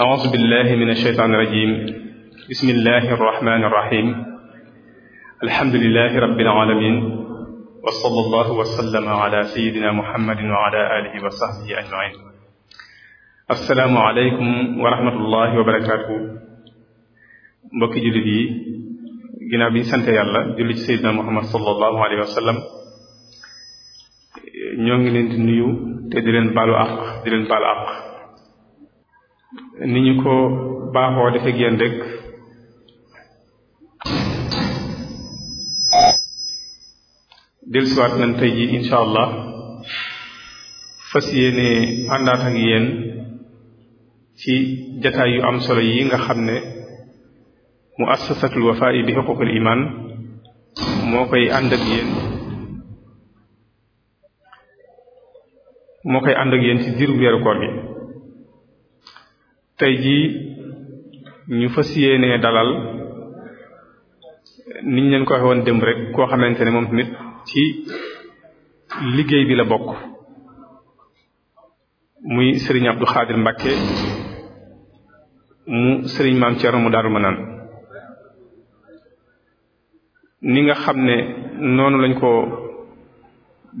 أعوذ بالله من الشيطان الرجيم بسم الله الرحمن الرحيم الحمد لله رب العالمين وصلى الله وسلم على سيدنا محمد وعلى آله وصحبه أجمعين السلام عليكم ورحمة الله وبركاته mbokki jullit yi ginnaaw bi sant yàlla julli ci Seydina Muhammad sallallahu alayhi wa sallam ñoo ngi leen di nuyu te di leen baalu àq di leen baalu àq ni ñu ko baaxoo defe génn rek dellusiwaat nañ tey ji incha allah fas yéene àndaat ak yéen ci jataay yu am solo yi nga xam ne muassasatul wafa'i bi xuququl iman moo koy ànd ak moo koy ànd ak ci diiru weeru koor gi tey jii ñu fas yéenee dalal niñ leen ko waxee woon démb rek koo xamante ne moom tamit ci liggéey bi la bokk muy Serigne Abdou Khadir Mbacke mu Serigne Maam Thierno mu Daaru Manaan ni nga xam ne noonu lañ ko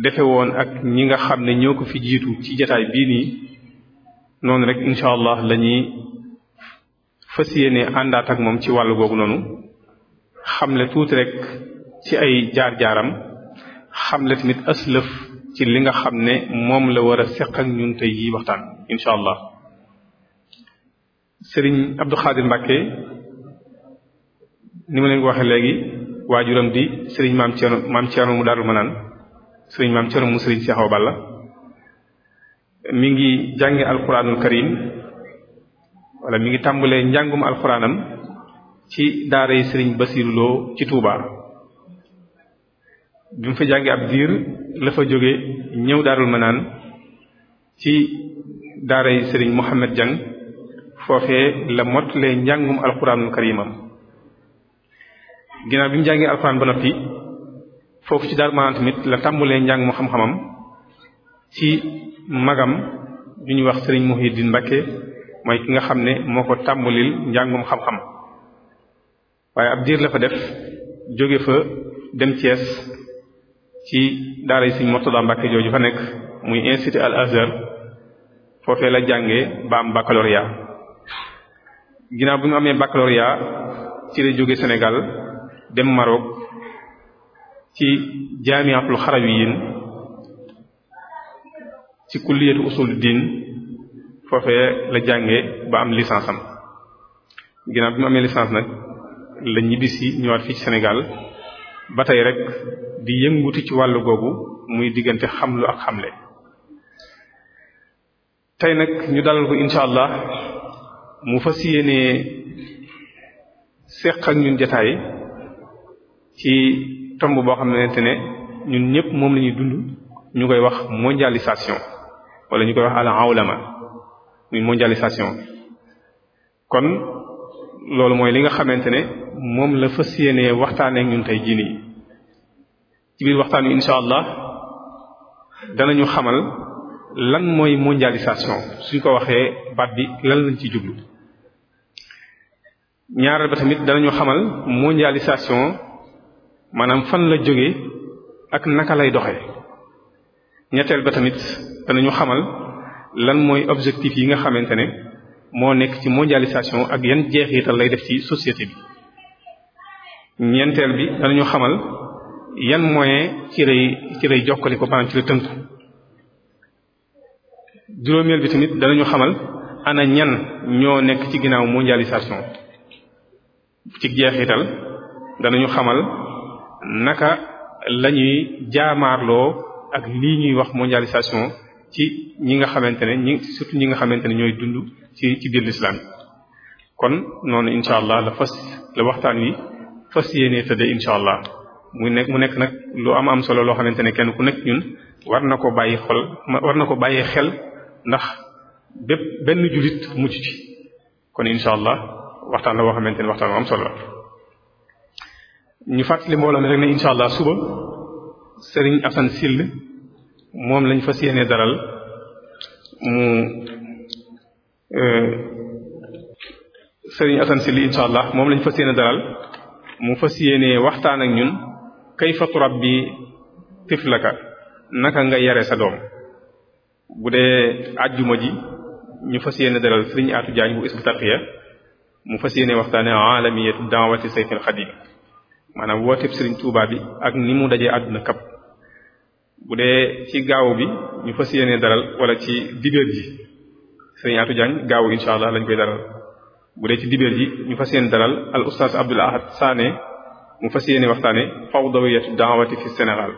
defe woon ak ñi nga xam ne ñoo ko fi jiitu ci jataay bii nii noonu rek incha allah la ñuy fas yéene àndaat ak moom ci wàllu googu noonu xamle tuuti rek ci ay jaar-jaaram xamle tamit aslëf ci li nga xam ne moom la war a seq ak ñun tey yi waxtaan incha allah sëriñ Abdou Khadir Mbacke ni ma leen ko waxee léegi waajuram di sëriñ maam Thierno maam Thierno mu daarul ma naan sëriñ maam Thierno mu sëriñ Cheikh Balla mi ngi jànge alquranul karim wala mi ngi tàmbalee njàngum alquranam ci daara yi sëriñ Basiru ci Touba bi mu fa jànge ab diir la fa jóge ñëw daarul manaan ci daara yi sëriñ Mohammed Diang foofee la mottalee njàngum alquranul karimam ginnaaw bi mu jàngee alquran ba noppi foofu ci daarul manaan tamit la tàmbulee njàngum xam-xamam ci magam ju ñuy wax sëriñ di Mbakke mooy ki nga xam ne moo ko tàmbalil njàngum xam-xam waaye ab diir la fa def jóge fa dem Thiès ci daara yi sëriñ Murtada Mbakke jooju fa nekk muy institut Al Azhar foofee la jànge ba am baccalauréat ginnaaw bi mu amee baccalauréat ci la jóge senegal dem Maroc ci jaamiatul xarawiyyin ci kulliyatu usul diin foofee la jànge ba am licence am ginnaaw bi mu amee licence nag la ñibbisi ñëwaat fii ci ba tey rek di yënguti ci wàll googu muy diggante xamlu ak xamle tey nag ñu dalal ko incha allah mu fas yéenee seq ak ñun jotaay ci tomb boo xam ne ne ñun ñëpp moom lañuy dund ñu koy wax mondialisation wala ñu koy wax al awlama muy mondialisation kon loolu mooy li nga xamante ne moom la fës yéenee waxtaanee ñun tey jii nii ci biir waxtaan wi incha allah danañu xamal lan mooy mondialisation suñ ko waxee baat bi lan lañ ci jublu ñaareel ba tamit danañu xamal mondialisation maanaam fan la jóge ak naka lay doxee ñetteel ba tamit ñu xamal lan mooy objectif yi nga xamante ne moo nekk ci mondialisation ak yan jeexital lay def ci société bi ñeenteel bi danañu xamal yan moyen ci lay ci lay jokkali ci la tënku juróomeel bi tamit danañu xamal ana ñan ñoo nekk ci ginnaaw mondialisation ci jeexital danañu xamal naka lañuy jaamaarloo ak lii ñuy wax mondialisation ci ñi nga xamante ne ñi surtout ñi nga xamante ne ñooy dund ci ci biir l'islam kon noonu incha allah la fas la waxtaan wi fas yéenee tëddee incha allah mu nekk mu nekk nag lu am am solo loo xamante ne kenn ku nekk ñun war na ko bàyyi xol war na ko bàyyi xel ndax bépp benn jullit mucc ci kon incha allah waxtaan la boo xamante ne waxtaan bu am solo la ñu fàttali mbooloo mi rek ne incha allah suba. sëriñ Assane Sill moom lañ fas yéene daral mu euh, sëriñ Assane Sill moom lañ fas yéene daral mu fas yéene waxtaan ak ñun kayfa bi tiflaka naka nga yare sa doom bu dee àjjuma ji ñu fas yéene daral sëriñ Atou Diagne bu Hizbut Tarqiyyah mu fas yéene waxtaane alamiyatu daawati Seyxul Xadiim maanaam wooteeb Serigne Touba bi ak ni mu dajee àdduna kap bu dee ci gaaw bi ñu fas yéenee daral wala ci dibéer ji Serigne Atou gaaw incha allah lañ koy daral bu dee ci dibéer ji ñu fas yéene daral al oustaz mu fas yéene waxtaane fawdawiyatu daawati fi Sénégal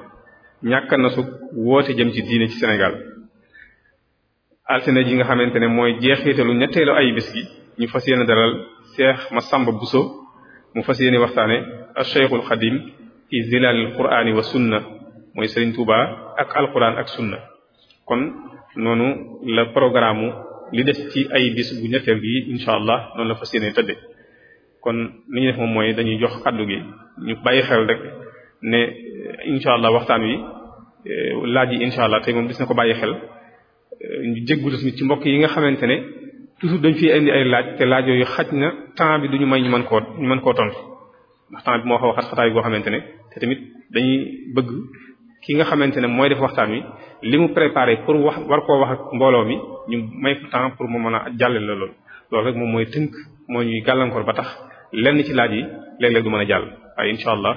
ñàkk na su woote jëm ci ci Sénégal altine ji nga xamante ne mooy jeexitalu ñetteelu ay bis gi ñu fas yéene daral Cheikh Massamba Bousso mu fas yéene waxtaane ak Cheikhul Xadim fi zilalil qur'ani wa sunna mooy Serigne Touba ak alquran ak sunna kon noonu la programme li des ci ay bis bu ñetteel bi incha allah noonu la fas yéene tëdde kon li ñu def moom mooy dañuy jox kàddu gi ñu bàyyi xel rek ne incha allah waxtaan wi eh, laaj yi incha allah tey moom gis na ko bàyyi xel eh, ñu jéggulu suñu ci mbokk yi nga xamante ne toujours dañ fi indi ay laaj te laaj yooyu xaj na temps bi duñu may ñu mën koo ñu mën koo tontu ndax temps bi moo xaw a xat xataay goo xamante ne te tamit dañuy bëgg ki nga xamante ne mooy def waxtaan wi li mu préparé pour wax war koo wax ak mbooloo mi ñu may ko temps pour mu mën a jàllale la loolu loolu rek moom mooy tënk moo ñuy gàllankoor ba tax lenn ci laaj yi léeg-léeg du mën a jàll waaye incha allah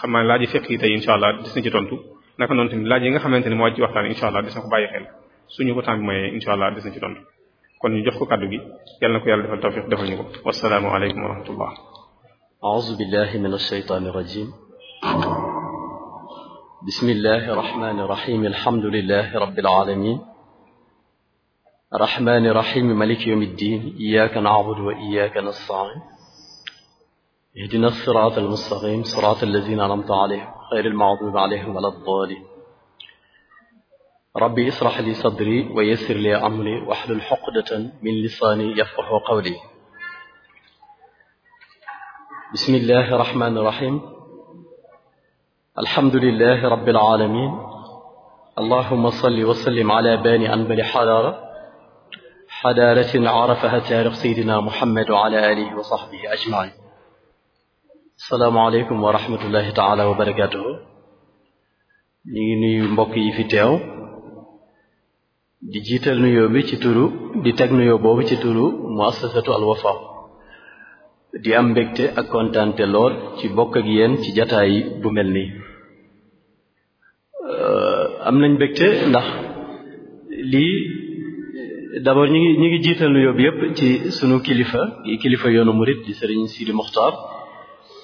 xam naa laaj yi fekk yi tey incha allah des na ci tontu naka noonu tamit laaj yi nga xamante ne moo ci waxtaan incha allah des na ko bàyyi xel suñu ko temps bi mooy incha na ci jox ko kàddu gi yàlla na yàlla defal tawfiq defal ñu ko wasalaamu aleykum wa أعوذ بالله من الشيطان الرجيم بسم الله الرحمن الرحيم الحمد لله رب العالمين الرحمن الرحيم ملك يوم الدين إياك نعبد وإياك نستعين اهدنا الصراط المستقيم صراط الذين أنعمت عليهم غير المغضوب عليهم ولا الضالين ربي اشرح لي صدري ويسر لي أمري واحلل عقدة من لساني يفقه قولي بسم الله الرحمن الرحيم الحمد لله رب العالمين اللهم صل وسلم على باني أنبل حرارة حرارة عرفها تاريخ سيدنا محمد وعلى آله وصحبه أجمعين السلام عليكم ورحمة الله تعالى وبركاته ñu ngi nuyu mbokk yi fi teew di jiital nuyoo bi ci turu di teg nuyoo boobu ci turu muassasatu Al Wafa di am mbégte ak kontaante lool ci bokk ak yéen ci jataay bu mel nii euh, am nañ mbégte ndax lii d'abord ñu ngi ñu ngi jiital nuyoo bi yëpp ci sunu kilifa kilifa yoonu murit di sëriñ Sidi Moxtaar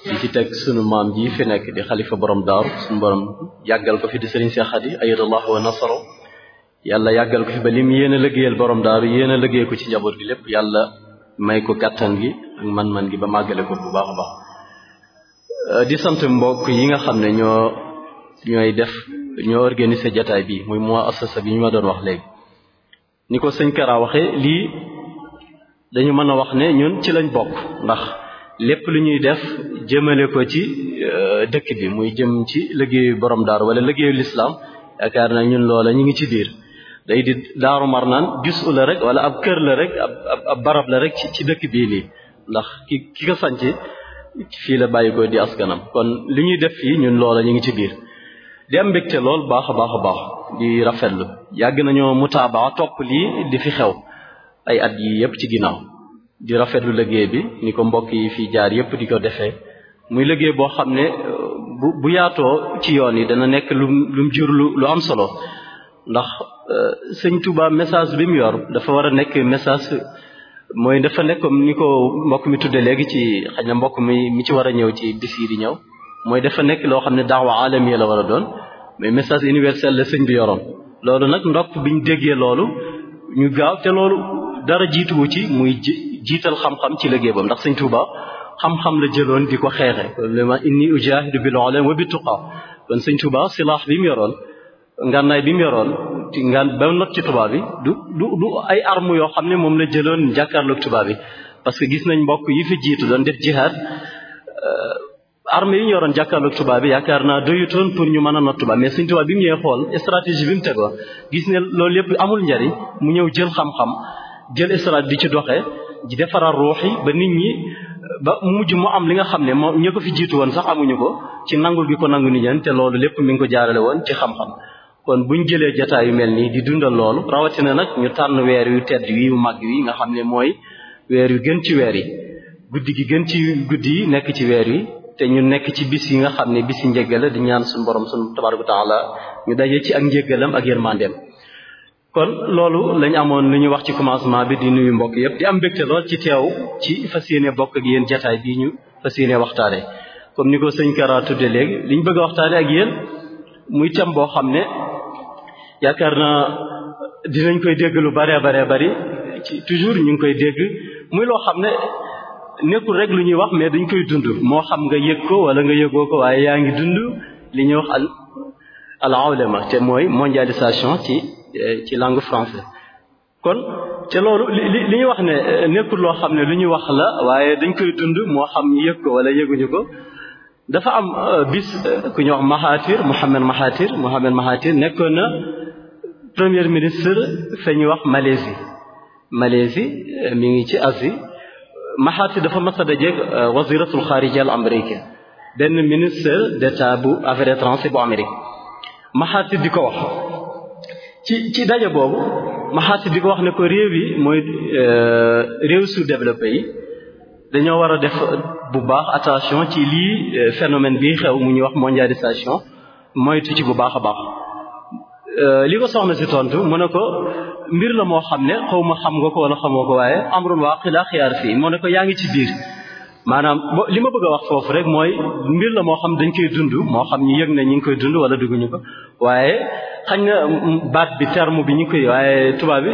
di ci teg sunu maam ji fi nekk di xalifa borom daaru sunu borom yàggal ko fi di sëriñ Seex Xadi ayadallah wa nasaro yàlla yàggal ko fi ba lim yéen a liggéeyal borom daaru yéen a liggéey ko ci njaboot gi lépp yàlla may ko kàttan gi man-man gi ba màggale ko bu baax a baax euh, di sant mbokk yi nga xam ne ñoo ñooy def ñoo organiser jataay bi muy mu assasa bi ñu ma doon wax léegi ni ko sëñ Kara waxee lii dañu mën a wax ne ñun ci lañ bokk ndax lépp lu ñuy def jëmale ko ci euh, dëkk bi muy jëm ci liggéeyu borom daaru wala liggéeyu lislaam yaakaar na ñun loola ñu ngi ci biir day di daaru marnaan gis la rek wala ab kër la rek ab ab barab la rek ci dëkk bii nii ndax ki ki ko sanc fii la bàyyi ko di askanam kon li ñuy def fii ñun loola ñu ngi ci biir di am mbégte lool baax a baax a baax di rafetlu yàgg nañoo mutaabaa topp lii di fi xew ay at yi yépp ci ginnaaw di rafetlu liggéey bi ni ko mbokk yi fii jaar yépp di ko defee muy liggéey boo xam ne bu bu yaatoo ci yoon yi dana nekk lu lu jur lu lu am solo ndax euh, sëñ Touba message bi mu yor dafa war a nekk message mooy dafa nekk comme ni ko mbokk mi tudde léegi ci xaj na mbokk mi mi ci war a ñëw ci bis yi di ñëw mooy dafa nekk loo xam ne daaw daawa alamiya la war a doon mais message universel la sëñ bi yoroon loolu nag ndokk biñ déggee loolu ñu gaaw te loolu dara jiituwu ci muy ji jiital xam-xam ci liggéey bam ndax sëñ Tuuba xam-xam la jëloon di ko xeexe li ma inni ujaahidu bil ulama wa bit tuqa kon sëñ Tuuba silaax bi mu yoroon ngànnaay bi mu yoroon ci ngan ba not ci tubaab yi du du du ay arme yoo xam ne moom la jëloon jàkkaarloog tubaab yi parce que gis nañ mbokk yi fi jiitu doon def jihaad euh, armes yi ñu yoroon jàkkaarloog tubaab bi yaakaar naa doyutoon pour ñu mën a not tubaab mais suñ tubaab bi mu ñëwee xool stratégie bi mu tegoo gis ne loolu yépp amul njariñ mu ñëw jël xam-xam jël stratégie bi ci doxee di defaral ruux yi ba nit ñi ba mu mujj mu am li nga xam ne moo ñi ko fi jiitu woon sax amuñu ko ci nangul gi ko nangu nit ñi te loolu lépp mi ngi ko jaarale woon ci xam-xam kon bu buñ jëlee jotaay yu mel nii di dundal loolu rawatina nag ñu tànn weer yu tedd yu mag yi nga xam ne mooy weer yu gën ci weer yi guddi gi gën ci guddi yi nekk ci weer yi te ñu nekk ci bis yi nga xam ne bis yi njéggal di ñaan suñu borom suñu tabaraka taala ñu daje ci ak njéggalam ak yërmandeem kon loolu lañ amoon lu ñuy wax ci commencement bi di nuyu mbokk yëpp di am mbégte lool ci teew ci fas yéene bokk ak yéen jotaay bii ñu fas yéene waxtaane comme ni ko sëñ Kara tudde léegi muy tam boo xam ne yaakaar na naa dinañ koy dégg lu bare bare bari ci toujours ñu ngi koy dégg muy loo xam ne nekkul rek lu ñuy wax mais dañ koy dund moo xam nga yëg ko wala nga yëgoo ko waaye yaa ngi dund li ñuy wax al al awlema te mooy mondialisation ci ci langue française kon te loolu li li wax ne nekkul loo xam ne lu ñuy wax la waaye dañ koy dund moo xam yëg ko wala yëguñu ko dafa am euh, bis euh, ku ñuy wax Mahathir Mohamed Mahathir Mohamed Mahathir nekkoon na premier ministre fa ñuy wax Malaisie Malaisie euh, mi ngi ci Asie Mahathir dafa mas a dajeeg waziratul xaarija al américain benn ministre d'état bu affaires étrangères bu Amérique Mahathir di ko wax ci ci daje boobu Mahathir di ko wax ne ko réew yi mooy réew sous développé yi dañoo war a def bu baax attention ci lii euh, phénomène bi xew mu ñuy wax mondialisation moytu ci bu baax a baax euh, li ko soxna si tontu mu ne ko mbir la moo xam ne xaw ma xam nga ko wala xamoo ko waaye amrun waa xilaa xiyaar fii mu ne ko yaa ngi ci biir maanaam li ma bëgg wax foofu rek mooy mbir la moo xam dañ koy dund moo xam ñu yëg ne ñu ngi koy dund wala dugguñu ko waaye xañ na baat bi terme bi ñu koy waaye tubaab bi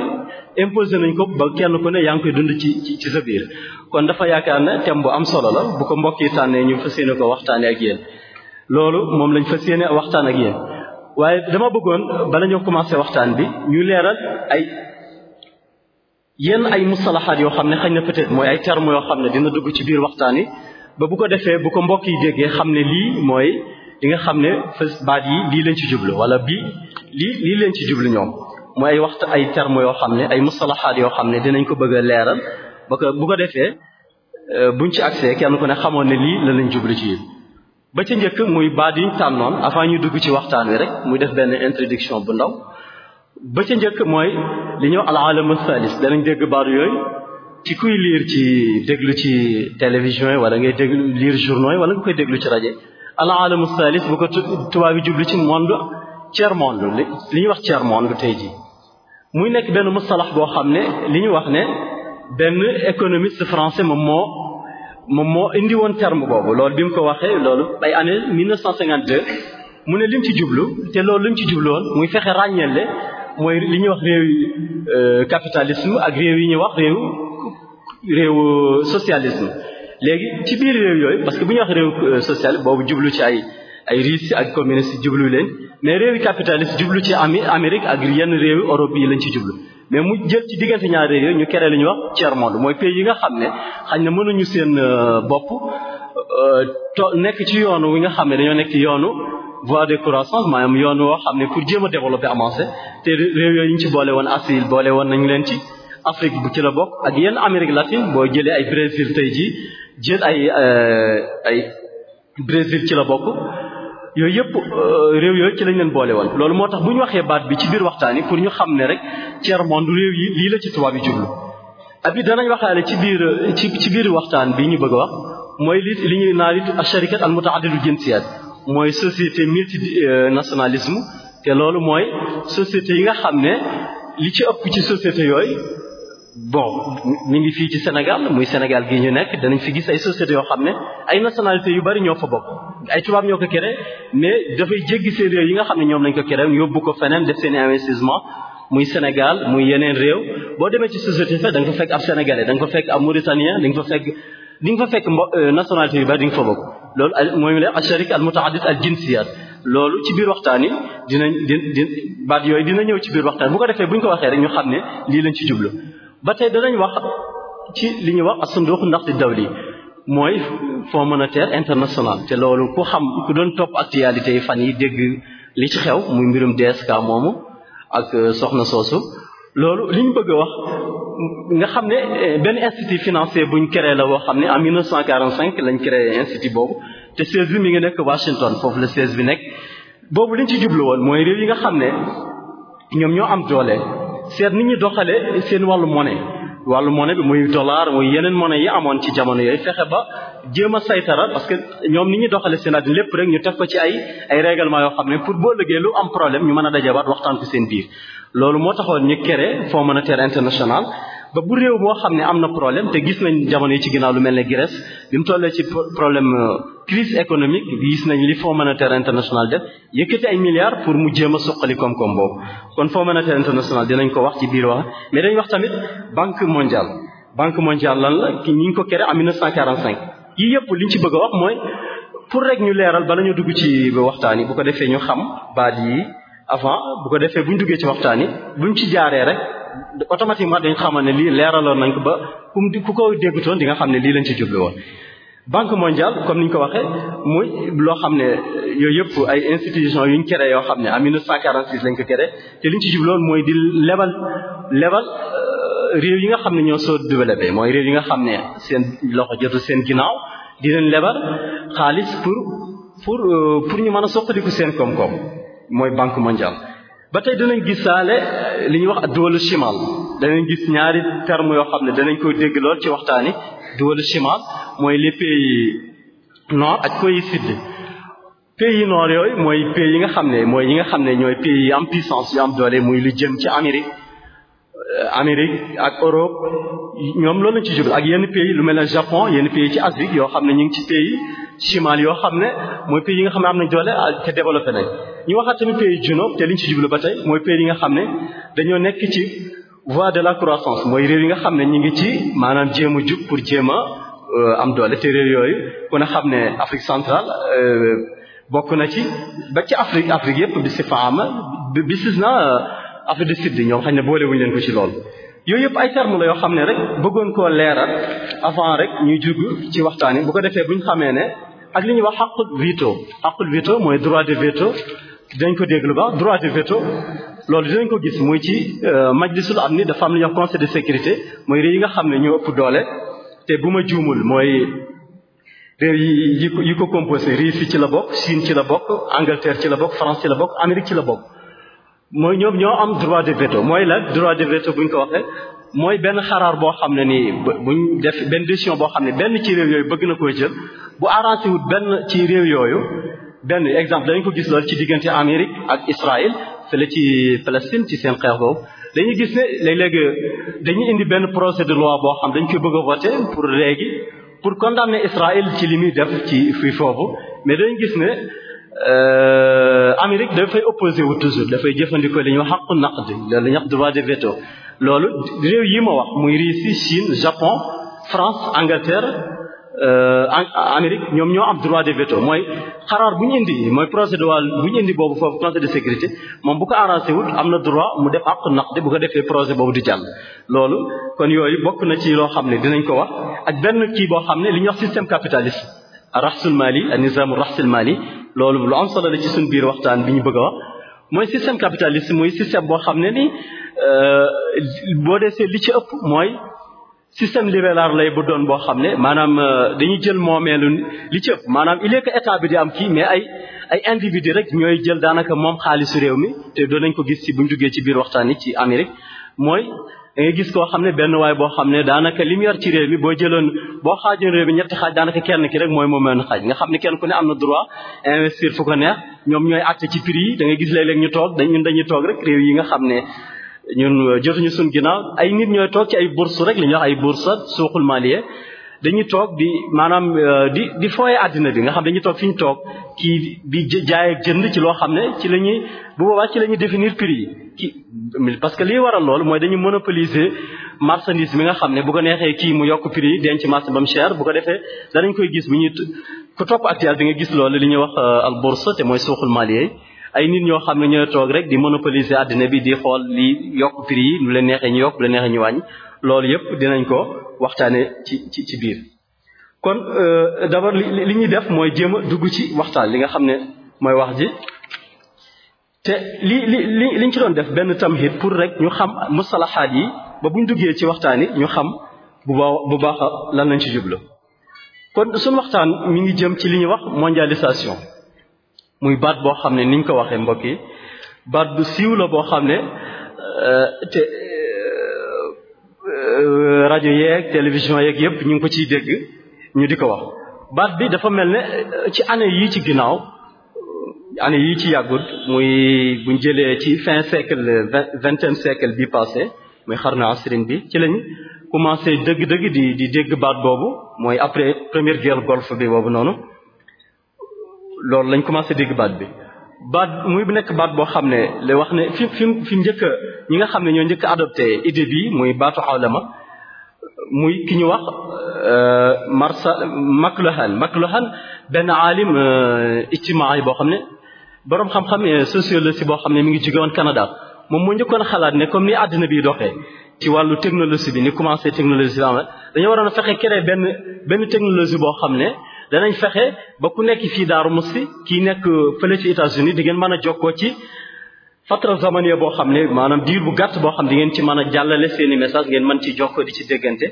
imposé nañ ko ba kenn ku ne yaa ngi koy dund ci ci sa biir kon dafa yaakaar na thème bu am solo la bu ko mbokk yi tànnee ñu fas yéene ko waxtaanee ak yéen loolu moom lañ fas yéene waxtaan ak yéen waaye dama bëggoon bala ñoo commencé waxtaan bi ñu leeral ay yenn ay mustalahaat yoo xam ne xañ na peut-être mooy ay termes yoo xam ne dina dugg ci biir waxtaan yi ba bu ko defee bu ko mbokk yi déggee xam ne lii mooy li nga xam ne fës baat yi lii leen ci jublu wala bi lii lii leen ci jublu ñoom mooy ay waxta ay termes yoo xam ne ay mustalahaat yoo xam ne dinañ ko bëgg a leeral ba ko bu ko defee euh, buñ ci accès kenn ku ne xamoon ne lii la lañ jublu ci ba ca njëkk muy baat yi ñu tànnoon avant ñu dugg ci waxtaan wi rek muy def benn introduction bu ndaw ba ca njëkk mooy li ñëw al alam thalis danañ dégg baat yooyu ci kuy liir ci déglu ci télévision wala ngay déglu liir journaux yi koy déglu ci rajo al alam thalis bu ko tubaab yi jublu ci monde tiers monde li ñuy wax tiers monde tey jii muy nekk benn mustalax boo xam ne li ñu wax ne benn économiste français moom moo moom moo indi woon terme boobu loolu bi mu ko waxee loolu ay année 1952 mu ne lim ci jublu te loolu lim ci jublu woon muy fexe ràññeele mooy li ñuy wax réew euh, capitalisme ak réew yi ñuy wax réew réew socialisme léegi ci biir réew yooyu parce que bu ñuy wax réew euh, social boobu jublu ci ay ay ak communiste jublu leen mais réew yi capitaliste jublu ci ami Amérique ak yenn réew Europe yi lañ ci jublu mais mu jël ci diggante ñaar yooyu ñu créé lu ñuy wax tiers monde mooy pays yi nga xam ne xañ na mënuñu seen euh, bopp euh, to nekk ci yoonu wi nga xam ne dañoo nekk yoonu voie de croissance maanaam yoon woo xam ne pour jéem a développer avancer te réew yooyu ñu ci boole woon Asie boole woon nañu leen ci Afrique bu ci la bokk ak yenn Amérique latine boo jëlee ay Brésil tey ji jël ay euh, ay Brésil ci la bokk. yooyu yëpp euh, réew yooyu ci lañ leen boole woon loolu moo tax buñu waxee baat bi ci biir waxtaan yi pour ñu xam ne rek tiers-monde réew yi lii la ci tubaab yi jublu abi danañ waxaale ci biir ci ci biir waxtaan bi ñu bëgg a wax mooy li li ñuy naa lit asharikat al mutaaddidu jinsiyat mooy société multinationalisme euh, te loolu mooy société yi nga xam ne li ci ëpp ci société yooyu bon mu ngi fii ci Sénégal muy Sénégal gii ñu nekk danañ fi gis ay sociétés yoo xam ne ay nationalités yu bari ñoo fa bokk ay tubaab ñoo ko créé mais dafay jéggi seen réew yi nga xam ne ñoom lañ ko créé yóbbu ko feneen def seen investissement muy Sénégal muy yeneen réew boo demee ci société fa da nga fa fekk ab sénégalais da nga fa fekk ab mauritanien da nga fa fekk di nga fa fekk mbo euh, nationalité yu bari di nga fa bokk loolu mooy le asharik al mutahaddid al jinsiyat loolu ci biir waxtaan yi dinañ di di baat yooyu dina ñëw ci biir waxtaan bu ko defee bu ñu ko waxee rek ñu xam ne lii lañ ci jublu ba tey danañ wax ci li ñuy wax asunduq naqdi dawli mooy fonds monétaire international te loolu ku xam ku doon topp actualité yi fan yi dégg li ci xew muy mbirum DSK moomu ak euh, soxna soosu loolu li ñu bëgg a wax nga xam ne euh, benn institut financier buñ créé la boo xam ne en 1945 lañ créé institut boobu te siège bi mi ngi nekk Washington foofu la siège bi nekk boobu liñ ci jublu woon mooy réew yi nga xam ne ñoom ñoo am doole seet nit ñi doxale seen wàllu monnaie wàllu monnaie bi muy dollar muy yeneen monnaie yi amoon ci jamono yooyu fexe ba jéem a saytara parce que ñoom nit ñi doxale seen àddina lépp rek ñu teg ko ci ay ay règlement yoo xam ne pour boo liggéey lu am problème ñu mën a dajewaat waxtaan ko seen biir loolu moo taxoon ñu créé Fonds monétaire international ba bu réew moo xam ne am na problème te gis nañ jamono yi ci ginnaaw lu mel ne Grèce bi mu tollee ci problème euh, crise économique gis nañ li Fonds monétaire international def yëkkati ay milliards pour mu jéem a suqali koom-koom boobu kon Fonds monétaire international dinañ ko wax ci biir wax mais dañ wax tamit banque mondiale banque mondiale lan la ñi ngi ko créé en yi yii yëpp liñ ci bëgg a wax mooy pour rek ñu leeral bala ñu dugg ci waxtaan yi bu ko defee ñu xam baat yi avant bu ko defee bu ñu duggee ci waxtaan yi bu ci jaaree rek automatiquement dañ xamoon ne lii leeraloon nañ ko ba kum ku ko déggutoon di nga xam ne lii lañ ci jublu woon banque mondiale comme ni ñu ko waxee mooy loo xam ne yooyu yëpp ay institution yu ñu créé yoo xam ne en 1946 lañ ko créé te liñ ci jubloon mooy di lebal lebal euh, réew yi nga xam ne ñoo soo développé mooy réew yi nga xam ne seen loxo jotu seen ginnaaw di leen lebal xaalis pour pour euh, ñu mën a soqaliku seen koom mooy banque mondiale ba tey danañ gis saale li ñuy wax duwalu chimal danañ gis ñaari terme yoo xam ne danañ koy dégg lool ci waxtaani duwalu chimal mooy les pays nord ak koy sud pays nord yooyu mooy pays yi nga xam ne mooy yi nga xam ne ñooy pays yi am puissance yu am doole muy lu jëm ci Amérique euh, Amérique ak Europe ñoom loolu lañ ci ak yenn pays lu mel ne Japon yenn pays ci Asie yoo xam ne ñu ngi ci pays chimal yoo xam ne mooy pays yi nga xam ne am nañ doole ah, te développé nañ ñu waxaat tamit pays junoob te liñ ci jublu ba tey mooy pays yi nga xam ne dañoo nekk ci voie de la croissance mooy réew yi nga xam ne ñu ngi ci maanaam jéem a pour jéema a euh, am doole te réew yooyu ku ne xam ne Afrique centrale euh, bokk na ci ba ci Afrique Afrique yëpp bi si faama bi sis na euh, Afrique du Sud ñoom xañ ne boole wuñu leen ko ci lool yooyu yëpp ay termes la yoo xam ne rek bëggoon koo leeral avant rek ñuy jug ci waxtaan yi bu ko defee bu ñu xamee ne ak li ñuy wax xaqul veto xaqul veto mooy droit de dinañ ko dégg lu baax droit de veto loolu dinañ ko gis mooy ci euh, majlisul am ni dafa am lu ñuy conseil de sécurité mooy réew yi nga xam ne ñoo ëpp doole te bu ma juumul mooy réew yi yi ko yi ko composé réew yi ci la bokk Chine ci la bokk Angleterre ci la bokk France ci la bokk Amérique ci la bokk mooy ñoom ñoo am droit de veto mooy la droit de veto ñu ko waxee mooy benn xaraar boo xam ne nii buñ def benn décision boo xam ne benn ci réew yooyu bëgg na koo jël bu arrangé wut benn ci réew yooyu benn exemple dañ ko gis loolu ci diggante Amérique ak Israël fële ci Palestine ci seen xeex boobu dañuy gis ne léeg-léeg dañuy indi benn projet de loi boo xam dañ koy bëgg a pour léegi pour condamner Israël ci li muy def ci fii foofu mais dañu gis ne euh, Amérique dafay opposé wu toujours dafay jëfandikoo li ñuy wax xaqu naqd loolu ñuy wax droit de veto loolu réew yi ma wax muy Russie Chine Japon France Angleterre Euh, Amérique ñoom ñoo am droit de veto mooy xaraar bu indi mooy procédural bu ñu indi boobu foofu conseil de sécurité moom bu ko arrangé wut am na droit mu def àq naqdi bu ko defee projet boobu di jàll. loolu kon yooyu bokk na ci loo xam ne dinañ ko wax ak benn kii boo xam ne li ñuy wax système capitaliste raxsul mali ak nizamu raxsul mali loolu lu am solo la ci suñ biir waxtaan bi ñu bëgg a wax mooy système capitaliste mooy système boo xam ne ni euh, boo desee li ci ëpp mooy. système libéral lay bu doon boo xam ne maanaam euh, dañuy jël moomeelu li ci ëpp maanaam il est état bi di am kii mais ay ay individu rek ñooy jël daanaka moom xaalisu réew mi te doon nañ ko gis ci buñ duggee ci biir waxtaan yi ci Amérique mooy da gis koo xam ne benn waay boo xam ne daanaka li ci réew mi boo jëloon boo xaajoon réew mi ñetti xaaj daanaka kenn ki rek mooy moom mën xaaj nga xam ne kenn ku ne am na droit investir fu ko neex ñoom ñooy ci prix yi da ngay gis léeg ñu toog dañ ñun dañuy toog rek réew yi nga xam ne ñun euh, ñu suñ ginnaaw ay nit ñooy toog ci ay bourse rek li ñuy wax ay bourse suuqul maliye dañuy toog di maanaam euh, di di fooye àddina bi nga xam dañuy toog fi ñu toog kii di jaay ak jënd ci loo xam ne ci la ñuy bu boobaa ci la ñuy définir prix yi ki parce que liy waral loolu mooy dañuy monopoliser marchandise mi nga xam ne bu ko neexee kii mu yokk prix yi denc marché ba mu cher bu ko defee danañ koy gis bu ñuy ku topp actuel di nga gis loolu li ñuy wax euh, al bourse te mooy suuqul maliye ay nit ñoo xam ne ñooy toog rek di monopoliser àddina bi di xool li yokk prix yi lu leen neexee ñu yokk lu leen neexee ñu wàññi loolu yëpp dinañ ko waxtaanee ci ci ci biir. kon euh, d'abord li li ñuy def mooy jéem a dugg ci waxtaan li nga xam ne mooy wax ji te li liñ ci doon def benn tamhid pour rek ñu xam mustalahaat yi ba buñ duggee ci waxtaan yi ñu xam bu baax bu baax lan lañ ci jublu kon suñu waxtaan mi ngi jëm ci li ñuy wax mondialisation. muy baat boo xam ne niñ ko waxee mbokk yi baat bu siiw la boo xam ne euh, te euh, rajo yeeg télévision yeeg yépp ñu ngi ko ciy dégg ñu di ko wax baat bi dafa mel ne euh, ci année yi ci ginnaaw année yi ci yàggut muy buñ jëlee ci fin siècle vingtième siècle bi passé muy xarnu asrin bi ci lañ commencé dëgg-dëgg di di dégg baat boobu mooy après première guerre golfe bi boobu noonu loolu lañ commencé dégg baat bi baat muy nekk baat boo xam ne la wax ne fi fi fi njëkk a ñi nga xam ne ñoo njëkk a adopté bi muy baatu ma muy ki ñu wax euh, marsa Makluhan Makluhan benn aalim euh, ijtimaay boo xam ne boroom xam-xam euh, sociologie si boo xam ne mu ngi jóge woon Canada moom moo njëkkoon xalaat ne comme ni àddina bi doxee ci wàllu technologie bi ni commencé technologie bi am dañoo waroon a fexe créer benn benn technologie boo xam ne danañ fexe ba ku nekk fii Daaru Musti kii nekk fële ci États-Unis di ngeen mën a jokkoo ci fatra zamaniya boo xam ne maanaam diir bu gàtt boo xam di ngeen ci mën a jàllale seen i message ngeen mën ci jokkoo di ci déggante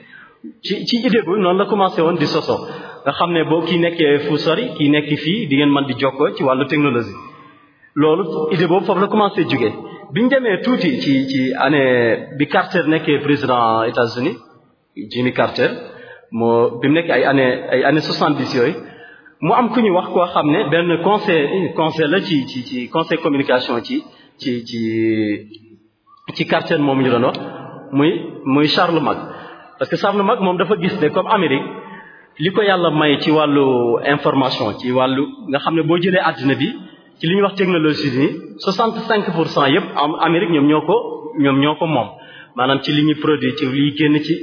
ci ci idée bu noonu la commencé woon di soso nga xam ne boo ki nekkee fu sori kii nekk fii di ngeen mën di jokkoo ci wàllu technologie loolu idée boobu foofu la commencé jóge biñ demee tuuti ci ci année bi Carter nekkee président États-Unis Jimmy Carter moo bi mu nekk ay années ay année soixante-dix yooyu mu am ku ñu wax koo xam ne benn conseil conseil la ci ci ci conseil communication ci ci ci ci quartier moom ñu doon wax muy muy Charles Mag parce que Charles Mag moom dafa gis ne comme Amérique li ko yàlla may ci wàllu information ci wàllu nga xam ne boo jëlee àddina bi ci li ñuy wax technologie ni soixante cinq pour cent yëpp am Amérique ñoom ñoo ko ñoom ñoo ko moom maanaam ci li ñuy produit ci liy génn ci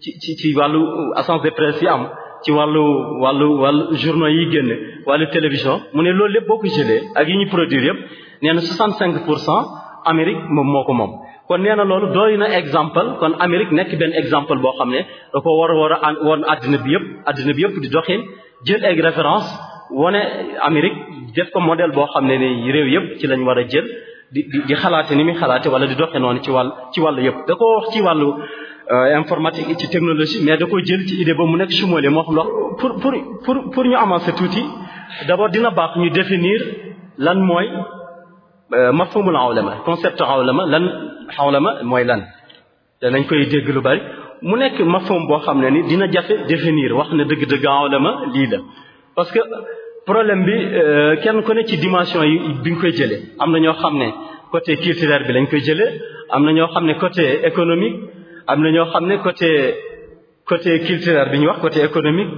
ci ci wàllu agence de presse yi am ci wàllu wàllu wàllu journaux yi génne wàllu télévision mu ne loolu lépp boo ko jëlee ak yi ñu produire yëpp nee na 65 pour cent Amérique moom moo ko moom. kon nee na loolu doy na exemple kon Amérique nekk benn exemple boo xam ne da ko war a war a woon àddina bi yëpp àddina bi yëpp di doxin jël ay référence wane Amérique def ko model boo xam ne ni réew yëpp ci lañ war a jël di di di xalaate ni muy xalaate wala di doxe noonu ci wàll ci wàllu yëpp Euh, informatique ci technologie mais da koy jël ci idée ba mu nekk chumole moo xam la pour pour pour pour ñu avancer tuuti d'abord dina baax ñu définir lan mooy euh, mafhumul awlama concept ma lan ma mooy lan danañ koy dégg lu bari mu nekk mafhum boo xam ne ni dina jafe définir wax ne dëgg-dëgg ma lii la parce que problème bi euh, kenn ku ne ci dimension yi bi nga koy jëlee am na ñoo xam ne côté culturel bi lañ koy jëlee am na ñoo xam ne côté économique am na ñoo xam ne côté côté culturel bi ñu wax côté économique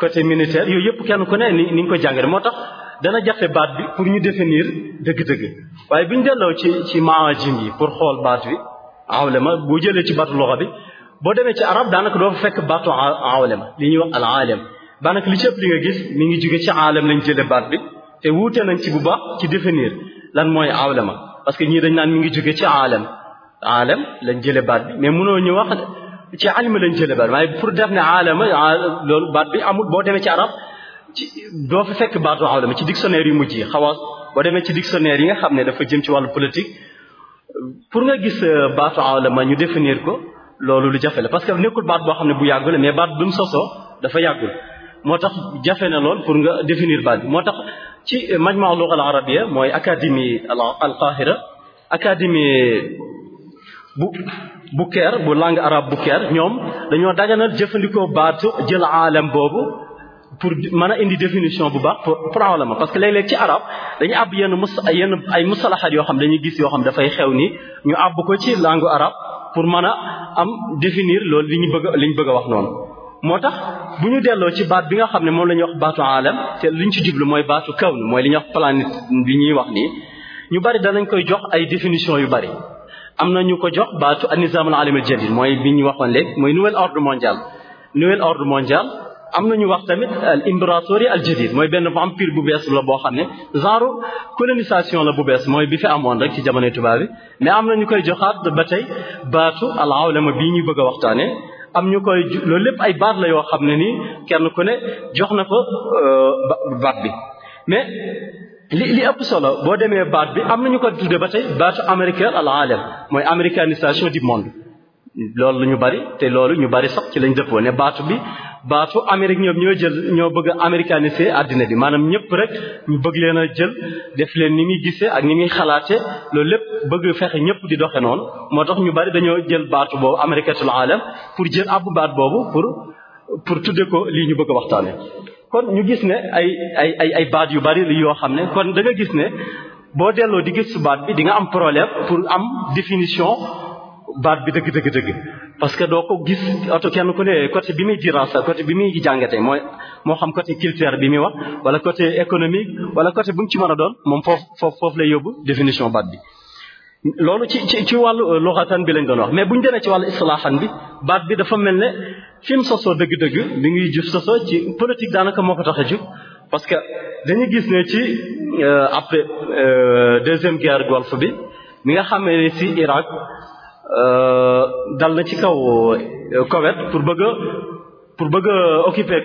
côté militaire yooyu yëpp kenn ku ne ni ni ñu ko jàngate moo tax dana jafe baat bi pour ñu définir dëgg-dëgg waaye bi ñu delloo ci ci maajim yi pour xool baat bi awlema boo jëlee ci baatu loxo bi boo demee ci arab daanaka doo fekk baatu awlama li ñuy wax al alam daanaka li ci li nga gis mi ngi jóge ci alam lañ jëlee baat bi te wuute nañ ci bu baax ci définir lan mooy awlama parce que ñii dañ naan mu ngi jóge ci alam aalam lañ jële baat bi mais mënoo ñu wax ci alima lañ jële baat bi waaye pour def ne aalama loolu baat bi amul boo demee ci arab ci doo fi fekk baatu aalama ci dictionnaire yu mujj yi xawaas boo demee ci dictionnaire yi nga xam ne dafa jëm ci wàllu politique pour nga gis baatu aalama ñu définir ko loolu lu jafe la parce que nekkul baat boo xam ne bu yàggul mais baat bu mu sosoo dafa yàggul moo tax jafe ne lool pour nga définir baat bi moo tax ci majmaa lugha al arabia mooy académie al qahira académie bu bukeer bu langue arabe bukeer ñoom dañoo daganal jëfandikoo baatu jël aalam boobu pour mën a indi définition bu baax problème parce que léeg-léeg ci arab dañu àbb yenn mus yenn ay musalaxat yoo xam dañuy gis yoo xam dafay xew ni ñu àbb ko ci langue arabe pour mën a am définir loolu li ñu bëgg li ñu bëgg a wax noonu moo tax bu ñu delloo ci baat bi nga xam ne moom la ñuy wax baatu aalam te li ñu si jublu mooy baatu kawn mooy li ñuy wax planète bi ñuy wax nii ñu bari danañ koy jox ay définition yu bari am na ñu ko jox baatu an-nizaamul aalamil jadid mooy bi ñu waxoon léegi mooy nouvel ordre mondial nouvel ordre mondial am na ñu wax tamit al imbratori al jadid mooy benn empire bu bees la boo xam ne genre colonisation la bu bees mooy bi fi amoon rek ci jamonoy tubaab bi am na ñu koy joxaat ba tey baatu al bii ñuy bëgg a waxtaanee am ñu koy loolu lépp ay baat la yoo xam ne nii kenn ku ne jox na ko euh, baat bi mais li ëpp solo boo demee baat bi am nañu ko tudde ba tey baatu américain al alam mooy américanisation du monde loolu la ñu bari te loolu ñu bari sax ci lañ dëppoo ne baatu bi baatu Amérique ñoom ñoo jël ñoo bëgg a américanisé àddina bi maanaam ñëpp rek ñu bëgg leen a jël def leen ni muy gisee ak ni muy xalaate loolu lépp bëgg fexe ñëpp di doxe noonu moo tax ñu bari dañoo jël baatu boobu américatul alam pour jël ab baat boobu pour pour tudde ko lii ñu bëgg a waxtaane kon ñu gis ne ay ay ay ay baat yu bari yoo xam ne kon da nga gis ne boo delloo di gis baat bi di nga am problème pour am définition baat bi dëgg dëgg dëgg parce que doo ko gis oto kenn ku ne côté bi muy dirance coté bi muy jàngate mooy moo xam côté culture bi muy wax wala côté économique wala côté bu mu ci mën a doon moom foofu foofu lay yóbbu définition baat bi loolu ci ci ci wàllu loxatan bi lañ doon wax mais bu ñu demee ci wàllu islaaxan bi baat fi soso sosoo dëgg-dëgg mi ngi jëf soso ci politique daanaka moo ko tax a jub parce que dañu gis ne ci euh, après euh, deuxième guerre golfe bi mi nga xamee ne si Irak euh, dal na ci kaw kowet pour bëgg pour bëgg a occuper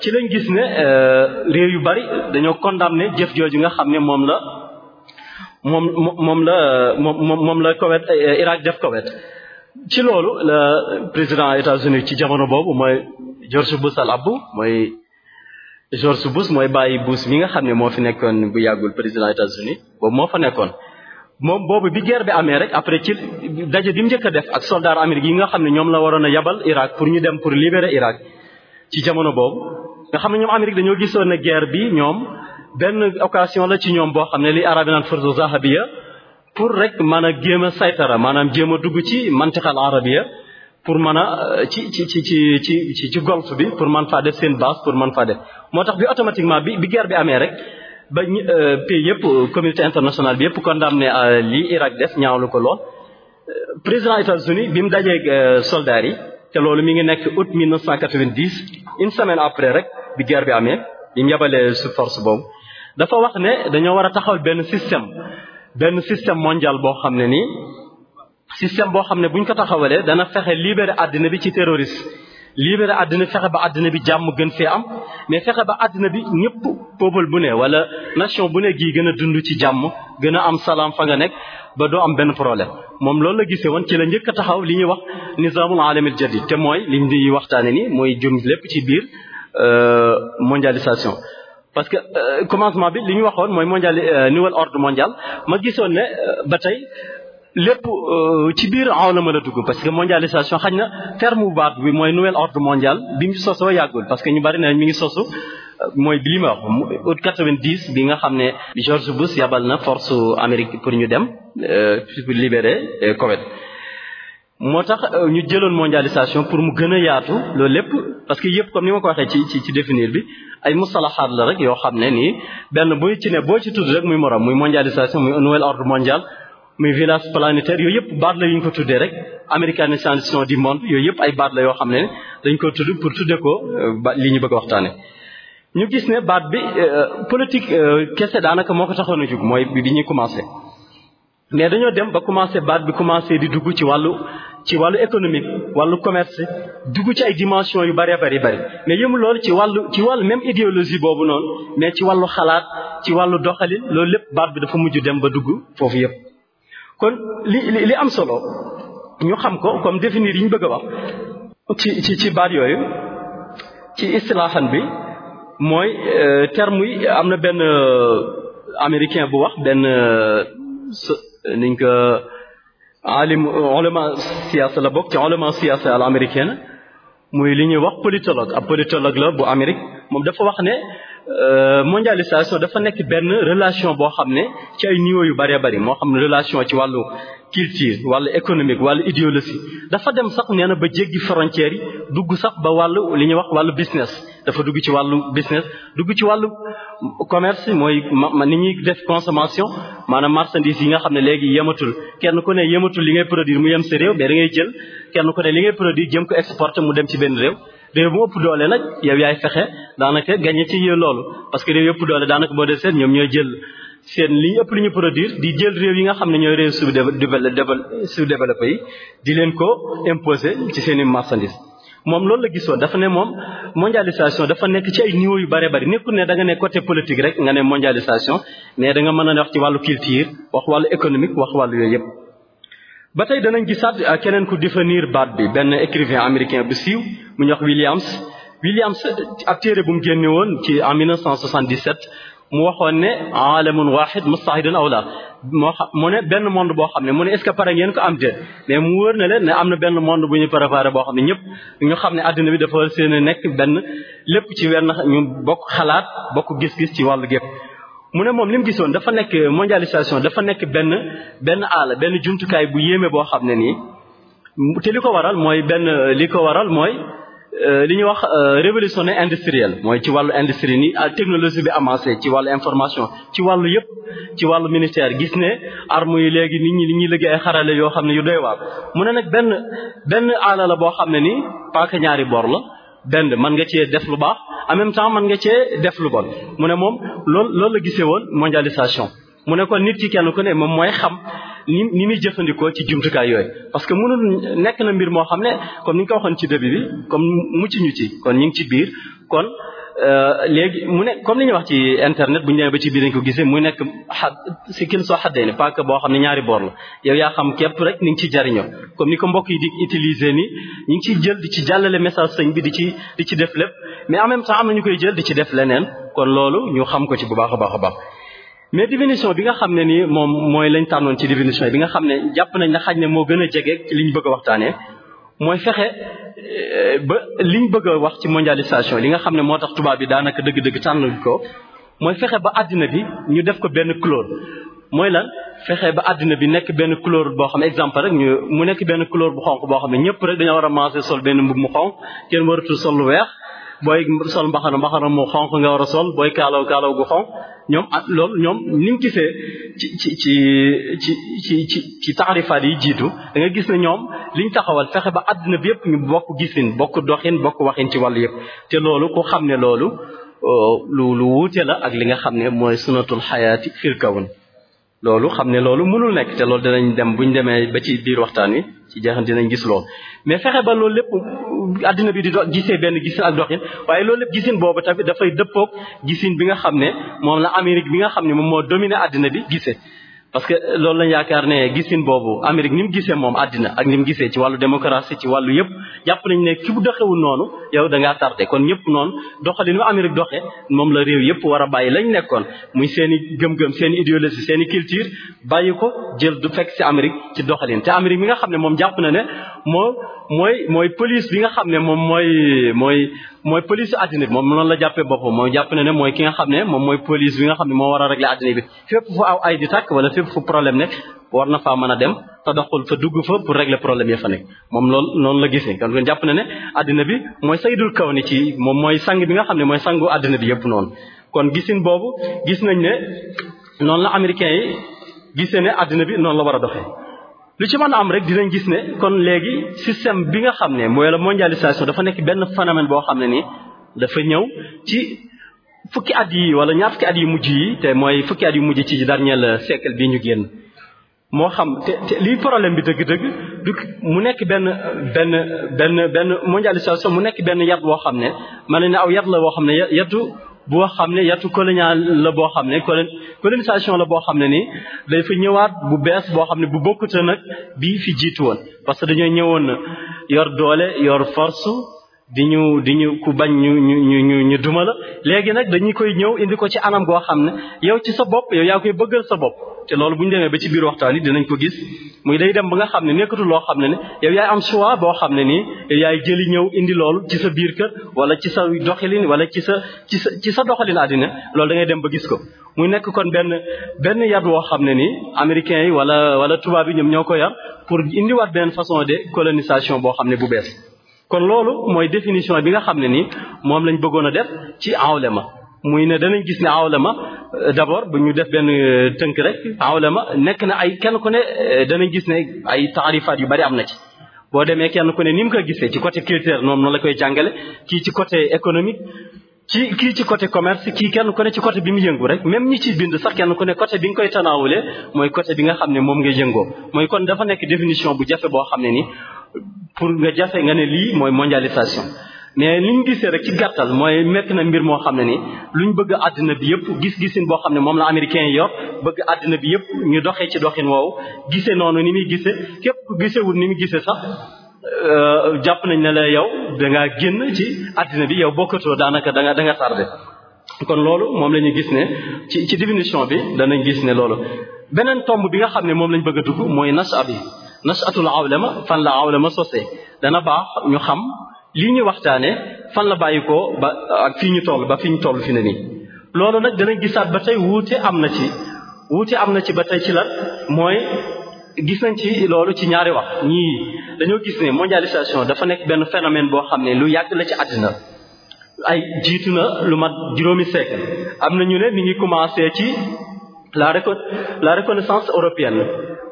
ci lañ gis ne réew yu bari dañoo ne jëf jooju nga xam ne moom la moom moom la moom moom la kowet Irak def kowet ci loolu la président États-Unis ci jamono boobu mooy George Bush al abbu mooy George bus mooy bàyyi Bush mi nga xam ne moo fi nekkoon bu yàggul président États-Unis boobu moo fa nekkoon moom boobu bi geer bi amee rek après ci daje bi mu njëkk def ak soldat Amérique yi nga xam ne ñoom la waroon a yabal Irak pour ñu dem pour libérer Irak ci jamono boobu nga xam ne ñoom Amérique dañoo gisoon ne guerre bi ñoom benn occasion la ci ñoom boo xam ne li arabe naan force zahabiya pour rek mën a jéem a saytara maanaam jéem a dugg ci mantiqal arabia pour mën a euh, ci ci ci ci ci ci golf bi pour man faa def seen base pour man faa def moo tax bi automatiquement bi bi guerre bi amee rek ba euh, pays yëpp communauté internationale bi yëpp condamné euh, lii Irak def lu ko lool président États-Unis bi mu dajee soldats yi te loolu mi ngi nekk août 1990 une semaine après rek bi guerre bi amee bi mu yabalee su force boobu dafa wax ne dañoo war a taxawal benn système benn système mondial boo xam ne nii système boo xam ne buñ ko taxawalee dana fexe libérer àddina bi ci terroriste libérer àddina fexe ba àddina bi jàmm gën fee am mais fexe ba àddina bi ñëpp peuple bu ne wala nation bu ne gii gën a dund ci jàmm gën a am salaam fa nga nekk ba doo am benn problème moom loolu la gisee woon ci la njëkk a taxaw li ñuy wax nizaamul aalamil jadid te mooy liñ di waxtaane ni mooy jëm lépp ci biir euh, mondialisation parce que euh, commencement bi li ñu waxoon mooy mondial euh, nouvel ordre mondial ma gisoon ne euh, ba tey lépp ci biir aw la mën a dugg parce que mondialisation xaj na terme bu baat bi mooy nouvel ordre mondial bi mu sosoo yàggul parce que ñu bari na mi ngi sosu mooy bi li ma wax août bi nga xam ne George Bush yabal na force Amérique pour ñu dem pour libérer Koweït moo tax ñu jëloon mondialisation pour mu gën a yaatu loolu lépp parce que yëpp comme ni ma ko waxee ci ci ci définir bi ay mustalaxaat la rek yoo xam ne nii benn buy ci ne boo ci tudd rek muy morom muy mondialisation muy nouvel ordre mondial muy village planétaire yooyu yëpp baat la yu ñu ko tuddee rek américanisation du monde yooyu yëpp ay baat la yoo xam ne dañ ko tudd pour tuddee ko euh, li ñu bëgg a waxtaane ñu gis ne baat bi euh, politique euh, kese daanaka moo ko taxoon a jug mooy bi ñuy commencé mais dañoo dem ba commencé baat bi commencé di dugg ci wàllu ci wàllu économique wàllu commerce dugg ci ay dimension yu bëree bëri bëri mais yëmu loolu ci wàllu ci wàllu même idéologie boobu noonu mais ci wàllu xalaat ci wàllu doxalin loolu lépp baat bi dafa mujj dem ba dugg foofu yëpp kon li li am solo ñu xam ko comme définir yi ñu bëgg a wax ci ci baat yooyu ci istilaaxan bi mooy euh, terme yi am na benn euh, américain bu wax benn euh, niñ ko alim ulama siyaasa la bokk ci ulama siyaasa al américaine muy li ñuy wax politologue ab politologue la bu Amérique moom dafa wax ne euh, mondialisation dafa nekk benn relation boo xam ne ci ay niveau yu bëree bëri moo xam ne relation ci wàllu culture wàllu économique wàllu idéologie dafa dem sax nee na ba jéggi frontières yi dugg sax ba wàllu li ñuy wax wàllu business dafa dugg ci wàllu business dugg ci wàllu commerce mooy ma ni ñuy def consommation maanaam marchandise yi nga xam ne léegi yematul kenn ku ne yematul li ngay produire mu yem sa réew mais da ngay jël kenn ku ne li ngay produire jëm ko exporter mu dem ci benn réew réew mu ëpp doole nag yow yaay fexe daanaka gagné ci loolu parce que réew yëpp doole daanaka moo def seen ñoom ñooy jël seen li ëpp li ñu produire di jël réew yi nga xam ne ñooy réew sous développé yi di leen ko imposer ci seen i moom loolu la gisoon dafa ne moom mondialisation dafa nekk ci ay niveau yu bare bari nekkul ne danga nga ne côté politique rek nga ne mondialisation mais da mën a wax ci wàllu culture wax wàllu économique wax wàllu yooyu yëpp. ba tey danañ gisaat euh, keneen ku définir baat bi benn écrivain américain bu siiw mu ñu wax Williams Williams euh, ab téere bu mu génne woon ci en 1977 mu waxoon ne alamun wahid aw awla moo xam mu ne benn monde boo xam ne mu ne est-ce que pare ngeen ko am te mais mu wër na leen ne am na benn monde bu ñu préparé boo xam ne ñëpp ñu xam ne àddina bi dafa seen nekk benn lépp ci wenn ñu bokk xalaat bokk gis-gis ci wàllu gépp mu ne moom lim gisoon dafa nekk mondialisation dafa nekk benn benn àll benn jumtukaay bu yéeme boo xam ne nii te li ko waral mooy benn li ko waral mooy Euh, li ñuy wax euh, révolutionnaire industrielle mooy ci wàllu industrie ni ah, technologie bi amancé ci wàllu information ci wàllu yëpp ci wàllu ministère gis ne armes yi léegi nit ñi li ñuy liggéey ay xarale yoo xam ne yu doy waar mu ne nag benn benn aala boo xam ne ni paaka ñaari boor la benn mën nga cee def lu baax en même temps mën nga cee def lu bon mu ne moom lool loolu la gisee woon mondialisation mu ne kon nit ki kenn ko ne moom mooy xam ni ni muy jëfandikoo ci jumtukaay yooyu parce que mënul nekk na mbir moo xam ne comme ni nga ko waxoon ci début bi comme mucc ñu ci kon ñu ngi ci biir kon euh, léegi mu ne comme ni ñuy wax ci internet bu ñu ba ci biir dañ ko gisee mu nekk xa si kin soo xaddee ni paaka boo xam ne ñaari boor la yow yaa xam képp rek ni ngi ci jariñoo comme ni ko mbokk yi di utiliser ni ñu ngi ciy jël di ci jàllale message sëñ bi di ci di ci def lépp mais en même am na ñu koy jël di ci def leneen kon loolu ñu xam ko ci bu baax a baax a baax mais définition bi nga xam ne ni moom mooy lañ tànnoon ci définition bi nga xam ne jàpp nañ na xaj ne moo gën a jege ci liñ bëgg a waxtaanee mooy fexe euh, ba liñ bëgg a wax ci mondialisation li nga xam ne moo tax tubaab bi daanaka dëgg-dëgg tànn ko mooy fexe ba àddina bi ñu def ko benn couleur mooy lan fexe ba àddina bi nekk benn couleur boo xam ne exemple rek ñu mu nekk benn couleur bu xonq boo xam ne ñëpp rek dañoo war a maase sol benn mbubb mu xonq kenn waratul sol lu weex booy sol mbaxana mbaxana mu xonq nga war a sol booy kaalaw kaalaw gu xonq ñoom at lool ñoom ni gisee ci ci ci ci ci ci ci taarifaat yi jiitu da nga gis ne ñoom liñ taxawal fexe ba àdduna bi yëpp ñu bokk gisin bokk doxin bokk waxin ci wàll yëpp te loolu ku xam ne loolu euh, lu lu wuute la ak li nga xam ne mooy sunatul xayaati fil kawn loolu xam ne loolu mënul nekk te loolu dinañ dem buñ demee ba ci biir waxtaan wi ci jeexan dinañ gis loolu mais fexe ba loolu lépp àddina bi di dox gisee benn gisin ak doxin waaye loolu lépp gisin boobu tamit dafay dëppoog gisin bi nga xam ne moom la Amérique bi nga xam ne moom moo dominé àddina bi gisee parce que loolu lañ yaakaar ne gisin boobu Amérique ni mu gisee moom àddina ak ni mu gisee ci wàllu démocratie ci wàllu yëpp jàpp nañ ne ki bu doxewul noonu yow da ngaa tardé kon ñëpp noonu doxalin wa Amérique doxe moom la réew yëpp war a bàyyi lañ nekkoon muy seen i gëm seen i seen i culture bàyyi ko jël du fekk si Amérique ci doxalin te Amérique mi nga xam ne moom jàpp na ne moo mooy mooy police bi nga xam ne moom mooy mooy mooy police àddina bi moom noonu la jàppee boppam moom jàpp na ne mooy ki nga xam ne moom mooy police bi nga xam ne moo war a régler àddina bi fépp fu aw ay di tàkk wala fépp fu problème nekk war na faa mën a dem te doxul fa dugg fa pour régler problème ya fa nekk moom loolu noonu la gisee kon kon jàpp na ne àddina bi mooy saydul kaw ni ci moom mooy sang bi nga xam ne mooy sangu àddina bi yëpp noonu kon gisin boobu gis nañ ne noonu la américain yi gisee ne àddina bi noonu la war a doxee lu ci mën a am rek dinañ gis ne kon léegi système bi nga xam ne mooy la mondialisation dafa nekk benn phénomène boo xam ne nii dafa ñëw ci fukki at yi wala ñaar fukki at yu mujj yi te mooy fukki at yu mujj ci dernier siècle bii ñu génn moo xam te lii problème bi dëgg-dëgg du mu nekk benn benn benn benn mondialisation mu nekk benn yat boo xam ne mën na aw yat la woo xam ne yatu boo xam ne yatu colonial la boo xam ne colonisation la boo xam ne nii day fa ñëwaat bu bees boo xam ne bu bokkute nag bii fi jiitu woon parce que dañoo ñëwoon yor doole yor force di ñu di ñu ku bañ ñu ñu ñu ñu duma la léegi nag dañuy koy ñëw indi ko ci anam goo xam ne yow ci sa bopp yow yaa koy bëggal sa bopp te loolu bu ñu demee ba ci biir waxtaan yi dinañ ko gis muy day dem ba nga xam ne nekkatul loo xam ne ne yow yaay am choix boo xam ne nii yow yaay jëli ñëw indi lool ci sa biir kër wala ci sa doxalin wala ci sa ci sa ci sa doxalin àddina loolu dangay dem ba gis ko muy nekk kon benn benn yat woo xam ne nii américains yi wala wala tubaab yi ñoom ñoo ko yar pour indiwaat benn façon de colonisation boo xam ne bu bees kon loolu mooy définition bi nga xam ne nii moom lañ bëggoon a def ci ma muy ne danañ gis ne awlama euh, d'abord bu ñu def benn euh, tënk rek ma nekk na ay kenn ku ne euh, danañ gis ne ay taarifaat yu bari am na ci boo demee kenn ku ne ni mu koy gisee ci côté culture noonu la koy jàngale kii ci côté économique ci kii ci côté commerce kii kenn ku ne ci côté bi mu yëngu rek même ñi ci bind sax kenn ku ne côté bi nga koy tanaawulee mooy côté bi nga xam ne moom ngay yëngoo mooy kon dafa nekk définition bu jafe boo xam ne ni pour nga jafe nga ne lii mooy mondialisation mais ñu gisee rek ci gàttal mooy nekk na mbir moo xam ne ni ñu bëgg àddina bi yëpp gis-gisin boo xam ne moom la américain yi yor bëgg àddina bi yëpp ñu doxee ci doxin woowu gisee noonu ni muy gisee képp ku gisewul ni muy gisee sax euh, jàpp nañ ne la yow dangaa génn ci àddina bi yow bokkatoo daanaka da nga tardé kon loolu moom la ñu gis ne ci ci définition bi danañ gis ne loolu beneen tomb bi nga xam ne moom lañ bëgg a dugg mooy nas ab yi nachatul ma fan la ma sosee dana baax ñu xam lii ñu waxtaanee fan la bàyyi ko ba ak fii ñu toll ba fii ñu toll fi na nii. loolu nag dana gisaat ba tey wuute am na ci wuute am na ci ba tey ci lan mooy gis nañ ci loolu ci ñaari wax ñii dañoo gis ne mondialisation dafa nekk benn phénomène boo xam ne lu yàgg la ci àddina ay jiitu na lu mat juróomi siècle am na ñu ne mi ngi commencé ci la la reconnaissance européenne.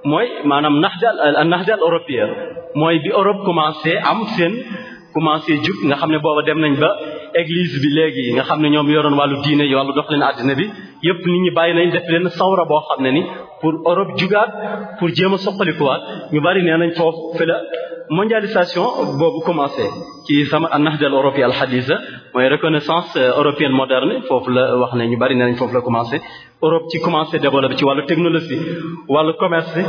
mooy maanaam nahja al euh, nahja al européen mooy bi Europe commencé am seen commencé jug nga xam ne booba dem nañ ba église bi léegi nga xam ne ñoom yoroon wàllu diine yi dox doxalin àddina bi yëpp nit ñi bàyyi nañ def leen sawra boo xam ne ni pour Europe jugaat pour jéem a soqalikuwaat ñu bari nee nañ foofu fi la mondialisation boobu commencé ki sama an-nahj al-européen al-hadith mooy reconnaissance euh, européenne moderne foofu la wax ne ñu bari nañ foofu la commencé Europe ci commencé développé ci wàllu technologie wàllu commerce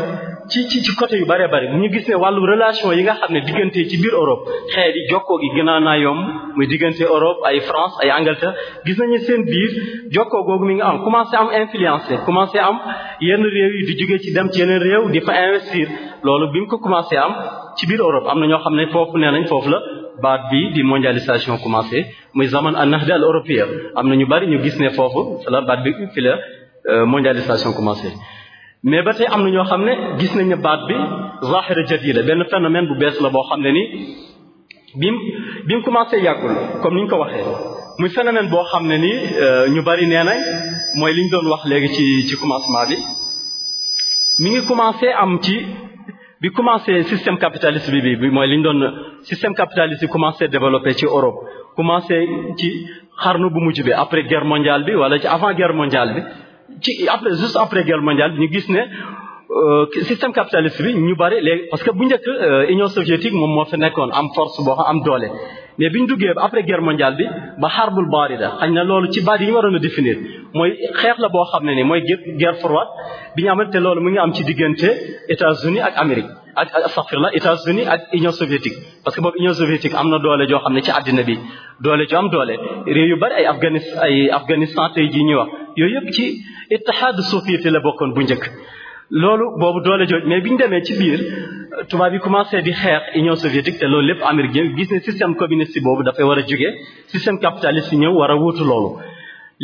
ci ci ci côté yu bëree bëri ñu gis ne wàllu relation yi nga xam ne diggante ci biir Europe xeet yi jokkoo gi gën a naa yomb muy diggante Europe ay France ay Angleterre gis nañu seen biir jokkoo googu mi nga am commencé am influence commencé am yenn réew yi di jóge ci dem ci yeneen réew di fa investir loolu bi mu ko commencé am ci biir Europe am na ñoo xam ne foofu nee nañ foofu la baat bi di mondialisation commencé muy zaman an nahda al européen am na ñu bëri ñu gis ne foofu la baat Euh, mondialisation commencé mais ba tey am na ñoo xam ne gis nañ ne baat bi zahira jadida benn phénomène bu bees la boo xam ne nii bi mu bi mu commencé yàggul comme ni ñu ko waxee muy phénomène boo xam ne ni euh, ñu bari nee nañ mooy li ñu doon wax léegi ci ci commencement bi mu ngi commencé am ci bi commencé système capitaliste bi bi mooy li ñu doon système capitaliste bi commencé développé ci Europe commencé ci xarnu bu mujj bi après guerre mondiale bi wala ci avant guerre mondiale bi ci après juste après guerre mondiale ñu gis ne euh, système capitaliste bi ñu bari léegi parce que bu njëkk euh, Union soviétique moom moo fi nekkoon am force boo xam am doole mais bi ñu duggee après guerre mondiale bi ba xarbul baarida xañ na loolu ci baat yi ñu waroon a définir mooy xeex la boo xam ne ni mooy guerre froide bi ñu te loolu mu ngi am ci diggante États-Unis ak Amérique ak astaghfirullah États-Unis ak Union soviétique parce que boobu Union soviétique am na doole joo xam ne ci àddina bi doole joo am doole réew yu bari ay Afghani ay Afghanistan tey jii ñuy wax yooyu yëpp ci Ittihad soviétique la bokkoon bu njëkk loolu boobu doole jooj mais bi ñu demee ci biir tubaab yi commencé di xeex Union soviétique te loolu lépp Amérique gis ne système communiste boobu dafay war a jóge système capitaliste ñëw war a wuutu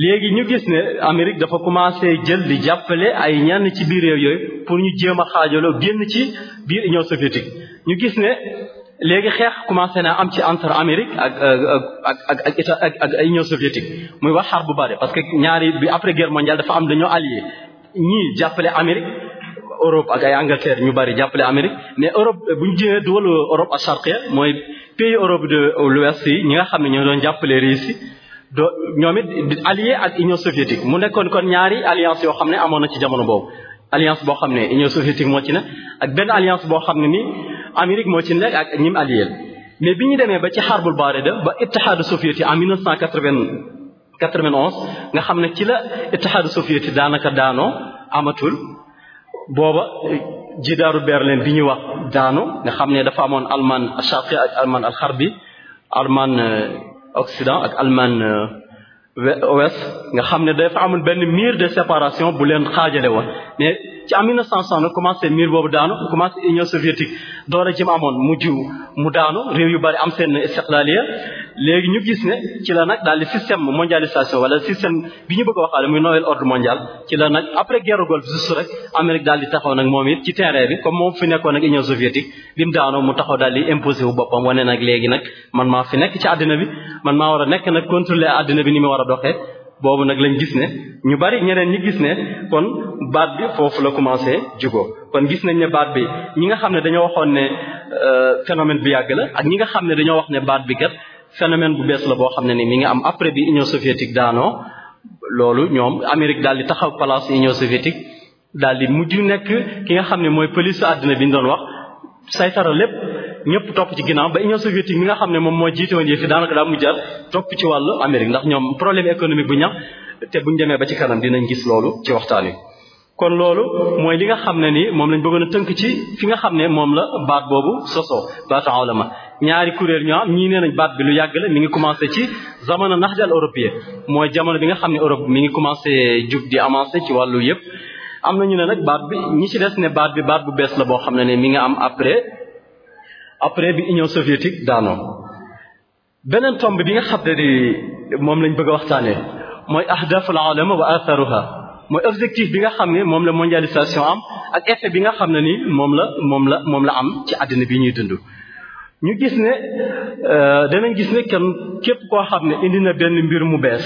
léegi ñu gis ne Amérique dafa commencé jël di jàppale ay ñenn ci biir réew yooyu pour ñu jéem a xaajaloo génn ci biir Union soviétique ñu gis ne léegi xeex commencé naa am ci entre Amérique euh, ak ak ak ak état ak Union soviétique muy wax xar bu bari parce que ñaari bi après guerre mondiale dafa am dañoo allié ñii jàppale Amérique Europe ak ay Angleterre ñu bari jàppale Amérique mais Europe bu ñu jëlee duwalu Europe à charqia mooy pays Europe de l'Ouest yi ñi nga xam ne ñoo doon jàppale Russie do ñoom it allié ak Union soviétique mu nekkoon kon ñaari alliance yoo xam ne amoon na ci jamono boobu alliance boo xam ne Union soviétique moo ci ne ak benn alliance boo xam ne ni Amérique moo ci ne ak ñim allié mais bi ñu demee ba ci xarbul barida ba Ittihad soviétique en 1991 nga xam ne ci la Ittihad soviétique daanaka daanoo amatul booba jidaaru Berlin bi ñuy wax daano nga xam ne dafa amoon alman shafi ak alman alxarbi alman euh, Occident ak Allemagne euh, ouest nga xam ne dafa amul benn mur de séparation bu leen xaajale woon mais ci en 1960 commencé mur boobu daanu commencé Union soviétique doole ji mu amoon mu jiw mu daanu réew yu bari am seen istiqlaaliya léegi ñu gis ne ci la nag daal di système mondialisation wala système bi ñu bëgg a waxaale muy nouvel ordre mondial ci la nag après guerre golfe juste rek Amérique daal di taxaw nag moom it ci terrain bi comme moom fi nekkoon nag Union soviétique bi mu daanoo mu taxaw daal di imposé wu boppam wane nag léegi nag man maa fi ci àddina bi man maa war a nekk nag contrôler àddina bi ni mu war a doxee boobu nag lañ gis ne ñu bari ñeneen ñi gis ne kon baat bi foofu la commencé jugoo kon gis nañ ne baat bi ñi nga xam ne dañoo waxoon ne euh, phénomène bu yàgg la ak ñi xam ne dañoo wax ne baat bi kat phénomène bu bees la boo xam ne ni mi ngi am après bi Union soviétique daanoo loolu ñoom Amérique daal di taxaw place Union soviétique daal di mujj nekk ki nga xam ne mooy police àddina bi ñu doon wax saytara lépp ñëpp topp ci ginnaaw ba Union soviétique mi nga xam ne moom moo jiite woon yëf yi daanaka daa mujjaat topp ci wàllu Amérique ndax ñoom problème économique bu ñax te bu demee ba ci kanam dinañ gis loolu ci waxtaan wi. kon loolu mooy li nga xam ne ni moom lañ bëggoon a tënk ci fi nga xam ne moom la baat boobu soso baatu awlama ñaari kuréel ñoo am ñii nee nañ baat bi lu yàgg la mi ngi commencé ci zamana naxdal européen mooy jamono bi nga xam ne Europe mi ngi commencé jug di avancé ci wàllu yëpp am na ñu ne nag baat bi ñi ci des ne baat bi baat bu bees la boo xam ne ne mi nga am après après bi Union soviétique daanoo beneen tomb bi nga xam ne di moom lañ bëgg a waxtaanee mooy ahdaful alama wa atharuha mooy objectif bi nga xam ne moom la mondialisation am ak effet bi nga xam ne ni moom la moom la moom la am ci àddina bi ñuy dund ñu gis ne euh, danañ gis ne kenn képp koo xam ne indi na benn mbir mu bees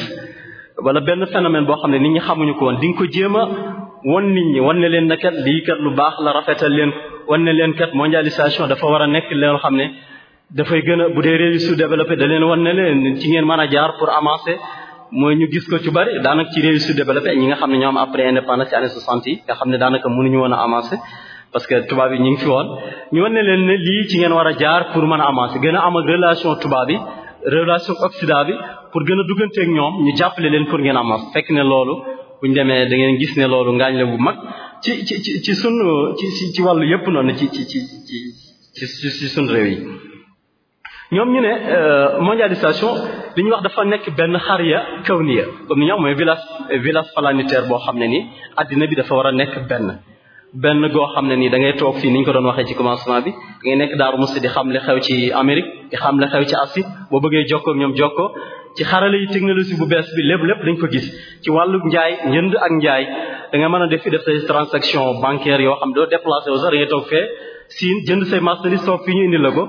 walla benn phénomène boo xam ne nit ñi xamuñu ko woon di nga ko jéem a wan nit ñi wan ne leen na kat lii lu baax la rafetal leen wan ne leen kat mondialisation dafa war a nekk leen xam ne dafay gën a bu dee réew yi sous-développé da leen wan ne leen ci ngeen man a jaar pour avancer mooy ñu gis ko ci bari daanaka ci réew yi sous-développé ñi nga xam ne ñoo am après indépendance ci année 60 yi nga xam ne daanaka mënuñu woon a avancer parce que tubaab yi ñu ngi fi woon ñu wan leen ne lii ci ngeen war a jaar pour mën a avancer gën a am ak relation tubaab yi relation occident bi pour gën a dugganteeg ñoom ñu jàppale leen pour ngeen avancer fekk ne loolu buñ demee da ngeen gis ne loolu ngaañ la bu mag ci ci ci ci sunu ci ci wàllu yépp noonu ci ci ci ci ci sunu réew yi ñoom ñu ne euh, mondialisation li ñu wax dafa nekk benn xariya kawniya comme ni ñu wax mooy village village boo xam ne ni addina bi dafa war a nekk benn benn goo xam ne nii dangay toog fii ni ñu ko doon waxee ci commencement bi da nekk Daaru Muxti di xam li xew ci Amérique di xam li xew ci Asie boo bëggee jokkoo ak ñoom jokkoo ci xarala yi technologie bu bees bi lépp lépp dañ ko gis ci wàllu njaay njënd ak njaay da nga mën a def fi def say transaction bancaire yoo xam doo déplacé wu sax da ngay toog fee siin jënd say marchandise toog fii ñu indi la ko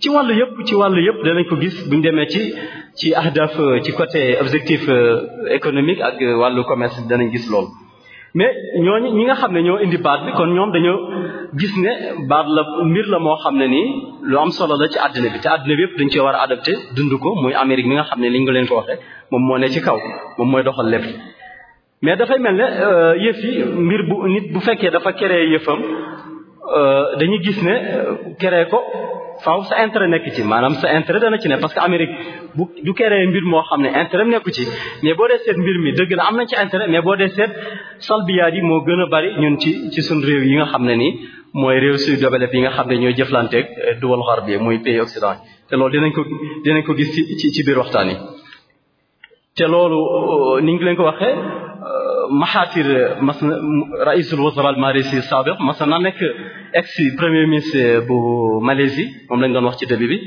ci wàllu yëpp ci wàllu yëpp danañ ko gis buñ demee ci ci ahdaf ci côté objectif euh, économique ak wàllu commerce danañ gis loolu mais ñoo ñi nga xam ne ñoo indi baat bi kon ñoom dañoo gis ne baat la mbir la moo xam ne nii lu am solo la ci àddina bi te àddina bi yëpp dañ cee war a adapté dund ko muy Amérique mi nga xam ne li nga leen ko waxee moom moo ne ci kaw moom mooy doxal lépp. mais dafay mel ne euh, yëf yi mbir bu nit bu fekkee dafa créé yëfam euh, dañu gis ne euh, créé ko. faaw sa intérêt nekk ci maanaam sa intérêt dana ci ne parce que Amérique bu du keree mbir moo xam ne intérêt nekku ci mais boo dee seet mbir mi dëgg na am nañ ci intérêt mais boo dee seet salbiyaat moo gën a bari ñun ci ci suñ réew yi nga xam ne nii mooy réew su développé yi nga xam ne ñooy jëflanteeg duwal xar bi mooy pays occident te loolu dinañ ko dinañ ko gis ci ci biir waxtaan yi te loolu euh, ni ngi leen ko waxee Mahathir mas na raisul wazara al marisi sabiq mas na nekk ex premier ministre bu Malaisie moom lañ doon wax ci début bi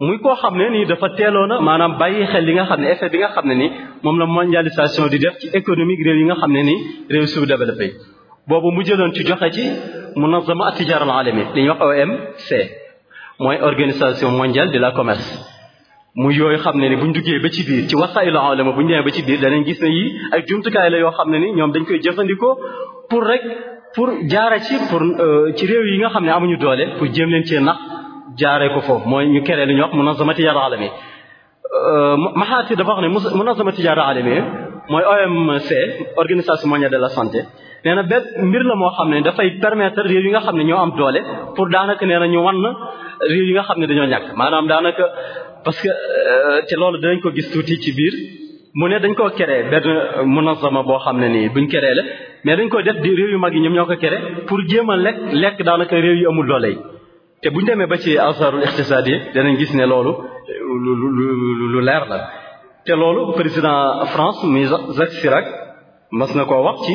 muy koo xam ne nii dafa teeloon a maanaam bàyyi xel li nga xam ne effet bi nga xam ne ni moom la mondialisation di def ci économique réew yi nga xam ne nii réew sous-développé yi boobu mu jëloon ci joxe ci munazama at tijaara al alami li ñuy wax OMC mooy organisation mondiale de la commerce mu yooyu xam ne ni buñ duggee ba ci biir ci wasaayu la ulama buñ demee ba ci biir danañ gis ne yi ay jumtukaay la yoo xam ne ni ñoom dañ koy jëfandikoo pour rek pour jaare ci pour euh, ci réew yi nga xam ne amuñu doole pour jéem leen cee nax jaaree ko foofu mooy ñu keree lu ñuy wax munazamati jaara alami euh, maxaati dafa wax ne munazamati jaara alami mooy OMC organisation mondiale de la santé nee na bépp mbir la moo xam ne dafay permettre réew yi nga xam ne ñoo am doole pour daanaka nee na ñu wan réew yi nga xam ne dañoo ñàkk maanaam daanaka parce que euh, te loolu dinañ ko gis tuuti ci biir mu ne dañ koo créé benn munazama boo xam ne nii buñ keree la mais dañ koy def di réew yu mag yi ñoom ñoo ko kere pour jéem a lekk lekk daanaka réew yu amul doole yi te buñ demee ba ci asarul iqtisadi danañ gis ne loolu lu lu leer la te loolu président France muy Jacques Chirac mas na koo wax ci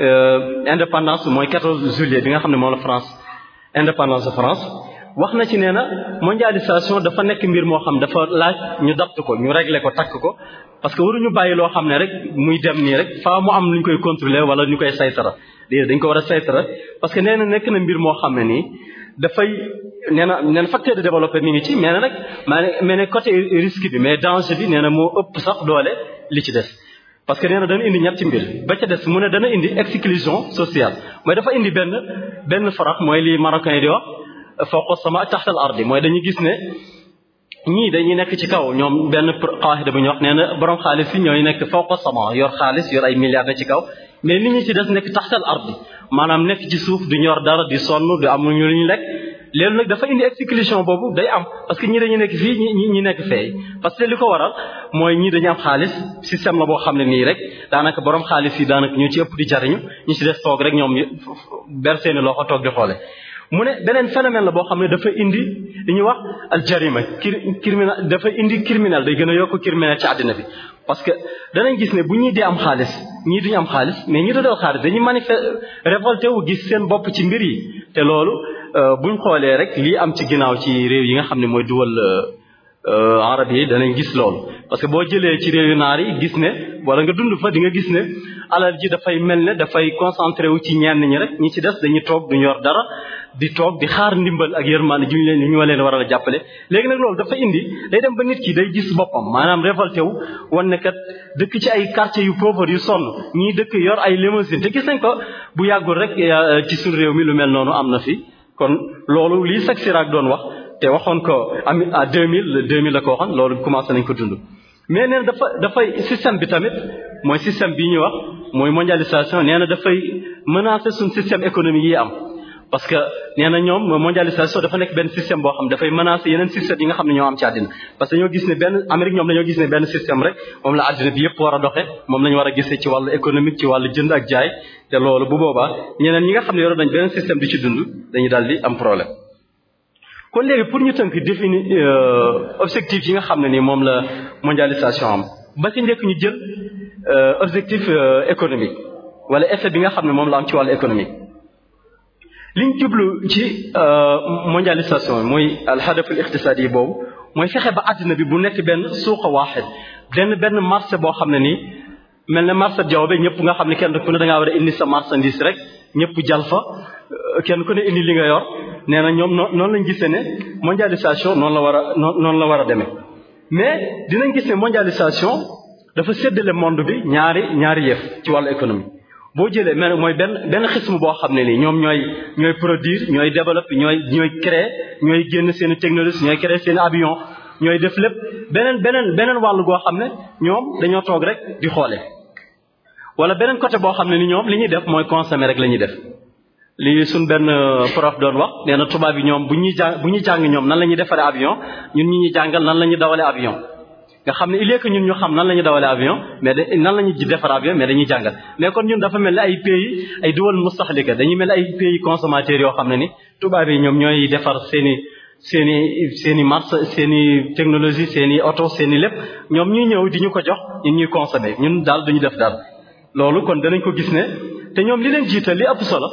euh, indépendance mooy 14 juillet bi nga xam ne moom la France indépendance de France wax na ci nee na mondialisation dafa nekk mbir moo xam ne dafa laaj ñu dapt ko ñu régler ko takk ko parce que waruñu bàyyi loo xam ne rek muy dem nii rek faa mu am lu ñu koy contrôler wala ñu koy saytara léegi dañ ko war a saytara parce que nee na nekk na mbir moo xam ne nii dafay nee na nee na facteur de développé mi ngi ci mais nag maa ne mais ne côté risque bi mais danger bi nee na moo ëpp sax doole li ci des parce que nee na dana indi ñetti mbir ba ca des mu ne dana indi exclusion sociale mooy dafa indi benn benn farax mooy li marocain di wax fawqa sama taxta al ardi mooy dañu gis ne ñii dañuy nekk ci kaw ñoom benn qaahida bu ñu wax nee na borom xaalis yi ñooy nekk fawqa sama yor xaalis yor ay milliards ne ci kaw mais nit ñi ci des nekk taxta al ardi maanaam nekk ci suuf du ñor dara di sonn du amuñu ñu ñu lekk léegi nag dafa indi exclusion boobu day am parce que ñii dañuy nekk fii ñi ñi nekk fee parce que li ko waral mooy ñii dañu am xaalis système la boo xam ne nii rek daanaka borom xaalis yi daanaka ñu ci ëpp di jariñu ñu ci des toog rek ñoom ber seeni loxo toog di xoole mu ne beneen phénomène la boo xam ne dafa indi li ñuy wax al jarima criminel dafa indi kirminal day gën a yokk criminel ci àddina bi parce que danañ gis ne bu ñii dee am xaalis ñii duñu am xaalis mais ñi dodal xaalis dañuy manifester révolté wu gis seen bopp ci mbir yi te loolu euh, buñ xoolee rek lii am ci ginnaaw ci réew yi nga xam ne mooy duwal euh, Euh, arab yi danañ gis loolu parce que boo jëlee ci réew yu naar yi gis ne wala nga dund fa di nga gis ne alal ji dafay mel ne dafay concentré wu ci ñenn ñi rek ñi ci des dañuy toog duñu yor dara di toog di xaar ndimbal ak yërmande ji ñu leen ñu leen war a jàppale léegi nag loolu dafa indi day dem ba nit ki day gis boppam maanaam révolté wu wan ne kat dëkk ci ay quartiers yu pauvre yu sonn ñii dëkk yor ay limousine te gis nañ ko bu yàggul rek euh, ci suñu réew mi lu noonu am na fi kon loolu lii Jacques Chirac doon wax te waxoon ko am à 2000 le 2000 la ko waxoon loolu commencé nañ ko dund mais nee na dafa dafay système bi tamit mooy système bi ñuy wax mooy mondialisation nee dafay menacer suñ système économique yi am parce que nee na ñoom mondialisation dafa nekk benn système boo xam dafay menacer yeneen système yi nga xam ne ñoo am ci àddina parce que dañoo gis ne benn Amérique ñoom dañoo gis ne benn système rek moom la àddina bi yëpp war a doxe moom la ñu war a gisee wàllu économique ak jaay te loolu bu boobaa ñeneen ñi nga xam ne yoroon nañ benn système ci dund dañuy daal di am problème kon léegi pour ñu tënk défini euh, objectif yi nga xam ne ni moom la mondialisation am ba ci njëkk ñu jël euh, objectif euh, économique wala effet bi nga xam ne moom la am ci wàllu économique liñ jublu ci mondialisation mooy alxadaful iqtisaadi boobu mooy fexe ba àddina bi bu nekk benn suuqa waaxid benn benn marché boo xam ne nii mel na marché jaww bi nga xam ne kenn ku ne da ngaa war a indi sa marchandise rek ñëpp jal fa kenn ku ne indi li nga yor nee na ñoom noonu lañ gisee ne mondialisation noonu la war a noonu la war a demee mais dinañ gis ne mondialisation dafa séddale monde bi ñaari ñaari yëf ci wàll économie boo jëlee mel mooy benn benn xisme boo xam ne nii ñoom ñooy ñooy produire ñooy développer ñooy ñooy créer ñooy génn seen technologie ñooy créer seen avion ñooy def lépp beneen beneen beneen wàll goo xam ne ñoom dañoo toog rek di xoole wala beneen côté boo xam ne ni ñoom li ñuy def mooy consommer rek lañuy def li suñ benn euh, prof doon wax nee na tubaab yi ñoom bu ñuy jàng bu ñuy jàng ñoom nan la ñuy defaree avion ñun ñi ñuy jàngal nan la ñuy dawalee avion nga xam ne il ñun ñu xam nan la ñuy dawalee avion mais nan la ñuy defar avion mais dañuy jàngal mais kon ñun dafa mel ni ay pays ay duwal mustaxlika dañuy mel ni ay pays consommateurs yoo xam ne ni tubaab yi ñoom ñooy defar seeni seeni seeni marché seeni technologie seeni oto seeni lépp ñoom ñuy ñëw di ñu ko jox ñun ñuy consommer ñun daal duñu def dara loolu kon danañ ko gis ne te ñoom li leen jiital li ëpp solo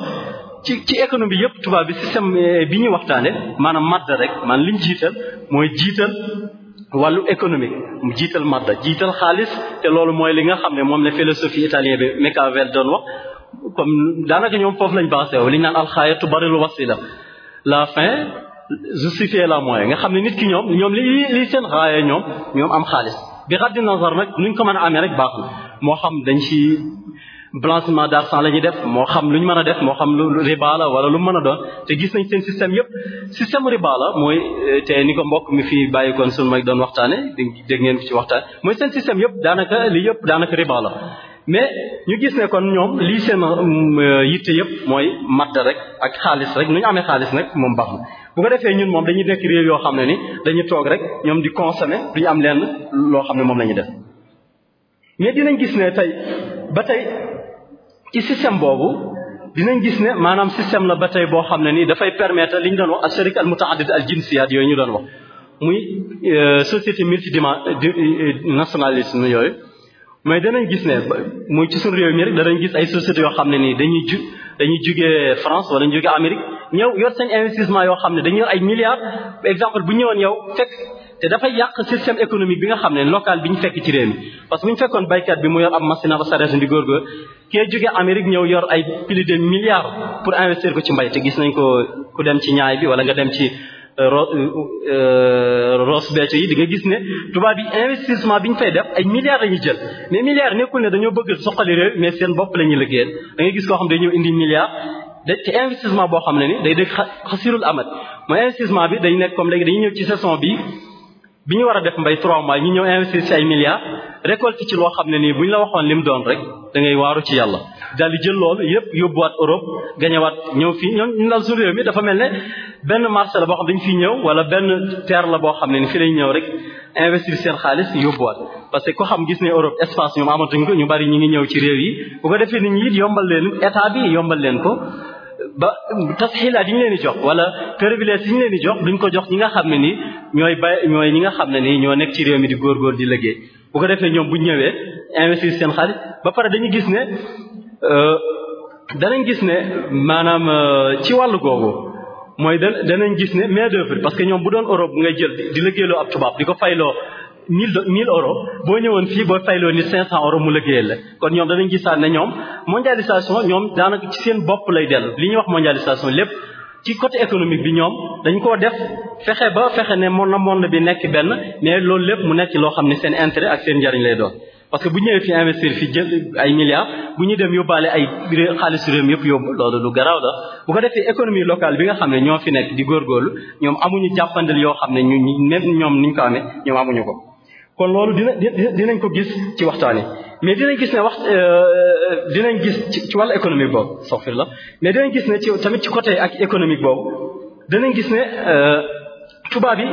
ci ci économie yëpp tubaab bi système eh, bi ñuy waxtaane maanaam madda rek man li ñu jiital mooy jiital wàllu économique mu jiital madda jiital xaalis te loolu mooy li nga xam ne moom la philosophie italien bi Machiavel doon wax comme daanaka ñoom foofu lañ baase li ñu naan alxaayatu barilu wasila la fin justifier la moyen nga xam ne nit ki ñoom ñoom li li seen xaaye ñoom ñoom am xaalis bi raddi nazar nag nuñ ko mën a amee rek baax na moo xam dañ ci blanchiment d'argent la ñuy def moo xam lu ñu mën a def moo xam lu riba la wala lu mën a doon te gis nañ seen système yépp système riba la mooy euh, te ni ko mbokk mi fi bàyyikoon sunu mag doon waxtaane dégg ngeen ko ci waxtaan mooy seen système yépp daanaka li yépp daanaka riba mais ñu gis ne kon ñoom lii seen euh, yitte yépp mooy matt rek ak xaalis rek nu ñu amee xaalis nag moom baax na bu defee ñun moom dañuy nekk réew yoo xam ne ni dañuy toog rek ñoom di consommer duñu am lenn loo xam ne moom la ñuy def mais dinañ gis ne tey ba tey ci système boobu dinañ gis ne maanaam système la ba tey boo xam ne nii dafay permettre li ñu doon wax al sharik al mutaaddid al jinsiyat yooyu ñu doon wax muy euh, société multinationalisme yooyu mais danañ gis ne muy ci suñu réew mi rek danañ gis ay sociétés yoo xam ne nii dañuy ju dañuy jugee France wala ñu jugee Amérique ñëw yor seen investissement yoo xam ne dañuy yor ay milliards exemple bu ñëwoon yow fekk te dafay yàq système économique bi nga xam ne local bi ñu fekk ci réew mi parce que bu ñu fekkoon baykat bi mu yor ab machine ab sareet di góor góor kee jóge Amérique ñëw yor ay plus de milliards pour investir ko ci mbay te gis nañ ko dem ci ñaay bi wala nga dem ci euh, Ross euh, euh, Béthio yi di nga gis ne tubaab yi investissement bi ñu fay def ay milliards la jël mais milliards nekkul ne dañoo bëgg soqali réew mais seen bopp la ñuy liggéeyal da ngay gis koo xam ne day ñëw indi milliards da ci boo xam ne ni day dëkk xasirul amat mooy investissement bi day nekk comme léegi dañuy ci saison bi bi ñu war a def mbay trois ñu ñëw investir ci ay milliards récolte ci loo xam ne nii bu ñu la waxoon lim doon rek dangay ngay waaru ci yàlla daal di jël loolu yépp yóbbuwaat Europe gañewaat ñëw fii ñoom ñu daal suñu réew mi dafa mel ne benn marché la boo xam dañ fi ñëw wala benn terre la boo xam ne ni fi lañ ñëw rek investir seen xaalis yóbbuwaat parce que ku xam gis ne Europe espace ñoom amatuñ ko ñu bari ñu ngi ñëw ci réew yi bu ko defee nit ñi it yombal leen état bi yombal leen ko ba tasxilaat yi ñu leen di jox wala privilège yi ñu leen di jox duñ ko jox ñi nga xam ne ni ñooy bay ñooy ñi nga xam ne ni ñoo nekk ci réew mi di góorgóor di liggéey bu ko defee ñoom bu ñëwee investir seen xaalis ba pare dañu gis ne euh, danañ gis ne maanaam euh, ci wàllu googu mooy da danañ gis ne main d'œuvre parce que ñoom bu doon Europe ngay jël di liggéeyloo ab tubaab di ko fayloo mille mille euro boo ñëwoon fii boo fayloo ni cinq cent euros mu liggéeyal la kon ñoom danañ gisaat ne ñoom mondialisation ñoom daanaka ci seen bopp lay dellu li ñu wax mondialisation lépp ci côté économique bi ñoom dañ koo def fexe ba fexe ne moon na monde bi nekk benn mais loolu lépp mu nekk loo xam ne seen intérêt ak seen njariñ lay doon parce que bu ñëwee fi investir fi jël ay milliards bu ñu dem yóbbaale ay xaalisu réew mi yëpp yóbbu loolu lu garaaw la ko defee économie locale bi nga xam ne ñoo fi nekk di góorgóorlu ñoom amuñu jàppandal yoo xam ne ñu même ñoom niñ ko amee ñoom ko kon loolu dina dinañ ko gis ci waxtaan yi mais dinañ gis ne wax euh, dinañ gis ci ci wàllu économique boobu soxfir la mais dinañ gis ne ci tamit ci côté ak économique boobu dinañ gis ne euh, tubaab yi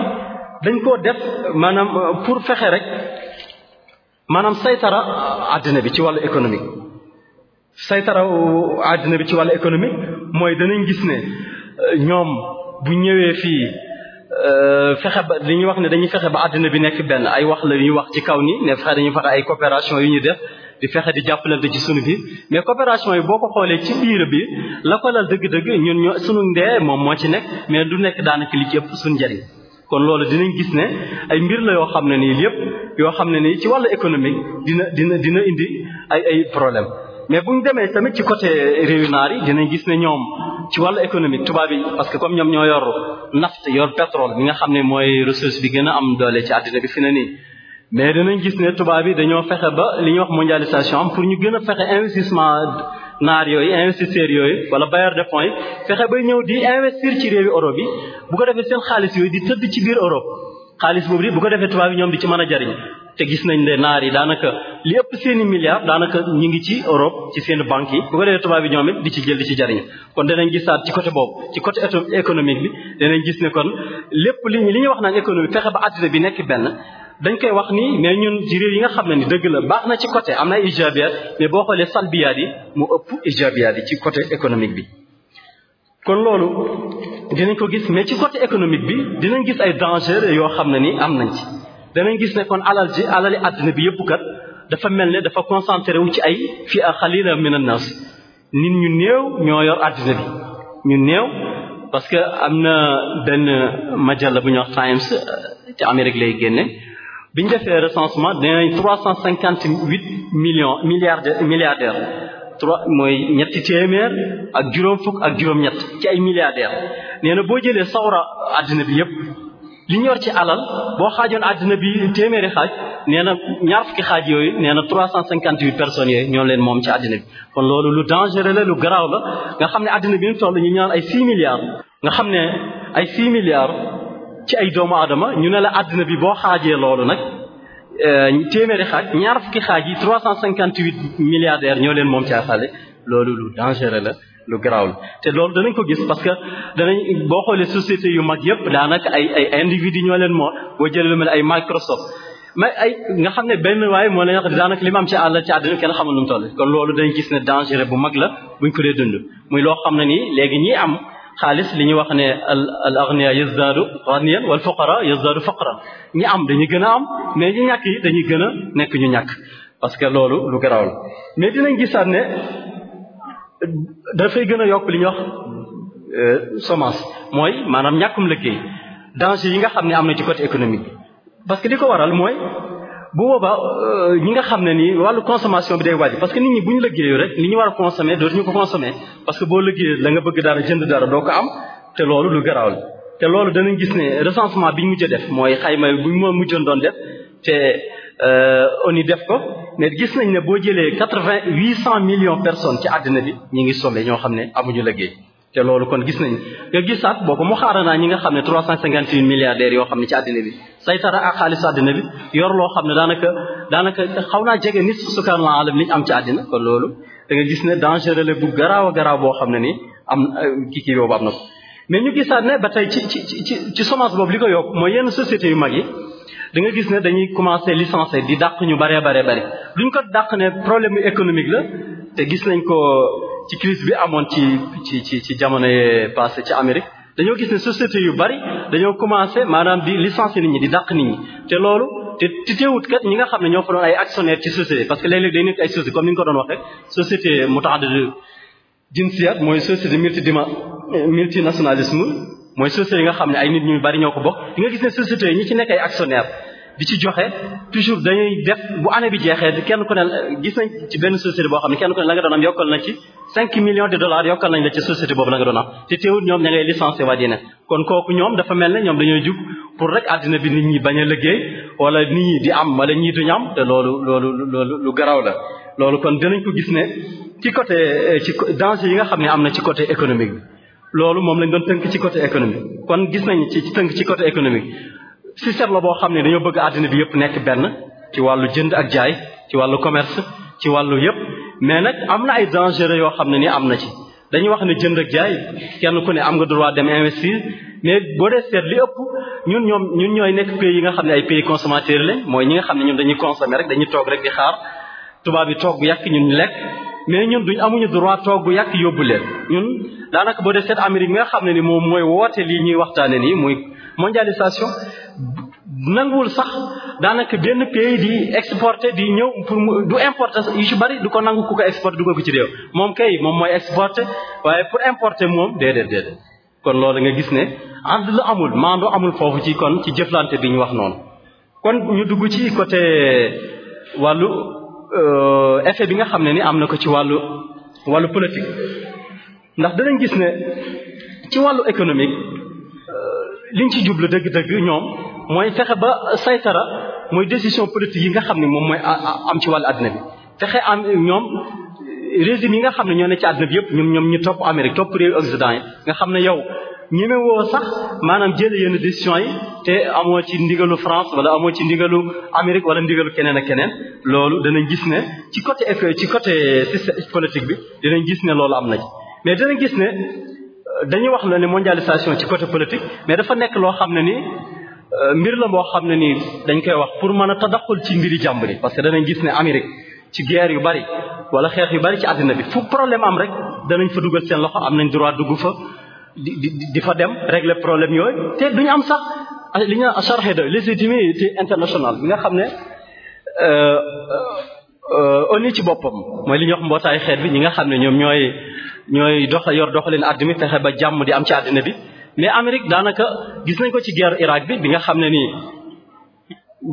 dañ koo def maanaam euh, pour fexe rek maanaam saytara àddina bi ci wàllu économique saytara àddina bi ci wàllu économique mooy danañ gis ne ñoom bu ñëwee fii Euh, fexe ba li ñuy wax ne dañuy fexe ba àddina bi nekk benn ay wax la ñuy wax ci kaw ni ne fexe dañuy fexe ay coopération yu ñuy def di fexe di jàppalante ci sunu biir mais coopération yi boo ko xoolee ci biir bi la ko lal dëgg-dëgg ñun ñoo sunu ndee moom moo ci nekk mais du nekk daanaka li ci ëpp sunu njariñ kon loolu dinañ gis ne ay mbir la yoo xam ne nii lépp yoo xam ne nii ci wàllu économique dina dina dina indi ay ay problème mais bu ñu demee tamit ci côté réewi naar yi dinañ gis ne ñoom ci wàllu économique tubaab yi parce que comme ñoom ñoo yor naft yor pétrole mi nga xam ne mooy ressource bi gën a am doole ci àddina bi fi ne nii mais dinañ gis ne tubaab yi dañoo fexe ba li ñuy wax mondialisation pour ñu gën a fexe investissement naar yooyu investisseurs yooyu wala bailleur de fonds yi fexe bay ñëw di investir ci réewi Europe yi bu ko defee seen xaalis yooyu di tëdd ci biir Europe xaalis boobu di ko defee yi ñoom di ci mën a jariñ te gis nañ ne naar yi daanaka li ëpp seen i daanaka ñu ngi ci Europe ci seen banques yi bu ko tubaab yi ñoom it di ci jël di ci jariñu kon danañ gisaat ci côté boobu ci côté économique bi danañ gis ne kon lépp li li ñuy wax naan économie fexe ba àddina bi nekk benn dañ koy wax ni mais ñun ci réew yi nga xam ne ni dëgg la baax na ci côté am na ay ijabiyaat mais boo xoolee salbiyaat yi mu ëpp ijabiyaat yi ci côté économique bi kon loolu dinañ ko gis mais ci côté économique bi dinañ gis ay danger yoo xam ne ni am nañ ci danañ gis ne kon alal ji alali àddina bi yëpp kat dafa mel ne dafa concentré wu ci ay fi a xalila min an nit ñu néew ñoo yor àddina bi ñu néew parce que am na benn majalla bu ñuy wax Times euh, ci Amérique lay génne biñ ñu defee recensement dinañ trois cent cinquante huit millions milliardaires milliardaires trois mooy ñetti téeméer ak juróom fukk ak juróom-ñett ci ay milliardaires nee na boo jëlee sawra àddina bi yëpp li ñor ci alal boo xaajoon àddina bi téeméeri xaaj nee na ñaar fukki xaaj yooyu nee na trois cent cinquante huit personnes yooyu ñoo leen moom ci àddina bi kon loolu lu dangereux la lu garaaw la nga xam ne àddina bi ñu toll ñu ñaan ay six milliards nga xam ne ay six milliards ci ay doomu aadama ñu ne la àddina bi boo xaajee loolu nag euh, téeméeri xaaj ñaar fukki xaaj yi trois cent cinquante huit milliardaires ñoo leen moom ci asale loolu lu dangereux la lu garaaw la te loolu danañ ko gis parce que danañ boo xoolee société yu mag yépp daanaka ay ay individu ñoo leen moo boo jëlee lu mel ay Microsoft mais ay nga xam ne benn waaye moo leen wax daanaka li ma am ci àll ci àddina kenn xamul kon loolu dañ gis ne danger bu mag la buñ ko dee dund muy loo xam ne nii léegi ñi am xaalis li ñuy wax ne al aghnia yazdaadu ghaniyan wal fuqara yazdaadu faqra ñi am dañuy gën a am mais ñu ñàkk yi dañuy gën a nekk ñu ñàkk parce que loolu lu garaaw la dafay gën a yokk li ñuy wax euh, semence mooy maanaam ñàkkum liggéey danger yi nga xam ne am na ci côté économique bi parce que di ko waral mooy bu boobaa euh, ñi nga xam ne nii wàllu consommation bi day wàññi parce que nit ñi bu ñu liggéeyoo rek li ñu war a consommer dootuñu ko consommer parce que boo liggéeyee la nga bëgg dara jënd dara doo ko am te loolu lu garaaw la te loolu danañ gis ne recensement bi ñu mujj def mooy xayma bu ñu mujjoon doon def te Euh, ONU def ko ne gis nañ ne boo jëlee quatre-vingt huit cent millions personnes ci àddina bi ñi ngi solle ñoo xam ne amuñu liggéey te loolu kon gis nañ nga gisaat boo ko mu xaaranaa ñi nga xam ne trois cent cinquante huit milliardaires yoo xam ne ci àddina bi saytara ak xaalis àddina bi yor loo xam ne daanaka daanaka xaw naa jege nit sukkandiku alam liñ am ci àddina kon loolu da nga gis ne dangereux la bu garaaw a garaaw boo xam ne ni am kii kii boobu am na ko mais ñu gisaat ne ba tey ci ci ci ci semence boobu li ko yokk mooy yenn sociétés yu mag yi da nga gis ne dañuy commencer licencier di dàq ñu baree baree bari duñ ko dàq ne problème économique la te gis nañ ko ci crise bi amoon ci ci ci ci jamono yee passé ci Amérique dañoo gis ne société yu bari dañoo commencer maanaam di licencier nit ñi di dàq nit ñi te loolu te te teewut kat ñi nga xam ne ñoo fa doon ay actionnaire ci société parce que léeg-léeg day nekk ay société comme ni nga ko doon wax rek société mutaadid jinsiyat mooy société multidima multinationalisme mooy société yi nga xam nit ñu bari ñoo ko bokk. di nga gis ne société yi ñi di ci joxe toujours dañuy def bu année bi jeexee kenn ku ne gis nañ ci benn société boo xam ne kenn ku ne la nga doon am yokkal na ci cinq millions de dollars nañ la ci société boobu la nga doon am te teewul ñoom ña ngay licencié waa diine kon ñoom dafa ne ñoom dañoo jug pour rek bi nit ñi bañ a liggéey wala nit di am wala ñii duñ am te loolu loolu loolu lu garaw la loolu kon dinañ ko gis ne ci côté eh, ci danger yi nga xam ne am na ci côté économique bi loolu moom lañ doon tënk ci côté économique kon gis nañ ci tënk ci côté économique système la boo xam ne dañoo bëgg àddina bi yëpp nekk benn ci wàllu jënd ak jaay ci wàllu commerce ci wàllu yëpp mais nag am na ay dangereux yoo xam ne ni am na ci dañu wax ne jënd ak jaay kenn ku ne am nga droit dem investir mais boo dee seet li ëpp ñun ñoom ñun ñooy nekk pays yi nga xam ne ay pays consommateurs lañ mooy ñi nga xam ne ñun dañuy consommer rek dañu toog rek di xaar tubaab yi toog bu yàq ñun lekk mais ñun duñ amuñu droit toog bu yàq yóbbu leen ñun daanaka boo dee seet Amérique mi nga xam ne ni moom mooy woote lii ñuy waxtaane nii muy mondialisation nanguwul sax daanaka benn pays di exporter di ñëw pour du importer yu ci bari du ko nangu ku ko exporter du ko ci réew moom kay moom mooy exporter waaye pour importer moom déedéet déedéet kon loolu nga gis ne ànd amul maandu amul foofu ci kon ci jëflante bi ñu wax noonu kon ñu dugg ci côté wàllu euh, effet bi nga xam ne ni am na ko ci wàllu wàllu politique ndax danañ gis ne ci wàllu économique liñ ci jublu dëgg-dëgg ñoom mooy fexe ba saytara mooy décision politique yi nga xam ne moom mooy am ci wàll àddina bi fexe am ñoom régime yi nga xam ne ñoo ne ci àddina bi yëpp ñoom ñoom ñu topp Amérique topp réew Occident yi nga xam ne yow ñeme woo sax maanaam jële yenn décision yi te amoo ci ndigalu France wala amoo ci ndigalu Amérique wala ndigalu keneen ak keneen loolu danañ gis ne ci côté ci côté système politique bi dinañ gis ne loolu am na dañuy wax la ne mondialisation ci côté politique mais dafa nekk loo xam ne ni euh, mbir la moo xam ne ni dañ koy wax pour mën a tadaxul ci mbiri jàmbur yi parce que danañ gis ne Amérique ci guerre yu bari wala xeex yu bari ci àddina bi fu problème am rek danañ fa dugal seen loxo am nañ droit dugg fa di di fa dem régler problème yooyu te duñu am sax ah, li ñu naan chargé de légitimité internationale bi nga xam ne ONU euh, euh, ci boppam mooy li ñuy wax mbootaayu xeet bi ñi nga xam ne ñoom ñooy ñooy dox yor doxalin àddina bi fexe ba jàmm di am ci àddina bi mais Amérique daanaka gis nañ ko ci guerre Irak bi bi nga xam ne nii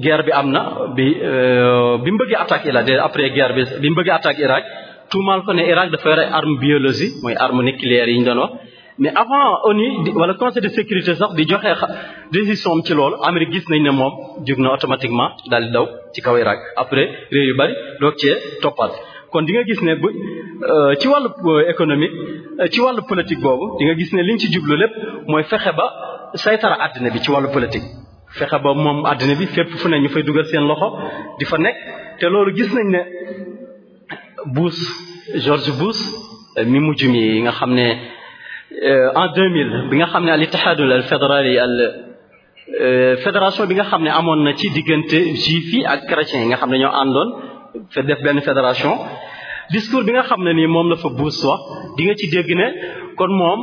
guerre bi am na bi euh, bi mu bëggee attaque Irak après guerre bi bi mu bëggee attaque Irak tuumaal ko ne Irak dafa yore arme biologie mooy arme nucléaire yi ñu doon wax mais avant ONU wala conseil de sécurité sax di joxe décision am ci loolu Amérique gis nañ ne moom jóg na automatiquement daal di daw ci kaw Irak après réew yu bari doog cee kon di nga gis ne bu euh, ci wàllu euh, économique euh, ci wàllu politique boobu di nga gis ne liñ ci jublu lépp mooy fexe ba saytara àddina bi ci wàllu politique fexe ba moom àddina bi fépp fu ne ñu fay dugal seen loxo di fa nekk te loolu gis nañ ne Bush George Bush mi mujj mi nga xam ne en mille bi nga xam ne al ittihadul al fédérali al fédération bi nga xam ne amoon na ci diggante juif yi ak chrétiens yi nga xam ne ñoo àndoon def benn fédération discours bi nga xam ne nii moom la fa buus wax di nga ci dégg ne kon moom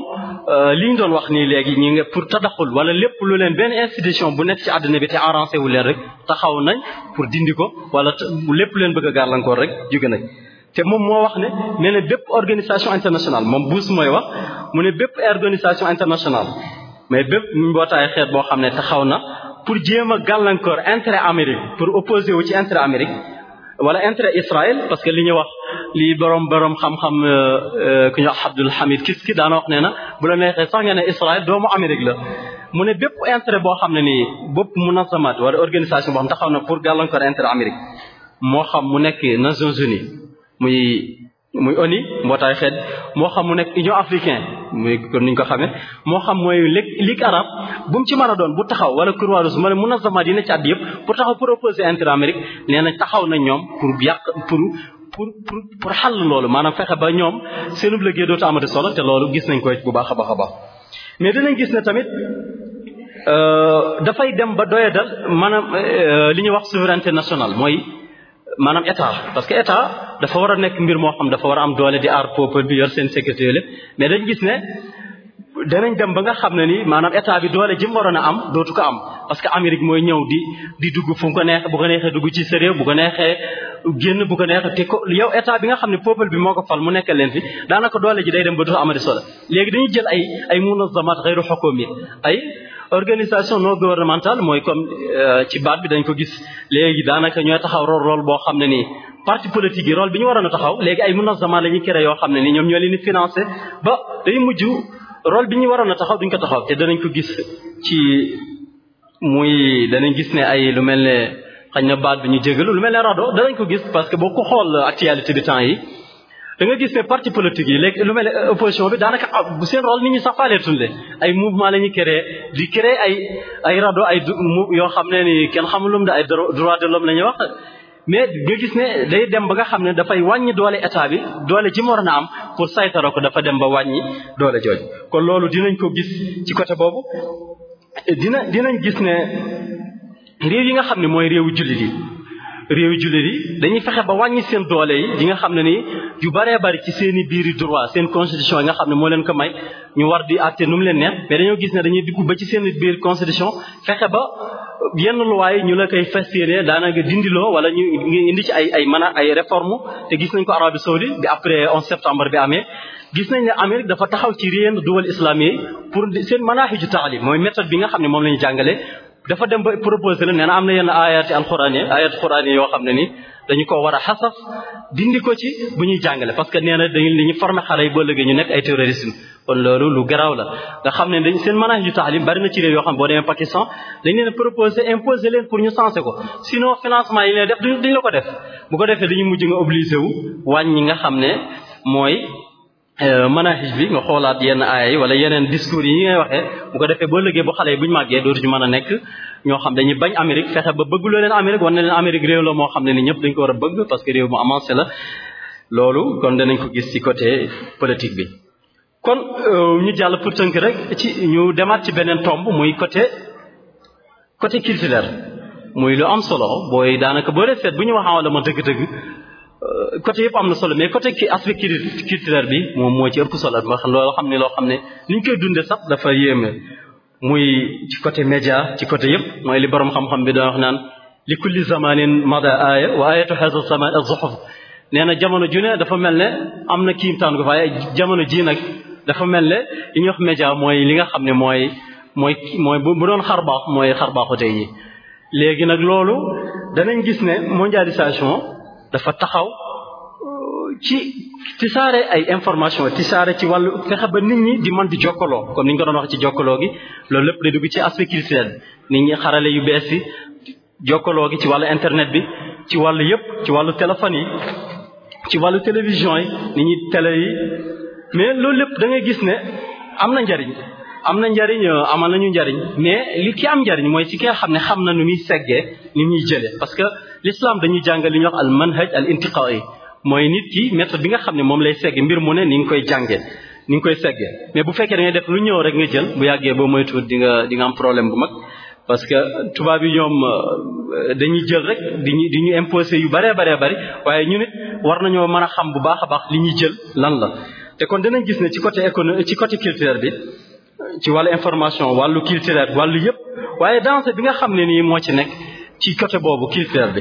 euh, li ñu doon wax nii léegi ñi nga pour tadaxul wala lépp lu leen benn institution bu nekk ci àddina bi te arrangé wu leen rek taxaw nañ pour dindi ko wala lépp leen bëgg a gàllankoor rek jóge nañ te moom moo wax ne nee na bépp organisation internationale moom buus mooy wax mu ne bépp organisation internationale mais bépp mbootaay xeet boo xam ne taxaw na pour jéem a gàllankoor intérêt Amérique pour opposer wu ci intérêt Amérique wala intérêt Israël parce que li ñu wax li borom borom xam-xam euh, euh, ku ñu wax Abdul Hamid Kiski daana wax nee na bu la neexee sax nga ne doomu Amérique la mu ne bépp intérêt boo xam ne nii bépp munazamat wala organisation boo xam taxaw na pour gàllankoor intérêt Amérique moo xam mu nekk Nations Unies muy muy ONU mbootaay xeet moo xam mu nekk Union africaine muy comme nuñ ñu ko xamee moo xam mooy Ligue arabe bu mu ci mën a doon bu taxaw wala Croix-Rouge ma ne munazama dina ci àdd yëpp bu taxaw proposé inter-Amérique nee na taxaw na ñoom pour yàq pour pour pour pour xàll loolu maanaam fexe ba ñoom seenu liggéey a amati solo te loolu gis nañ ko bu baax a baax a baax mais dinañ gis ne tamit euh, dafay dem ba doyadal maanaam euh, li ñuy wax souveraineté nationale mooy. maanaam état parce que état dafa war a nekk mbir moo xam dafa war am doole di aar peuple bi yor seen sécurité yooyu mais dañ gis ne danañ dem ba nga xam ne ni maanaam état bi doole jëm waroon a am dootu ko am parce que Amérique mooy ñëw di di dugg fu mu ko neexee bu dugg ci sa réew bu ko neexee génn bu ko neexee te ko yow état bi nga xam ne peuple bi moo ko fal mu nekkal leen fi daanaka doole ji day dem ba dootu amati solo léegi dañuy jël ay ay munazamat xayru xokkoom yi ay organisation non gouvernementale mooy comme euh, ci baat bi dañ ko gis léegi daanaka ñooy taxaw rôle rôle boo xam ne nii parti politique yi rôle bi ñu waroon a taxaw léegi ay munazama la ñuy créé yoo xam ne nii ñoom ñoo leen di financé ba day mujj rôle bi ñu waroon a taxaw duñ ko taxaw te danañ ko gis ci muy danañ gis ne ay lu mel ne xañ na baat bi ñu jégalu lu mel ne rado danañ ko gis parce que boo ko xool actualité bi temps yi da nga gis ne parti politique yi léegi lu mel ne euh, opposition bi daanaka ah, bu seen rôle nit ñi sax faaleetul de ay mouvement la ñuy créer di créer ay ay rado ay yoo xam ne ni kenn xamul lum ay droit de l'homme la ñuy wax mais nga gis ne day dem ba nga xam ne dafay wàññi doole état bi doole ji mu war na am pour saytara ko dafa dem ba wàññi doole jooju kon loolu dinañ ko gis ci côté boobu dina dinañ gis ne réew yi nga xam ne mooy réewu jullit yi réewi jullit yi dañuy fexe ba wàññi seen doole yi yi nga xam ne ni yu baree bari ci seen i biiri droit seen constitution yi nga xam ne moo leen ko may ñu war di àtte nu mu leen neex mais dañoo gis ne dañuy dugg ba ci seen biir constitution fexe ba yenn loi yi ñu la koy fas daanaka dindiloo wala ñu indi ci ay ay mën ay réforme te gis nañ ko Arabie saoudite bi après 11 septembre bi amee gis nañ ne Amérique dafa taxaw ci réen duwal islam yi pour seen manahiju taalim mooy méthode bi nga xam ne moom la ñu dafa dem ba proposé la nee na am na yenn ayaati alxuraan yi ayaati xuraan yi yoo xam ne ni dañu ko war a xasaf dindi ko ci bu ñuy jàngale parce que nee na dañu dañu former xale yi boo léegi ñu nekk ay terrorisme kon loolu lu garaaw la nga xam ne dañ seen manhaj yu taalim bari na ci réew yoo xam boo demee Pakistan dañ leen proposé imposé leen pour ñu sensé ko sinon financement yi leen def duñ la ko def bu ko defee dañu mujj nga obligé wu wàññi nga xam ne mooy Euh, manahij bi nga xoolaat yenn aaya yi wala yeneen discours yi ñu ngay waxee bu ko defee boo liggéey bu xale yi buñu màggee dootuñu mën a nekk ñoo xam dañuy bañ Amérique fexe ba bëgg leen Amérique war na leen Amérique réew la moo xam ne ni ñëpp dañ ko war a bëgg parce que réew mu avancé la loolu kon danañ ko gis ci côté politique bi kon euh, ñu jàll pour tënk rek ci ñu demaat ci beneen tomb muy côté côté culturel muy lu am solo booy daanaka boo dee seet bu ñu waxaa wala ma dëgg-dëgg Euh, côté yëpp am na solo mais côté aspect culturel bi moom moo ci ëpp solo ma xam loo xam ne loo xam ne ni ñu dundee sax dafa yéeme muy côté média ci côté yëpp mooy li borom xam-xam bi naan li kulli zamanin mada aaya wa ayatu hadha zaman az-zuhuf nee na jamono ju ne dafa mel ne am na kiimtaan gu faaye jamono ji nag dafa mel ne li ñuy wax média mooy li nga xam ne mooy mooy mooy bu doon xar mooy xar baaxu yi léegi nag loolu danañ gis ne mondialisation dafa taxaw ci ci saare ay information ci saare ci wàllu fexe ba nit ñi di mën di jokkaloo comme ni ñu ko doon wax ci jokkaloo gi loolu lépp day dugg ci aspect culturel nit ñi xarale yu bees yi jokkaloo gi ci wàllu internet bi ci wàllu yëpp ci wàllu téléphone yi ci wàllu télévision yi nit ñi tele yi mais loolu lépp da ngay gis ne am na njariñ am na njariñ euh, amal nañu njariñ mais li ki am njariñ mooy ci ki nga xam ne xam na nu muy seggee ni muy jëlee l'islam dañuy jàngal li ñuy wax al manhaj al intiqa'i mooy nit ki méthode bi nga xam ne moom lay segg mbir mu ne ni nga koy jàngee ni nga koy seggee mais bu fekkee da def lu ñëw rek nga jël bu yàggee boo moytuwul di nga di nga am problème bu mag parce que tubaab yi ñoom euh, dañuy jël rek di ñu di ñu imposer yu baree baree bari waaye ñu nit war nañoo mën a xam bu baax a baax li ñuy jël lan la te kon dinañ gis ne ci côté économie ci côté culturel bi ci wàllu information wàllu culturel wàllu yëpp waaye nga xam nii moo ci nekk ci côté boobu culture bi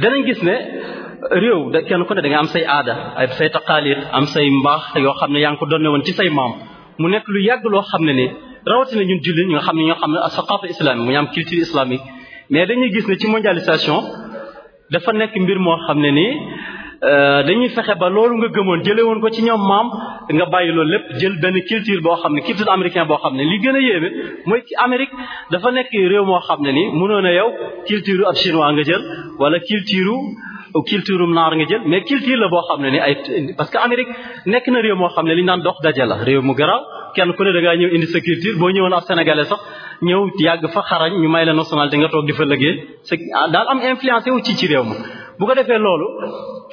danañ gis ne réew da kenn ku ne da am say aada ay say taqaalit am say mbaax yoo xam ne yaa ngi ko donne woon ci say maam mu nekk lu yàgg loo xam ne ni rawatina ñun julli ñu nga xam ne ñoo xam ne asaqafa islamique mu ñu am culture islamique mais dañuy gis ne ci mondialisation dafa nekk mbir moo xam ne nii Euh, dañuy fexe ba loolu nga gëmoon jëlee woon ko ci ñoom maam nga bàyyi loolu lépp jël benn culture boo xam ne culture américain boo xam ne li gën a yéeme mooy ci Amérique dafa nekk réew moo xam ne nii mënoon a yow culture ab chinois nga jël wala culture culture um naar nga jël mais culture la boo xam ne ni ay parce que Amérique nekk na réew moo xam ne li naan dox daje la réew mu garaaw kenn ku ne da ñëw indi sa culture boo ñëwoon ab sénégalais sax ñëw yàgg fa xarañ ñu may la nationalité nga toog di fa liggéey daal am influence wu ci ci réew ma bu ko defee loolu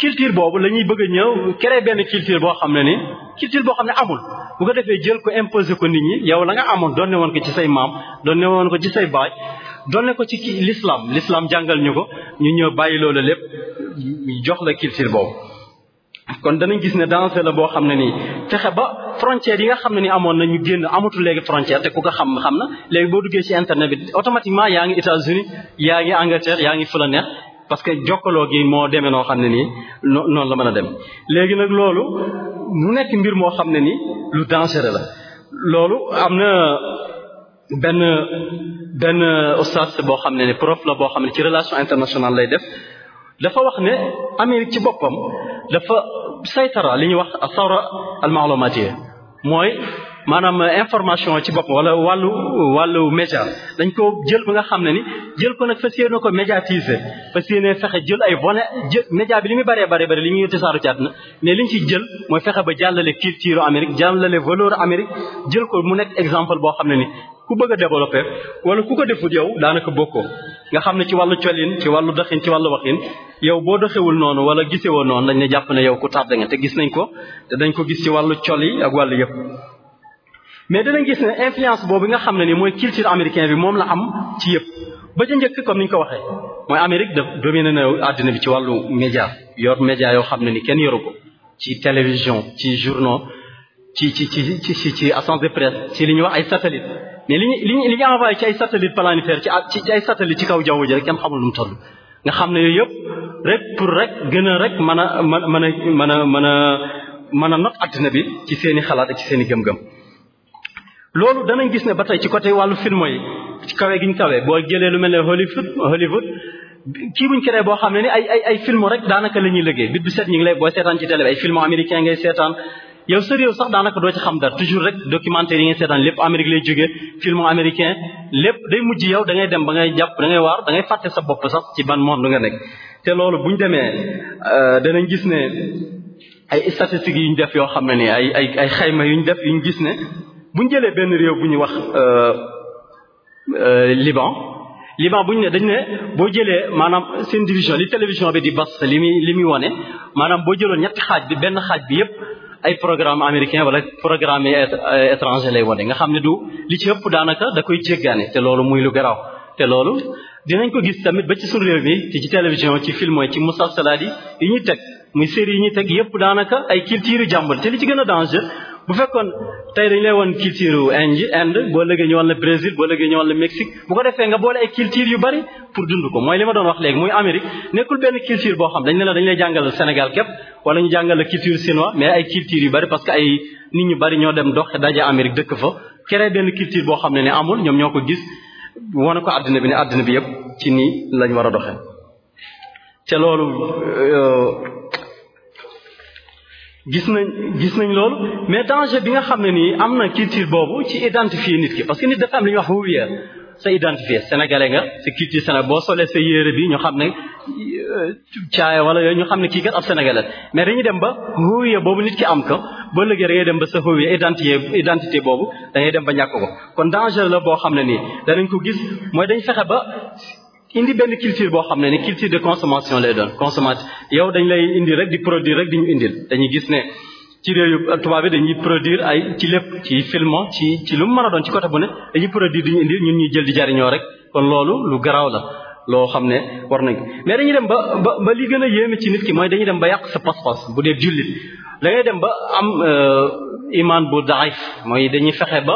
culture boobu la ñuy bëgg a ñëw créer benn culture boo xam ne ni culture boo xam ne amul bu ko defee jël ko imposer ko nit ñi yow la nga amoon donne woon ko ci say maam donne woon ko ci say baay donne ko ci l'islam l'islam jàngal ñu ko ñu ñëw bàyyi loolu lépp jox la culture boobu kon danañ gis ne danse la boo xam ne nii texe ba frontière yi nga xam ne ni amoon na ñu génn amatul léegi frontière te ku ko xam xam na léegi boo duggee ci internet bi automatiquement yaa ngi États-Unis yaa ngi Angleterre yaa ngi fu la neex parce que jokkaloo gi moo demee noo xam ne nii noonu la mën a dem léegi nag loolu mu nekk mbir moo xam ne ni lu dangereux la loolu am na benn benn ustaas boo xam ne ni prof la boo xam ne ci relation internationale lay def dafa wax ne Amérique ci boppam dafa saytara li ñuy wax sawra al maalumaatiya mooy maanaam information ci bopp wala wàllu wàllu média dañ ko jël ba nga xam ne ni jël ko nag fas yéene ko médiatiser fas yéene fexe jël ay volet jël média bi li muy bëree bëri bëri li ñuy tasaaru ci na mais liñ ci jël mooy fexe ba jàllale culture Amérique jàllale valeur Amérique jël ko mu nekk exemple boo xam ne ni ku bëgg a développer wala ku ko defut yow daanaka bokkoo nga xam ne ci wàllu colin ci wàllu doxin ci wàllu waxin yow boo doxewul noonu wala gisewoo noonu dañ ne jàpp ne yow ku tardé nga te gis nañ ko dañ ko gis ci wàllu col yi ak wàllu yëpp mais danañ gis ne influence boobu nga xam ne ni mooy culture américain bi moom la am ci yëpp ba ca comme ni ñu ko waxee mooy Amérique da dominé na àddina bi ci wàllu média yor média yoo xam ne ni kenn yoru ko ci télévision ci journaux ci ci ci ci ci agence de presse ci li ñuy wax ay satellite mais li ñu li ñu li ñu envoyé ci ay satellite planétaire ci ci ay satellite ci kaw jaww ji rek kenn xamul nu mu toll nga xam ne yooyu yëpp rek pour rek gën a rek mën a mën a mën a mën a mën a not àddina bi ci seen i xalaat ak ci seen i gëm loolu danañ gis ne ba tey ci côté wàllu film yi ci kawe gi ñu kawe boo jëlee lu mel ne Hollywood Hollywood kii buñ créé boo xam ne ni ay ay ay film rek daanaka la ñuy liggéey bit bu set ñu ngi lay boo seetaan ci télé bi ay film américain ngay seetaan yow sérieux sax daanaka doo ci xam dara toujours rek documentaire yi ngay seetaan lépp Amérique lay jógee film américain lépp day mujj yow dangay ngay dem ba ngay jàpp dangay ngay waar da fàtte sa bopp sax ci ban monde nga nekk te loolu buñ demee euh, danañ gis ne ay statistiques yu ñu def yoo xam ne ni ay ay ay xayma yu ñu def yu ñu gis ne bu ñu jëlee benn réew bu ñu wax euh, euh, Liban Liban bu ñu ne dañu ne boo jëlee maanaam seen division li télévision bi di bas li muy li muy wane maanaam boo jëloo ñetti xaaj bi benn xaaj bi yépp ay programme américain wala programme euh, étranger lay wane nga xam ne du li ci ëpp daanaka da koy jéggaane te loolu muy lu garaaw te loolu dinañ ko gis tamit ba ci suñu réew mi ci télévision ci film ci musalsalaat yi yi ñuy teg muy série yi ñuy teg yëpp daanaka ay culture jàmbal te ci gën a danger bu fekkoon tey dañu lay woon culture Inde Inde boo léegi ñu woon la Brésil boo léegi ñu woon Mexique bu ko defee nga boole ay culture yu bari pour dund ko mooy li ma doon wax léegi muy Amérique nekkul benn culture boo xam dañ ne la dañ lay jàngal Sénégal képp wala ñu jàngal la culture chinois mais ay culture yu bari parce que ay nit ñu bari ñoo dem dox daje Amérique dëkk fa créé benn culture boo xam ne ni amul ñoom ñoo ko gis wane ko àddina bi ne àddina bi yépp ci nii lañ war a doxee loolu euh, gis nañ gis nañ loolu mais danger bi nga xam ne nii am na culture boobu ci identifier nit ki parce que nit dafa am li ñuy wax wuuyeer sa identifier sénégalais nga sa culture sénégal boo solee sa yére bi ñu xam ne euh, caaya wala yooyu ñu xam ne kii kat ab sénégalais mais dañuy dem ba wuuyeer boobu nit ki am ko ba léegi da ngay dem ba sa wuuyeer identité identité boobu dangay dem ba ñàkk ko kon danger la boo xam ne nii danañ ko gis mooy dañ fexe ba indi benn culture boo xam ne ni culture de consommation lay doon consommation yow dañ lay indi rek di produire rek di ñu indi dañu gis ne ci réew tubaab bi dañuy produire ay ci lépp ci film ci ci lu mu a doon ci côté bu ne dañuy produire di ñu indil ñun ñuy jël di jariñoo rek kon loolu lu garaaw la loo xam ne war nañ mais dañuy dem ba ba ba li gën a yéeme ci nit ki mooy dañuy dem ba yàq sa pas-pas bu dee jullit da ngay dem ba am euh, imaan bu daif mooy dañuy fexe ba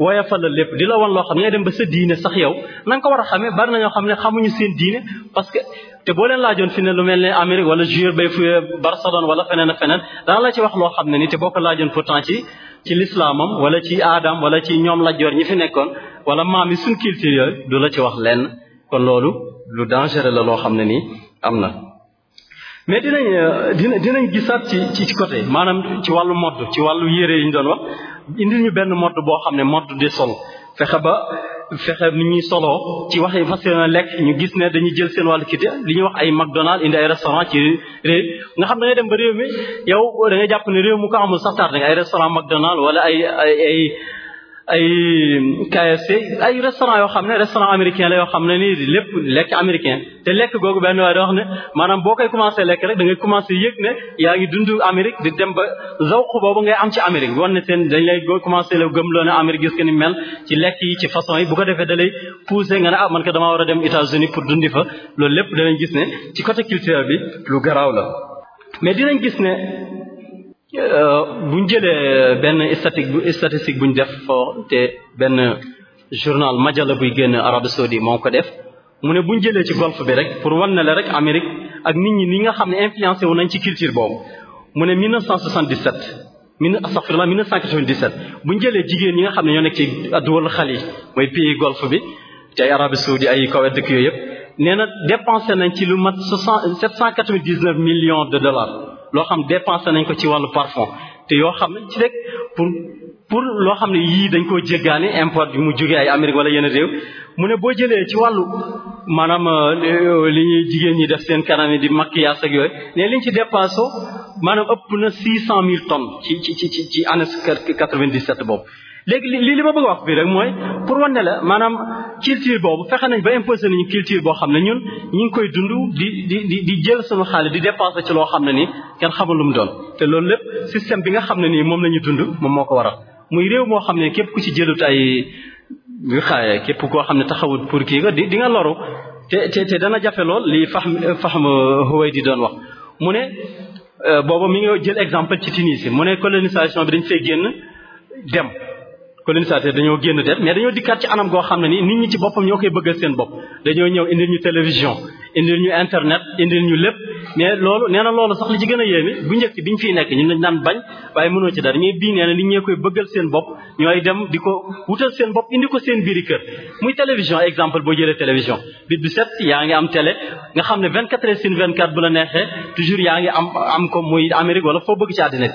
woyofal la lépp di la wan loo xam ngay dem ba sa diine sax yow na ko war a xamee bari na ñoo xam ne xamuñu seen diine parce que te boo leen laajoon fi ne lu mel ne Amérique wala Jure bay fu Barcelone wala feneen a feneen dana la ci wax loo xam ne ni te boo ko laajoon pourtant ci ci lislaamam wala ci aadam wala ci ñoom la joor ñi fi nekkoon wala maam yi suñ culture yooyu du la ci wax lenn kon loolu lu dangereux la loo xam ne nii am na mais dinañ euh, dina dinañ gisaat ci ci côté maanaam ci wàllu modd ci wàllu yére yi ñu doon wax indil ñu benn modd boo xam ne modd de sol fexe ba fexe ni ñuy soloo ci waxi fas lekk ñu gis ne dañuy jël seen wàllu kité li ñuy wax ay McDonald indi ay restaurant ci réew nga xam da ngay dem ba réew mi yow da ngay jàpp ne réew mu ko amul sax taar da nga ay restaurant McDonald wala ay ay ay ay KFC ay restaurant yoo xam ne restaurant américain la yoo xam ne nii lépp lekk américain te lekk googu benn waaye da wax ne maanaam boo koy commencé lekk rek da ngay yëg ne yaa ngi dund Amérique di dem ba zawq boobu ngay am ci Amérique wan ne seen dañ lay boo commencé la gëm loo ne Amérique gis nga ni mel ci lekk yi ci façon yi bu defee da lay poussé nga ne ah man ko damaa war a dem États-Unis pour dundi fa loolu lépp danañ gis ne ci côté culture lu garaaw la Euh, bu ñu jëlee euh, benn statistique bu statistique bu ñu def te benn journal majala buy génn Arabie Saoudite moo ko def mu ne bu ñu jëlee ci golfe bi rek pour wan ne la rek Amérique ak nit ñi ni nga xam ne influencé wu nañ ci culture boobu mu ne 1977 mille astaghfirullah 1997 bu ñu jëlee jigéen ñi nga xam ne ñoo nekk ci adduwal xal yi mooy pays golfe bi ci ay Arabie Saoudite ay Koweït dëkk yooyu yëpp nee na dépensé nañ ci lu mat 799 millions de dollars. loo xam dépensé nañ ko ci wàllu parfum te yoo xam ne ci rek pour pour loo xam ne yii dañ koo jéggaani import bi mu jógee ay Amérique wala yeneen réew mu ne boo jëlee ci wàllu maanaam euh, li ñuy jigéen ñi def seen kanam yi di maquillage ak yooyu ne liñ ci dépensé maanaam ëpp na six cent mille tonnes ci ci ci ci année quatre vingt léegi lii li ma bëgg a wax fii rek mooy pour wane la maanaam culture boobu fexe nañ ba imposé nañu culture boo xam ne ñun ñu ngi koy dund di di di di jël sunu xaalis di dépensé ci loo xam ne nii kenn xamul lu doon te loolu lépp système bi nga xam ne nii moom la ñu dund moom moo ko waral muy réew moo xam ne képp ku ci jëlut ay xaaye képp koo xam ne taxawut pour kii nga di di nga loru te te dana jafe lool li fahm fahm huway di doon wax mu ne euh, booba mi ngi jël exemple ci Tunisie mu ne colonisation bi dañ fay génn dem colonisateur dañoo génn dem mais dañoo dikkaat ci anam goo xam ne ni nit ñi ci boppam ñoo koy bëggal seen bopp dañoo ñëw indil ñu télévision indil ñu internet indil ñu lépp mais loolu nee na loolu sax li ci gën a yéeme bu njëkk biñ fiy nekk ñun dañ daan bañ waaye mënoo ci dara mais bii nee na nit ñee koy bëggal seen bopp ñooy dem di ko wutal seen bopp indi ko seen biiri kër muy télévision exemple boo jëlee télévision bi bi set yaa ngi am télé nga xam ne 24 heures sur 24 bu la neexee toujours ngi am am ko muy Amérique wala foo bëgg ci àddina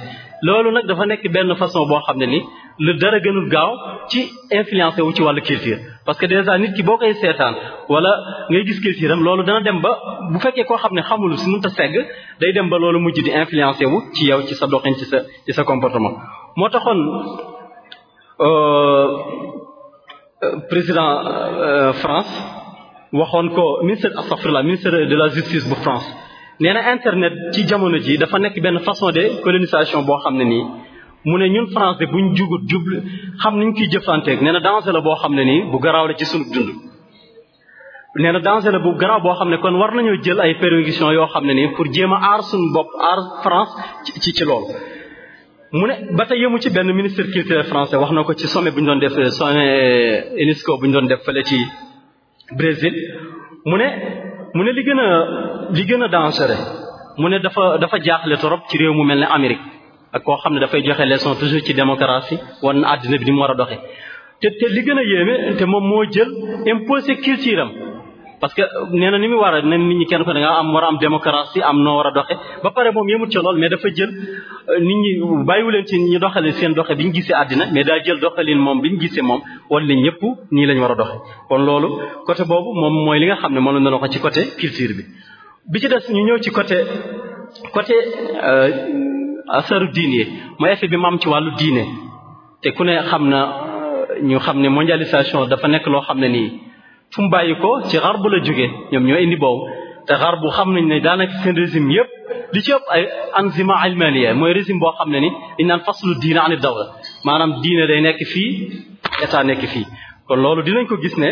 loolu nag benn façon boo xam ne ni la dara gënul gaaw ci influencé wu ci wàllu culture parce que déjà nit ki boo koy seetaan wala ngay gis culture am loolu dana dem ba bu fekkee koo xam ne xamul si mënta segg day dem ba loolu mujj di influencé wu ci yow ci sa doxin ci sa ci sa comportement moo taxoon euh, euh, président euh, France waxoon ko ministre astaghfirullah ministre de la justice bu France nee na internet ci jamono ji dafa nekk benn façon de colonisation boo xam ne nii mu ne ñun français buñ jugut jublu xam niñ kiy jëflanteeg nee na danger la boo xam ne nii bu garaaw la ci sunu dund. nee na danger la bu garaaw boo xam ne kon war nañoo jël ay prévisions yoo xam ne nii pour jéem a aar suñu bopp aar France ci ci loolu. mu ne ba tey yemu ci benn ministre culturel français wax na ko ci sommet bu doon def euh, sommet euh, UNESCO bu ñu doon def fële ci Brésil mu ne mu ne li gën a li gën a dangereux mu ne dafa dafa jaaxle trop ci réew mu mel ne Amérique. ak koo xam ne dafay joxe leçon toujours ci démocratie wan na àddina bi ni mu war a doxee te te li gën yéeme te moom moo jël imposé culture am parce que nee na ni mu war a nen ñi kenn ko da nga am war a am démocratie am a doxe ba pare moom yemut ca lool mais dafa jël euh, nit ñi bàyyiwu leen ci ñu doxale seen doxe bi ñu gisee àddina mais daa jël doxalin moom bi ñu gisee moom wan leen ñëpp nii lañ war a doxe kon loolu côté boobu moom mooy li nga xam ne moom la na ko ci côté culture bi bi ci des ñu ñëw ci côté côté euh, asaru diine mooy effet bi mu am ci wàllu diine te ku ne xam na ñu xam ne mondialisation dafa nekk loo xam ne nii fu mu bàyyi ko ci xarbu la jóge ñoom ñoo indi boobu te xarbu xam nañ ne daanaka seen régime yëpp li ci ëpp ay anzima almaniya mooy régime boo xam ne ni dañ naan faslu diine ani dawla maanaam diine day nekk fii état nekk fii kon loolu dinañ ko gis ne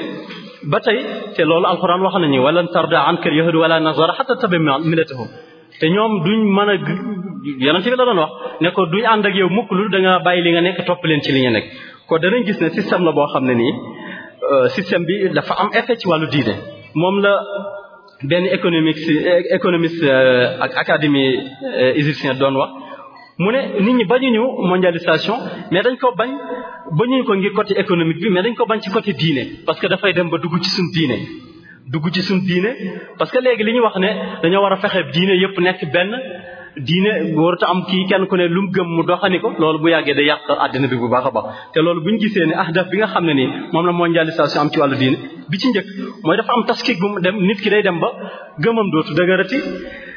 ba tey te loolu alquran wax nañu walan tarda anka al yahud wala nasara hatta tabi millatahum te ñoom duñ mën a yonent bi la doon wax ne ko duñ ànd ak yow mukk lu da bàyyi li nga nekk topp leen ci li nga nekk ko danañ gis ne système la boo xam ne nii euh, système bi dafa am effet ci wàllu diine moom la benn économique économiste euh, ak académie euh, égyptien doon wax mu ne nit ñi bañu ñu mondialisation mais dañ ko bañ bañuñu ko ngir côté économique bi mais dañ ko bañ ci côté diine parce que dafay dem ba dugg ci suñ diine dugg ci suñ diine parce que léegi li ñu wax ne dañoo war a fexe diine yépp nekk benn diine warut am kii kenn ku ne lu mu gëm mu doxani ko loolu bu yàggee day yàq àddina bi bu baax a baax te loolu bu ñu gisee ne ahdaf bi nga xam ne nii moom la mondialisation am ci wàllu diine bi ci njëkk mooy dafa am taskik bu mu dem nit ki day dem ba gëmam dootu dëgërati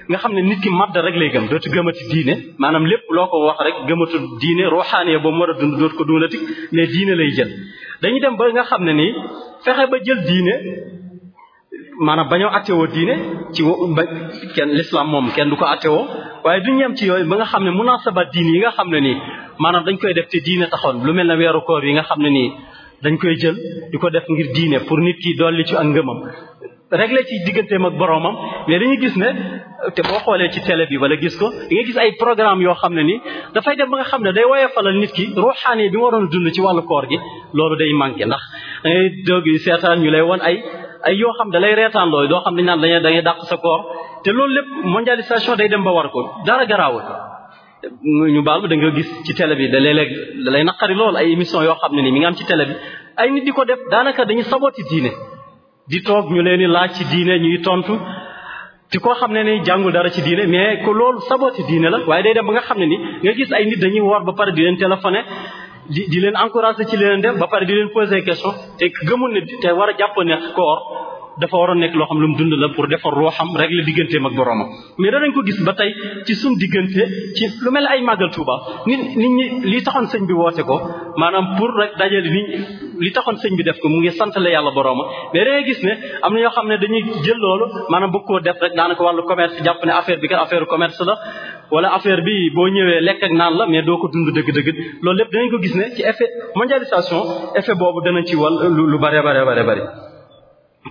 nga xam ne nit ki madda rek lay gëm dootu gëmati diine maanaam lépp loo ko wax rek gëmatu diine ruuxaane ba mu war a dund dootu ko dundati mais diine lay jël dem ba nga xam ne nii fexe ba jël diine maanaam bañoo attewoo diine ci ba kenn l'islam moom kenn du ko attewoo waaye du yem ci yooyu ba nga xam ne munaasabaat diine yi nga xam ne nii maanaam dañ koy def te diine taxoon lu mel na weeru koor yi nga xam ne nii dañ koy jël di ko def ngir diine pour nit ki dolli ci ak ngëmam réglé ci digganteem ak boroomam mais dañuy gis ne te boo xoolee ci télé bi wala gis ko da gis ay programme yoo xam ne ni dafay dem ba nga xam ne day woyofalal nit ki ruuxaani bi waroon a dund ci wàllu koor gi loolu day manqué ndax dangay doog seetaan ñu lay ay ay yoo xam da lay reetaan looy doo xam ne naan dañuy dañuy dàq sa koor te loolu lépp mondialisation day dem ba war ko dara garaawul ñu baal ma da nga gis ci télé bi da léeg-léeg da lay naqari lool ay émission yoo xam ne nii mi ngi am ci télé nit di ko def daanaka dañuy sabooti diine di toog ñu leen di laaj ci diine ñuy tontu ti koo xam ne ni jàngul dara ci diine mais ko loolu sabooti diine la waaye day dem ba nga xam ne ni nga gis ay nit dañuy war ba pare di leen téléphoné di di leen encouragé ci leen dem ba pare di leen poser question te gëmoon ne te war a jàpp ne koor dafa war a nekk loo xam lu mu dund la pour defar loo xam rek la digganteem ak boroomam mais danañ ko gis ba tey ci suñ diggante ci lu mel ay màggal Tuuba nit nit ñi li taxoon sëñ bi woote ko maanaam pour rek dajale nit li taxoon sëñ bi def ko mu ngi sant la yàlla boroomam mais da ngay gis ne am na ñoo xam ne dañuy jël loolu maanaam bëgg koo def rek daanaka wàllu commerce jàpp ne affaire bi kat affaire la wala affaire bi boo ñëwee lekk ak naan la mais doo ko dund dëgg-dëgg loolu lépp dinañ ko gis ne ci effet mondialisation effet boobu dana ci wal lu lu bare bare bare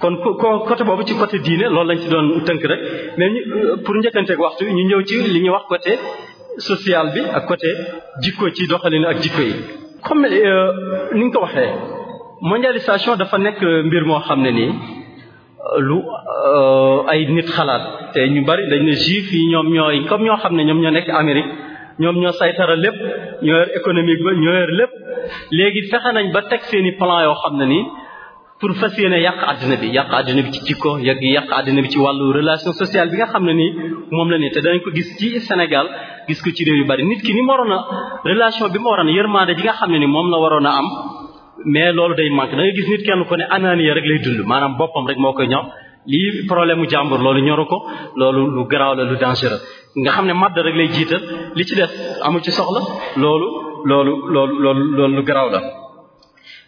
ko kon côté boobu ci côté diine loolu lañ ci doon tënk rek mais ñu euh, pour njëkkanteeg waxtu ñu ñëw ci li ñuy wax côté social bi ak côté jikko ci doxalin ak jikko yi. comme euh, ni nga ko waxee mondialisation dafa nekk mbir moo xam ne nii. lu euh, ay nit xalaat te ñu bari dañ ne juif yi ñoom ñoo comme ñoo xam ne ñoom ñoo nekk Amérique ñoom ñoo saytara lépp ñoo yor économique ba ñoo yor lépp léegi fexe nañ ba teg seeni plan yoo xam ne nii pour fas yéene yàq àddina bi yàq àddina bi ci jikko yàq yàq àddina bi ci wàllu relation sociale bi nga xam ne ni moom la nii te dañ ko gis ci Sénégal gis ko ci réew yu bari nit ki ni mu waroon relation bi mu waroon a yërmande ji nga xam ne ni moom la waroon am mais loolu day manqué da gis nit kenn ku ne ananiya rek lay dund maanaam boppam rek moo koy ñor lii problème mu jàmbur loolu ñoru ko loolu lu garaaw la lu dangereux nga xam ne madd rek lay jiital li ci des amu ci soxla loolu loolu loolu loolu loolu lu garaaw la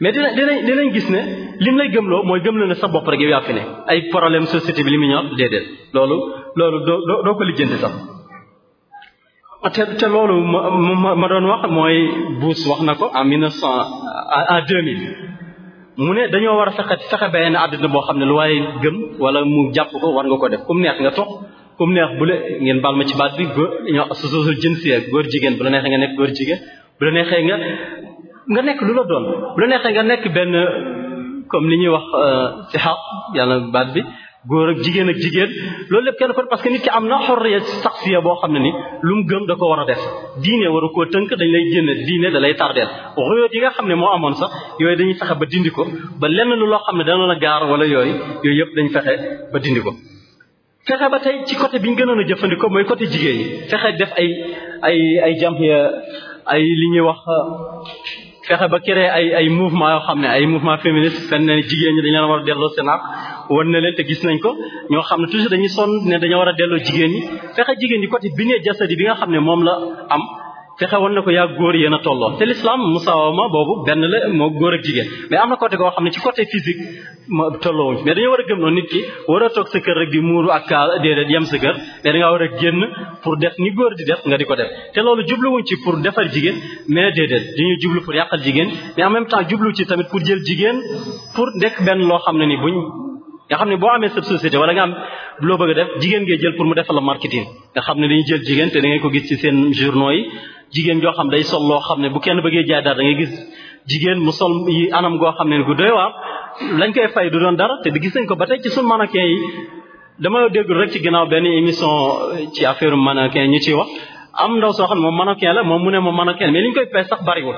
mais dina dinañ dinañ gis ne lim lay gëmloo mooy gëmloo ne sa bopp rek yow yaa ne ay problème société bi li mu ñor déedéet loolu loolu doo doo ko lijjanti sax Ah, te te loolu ma ma doon wax mooy Bush wax na ko am mille neuf cent en deux mu ne dañoo war a fexe fexe benn àddina boo xam ne lu waaye gëm wala mu jàpp ko war nga ko def kum neex nga tox kum neex bu la ngeen baal ma ci baat bi góor ñoo sososu jën si jigéen bu la neexee nga nekk góor jigéen bu la neexee nga nga nekk lu la doon bu la neexee nga nekk benn comme li ñuy wax euh, si xaq yàlla baat bi góor ak jigéen ak jigéen loolu lépp kenn ko parce que nit ki am na xorriya saxsiya boo xam ne ni lu mu gëm da ko war a def diine war a koo tënk dañ lay génne diine da lay tardeel royoot yi nga xam ne moo amoon sax yooyu dañuy fexe ba dindi ko ba lenn loo xam ne dana la gaar wala yooyu yooyu yëpp dañ fexe ba dindi ko fexe ba côté bi ñu gënoon a jëfandikoo mooy côté jigéen yi def ay ay ay jamhiya ay li ñuy wax fexe ba créer ay ay mouvement yoo xam ne ay mouvement féministe fenn ne jigéen ñi dañ leen war a delloo seen wan na leen te gis nañ ko ñoo xam ne toujours dañuy sonn ne dañoo war a delloo jigéen ñi fexe jigéen ñi côté bi ngee jasadi bi nga xam ne moom la am fexe wan na ko yaa góor yéen a tolloo te l'islam musaawama boobu benn la moo góor ak jigéen mais am na côté koo xam ne ci côté physique ma tolloowuñ mais dañoo war a gëm noonu ki war a toog sa kër rek di muuru ak kaa déedéet yem sa kër pour def ni góor di def nga di ko def te loolu jubluwuñ ci pour defar jigéen mais déedéet dañuy jublu pour yàqal jigéen mais en même temps jublu ci tamit pour jël jigéen pour nekk benn loo xam ne ni buñ nga xam ne boo amee sa société wala nga am loo bëgg a def jigéen ngay jël pour mu defal la marketing nga xam ne dañuy jël jigéen te da ko gis ci seen journaux yi jigéen joo xam day sol loo xam ne bu kenn bëggee jaay dara da ngay gis jigéen mu sol yi anam goo xam ne gu doy waar lañ koy fay du doon dara te gis nañ ko ba tey ci sunu mannequin yi dama déggul rek ci ginnaaw benn émission euh, ci affaire mannequin ñu ciy wax am ndaw soo xam ne moom mannequin la moom mu ne moom mannequin mais li ñu koy fay sax bariwul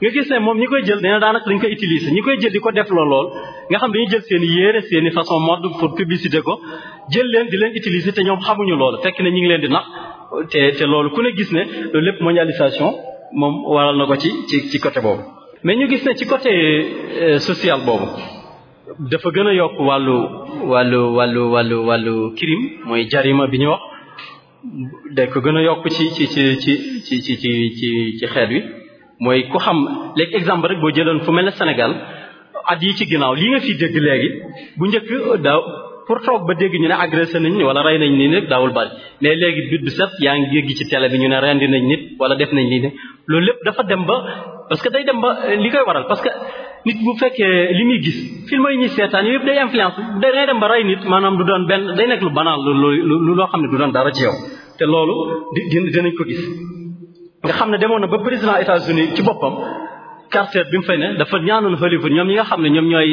nga gis ne moom ñi koy jël nee na daanaka dañ koy utiliser ñi koy jël di ko def la lool nga xam dañuy jël seen i yére seen i façon mode pour publicité ko jël leen di leen utiliser te ñoom xamuñu loolu fekk ne ñu ngi leen di nax te loolu ku ne gis ne loolu lépp mondialisation moom waral na ko ci ci ci côté boobu. mais ñu gis ne ci côté euh, social boobu dafa gën a yokk wàllu wàllu wàllu wàllu wàllu crime mooy jarima bi ñu wax da ko gën a yokk ci ci ci ci ci ci ci ci xeet wi. mooy ku xam léegi exemple rek boo jëloon fu mel ne Sénégal at yi ci ginnaaw li nga fi dégg léegi bu njëkk daaw pour toog ba dégg ñu ne agressé nañ wala rey nañ nii nag daawul bari mais léegi bit bi set yaa ngi dégg ci télé bi ñu ne rendi nañ nit wala def nañ lii ne loolu lépp dafa dem ba parce que day dem ba euh, li koy waral parce que nit bu fekkee li muy gis film yi ñuy seetaan yooyu yëpp day influence day dem ba rey nit maanaam du doon benn day nekk lu banal lu loo xam ne du doon dara ci yow te loolu di dinañ ko gis nga xam ne demoon na ba président États-Unis ci boppam Carter bi mu fay dafa ñaanoon Hollywood ñoom ñi nga xam ne ñoom ñooy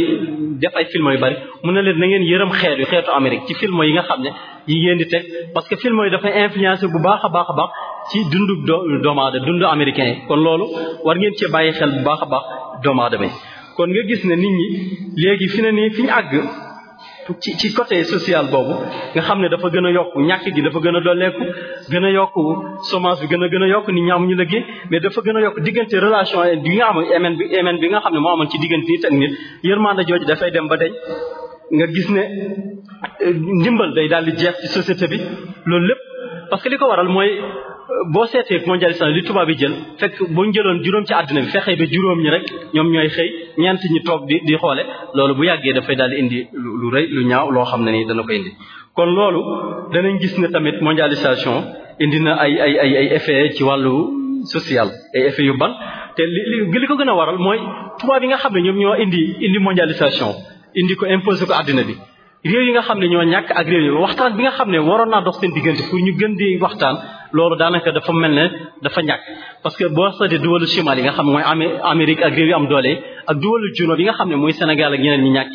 def ay film yu bari mu ne leen na ngeen yërëm xeet yu xeetu Amérique ci film yi nga xam ne yi ngeen di teg parce que film yi dafay influencé bu baax a baax a baax ci dundu doomu aadama dundu américain yi kon loolu war ngeen cee bàyyi xel bu baax a baax doomu aadama yi kon nga gis ne nit ñi léegi fi ne nii fi ñu àgg ci ci côté social boobu nga xam ne dafa gën a yokk ñàkk gi dafa gën a dolleeku gën a yokk semence bi gën a gën a yokk nit ñi amuñu liggéey mais dafa gën a yokk diggante relation bi nga am MN bi MN bi nga xam ne moo amoon ci diggante nit ak nit a jooj dafay dem ba deñ nga gis ne ndimbal day daal di jeex ci société bi loolu lépp parce que li ko waral mooy boo seetee mondialisation li tubaab yi jël fekk bu ñu jëloon juróom ci àddina bi fexee ba juróom ñi rek ñoom ñooy xëy ñeent ñi toog di di xoole loolu bu yàggee dafay daal di indi lu rëy lu ñaaw loo xam ne nii dana ko indi. kon loolu danañ gis ne tamit mondialisation indi na ay ay ay ay effet ci wàllu social ay yu ban te li li ko gën a waral mooy tubaab yi nga xam ne ñoom ñoo indi indi mondialisation indi ko imposé ko àddina bi. réew yi nga xam ne ñoo ñàkk ak réew yi waxtaan bi nga xam ne waroon naa dox seen diggante pour ñu gën di waxtaan. loolu daanaka dafa mel ne dafa ñàkk parce que boo seetee duwalu chimal nga xam mooy Amérique ak réew yi am doole ak duwalu juno bi nga xam ne mooy Sénégal ak ñeneen ñi ñàkk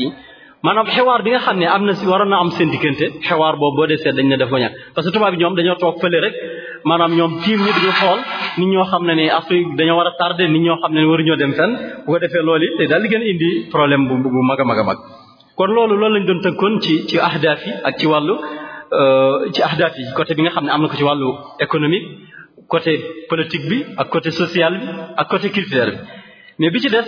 maanaam xewaar bi nga xam ne am na si waroon na am seen diggante xewaar boobu boo desee dañ ne dafa ñàkk parce que tubaab bi ñoom dañoo toog fële rek maanaam ñoom tiim ñi dañu xool nit ñoo xam ne ni Afrique dañoo war a tardé nit ñoo xam ne waruñoo dem fenn bu ko defee loolu it te daal di gën indi problème bu a mag a mag Euh, ci ahdaaf yi côté bi nga xam ne am na ko ci wàllu économique côté politique bi ak côté social bi ak côté culturel bi mais bi ci des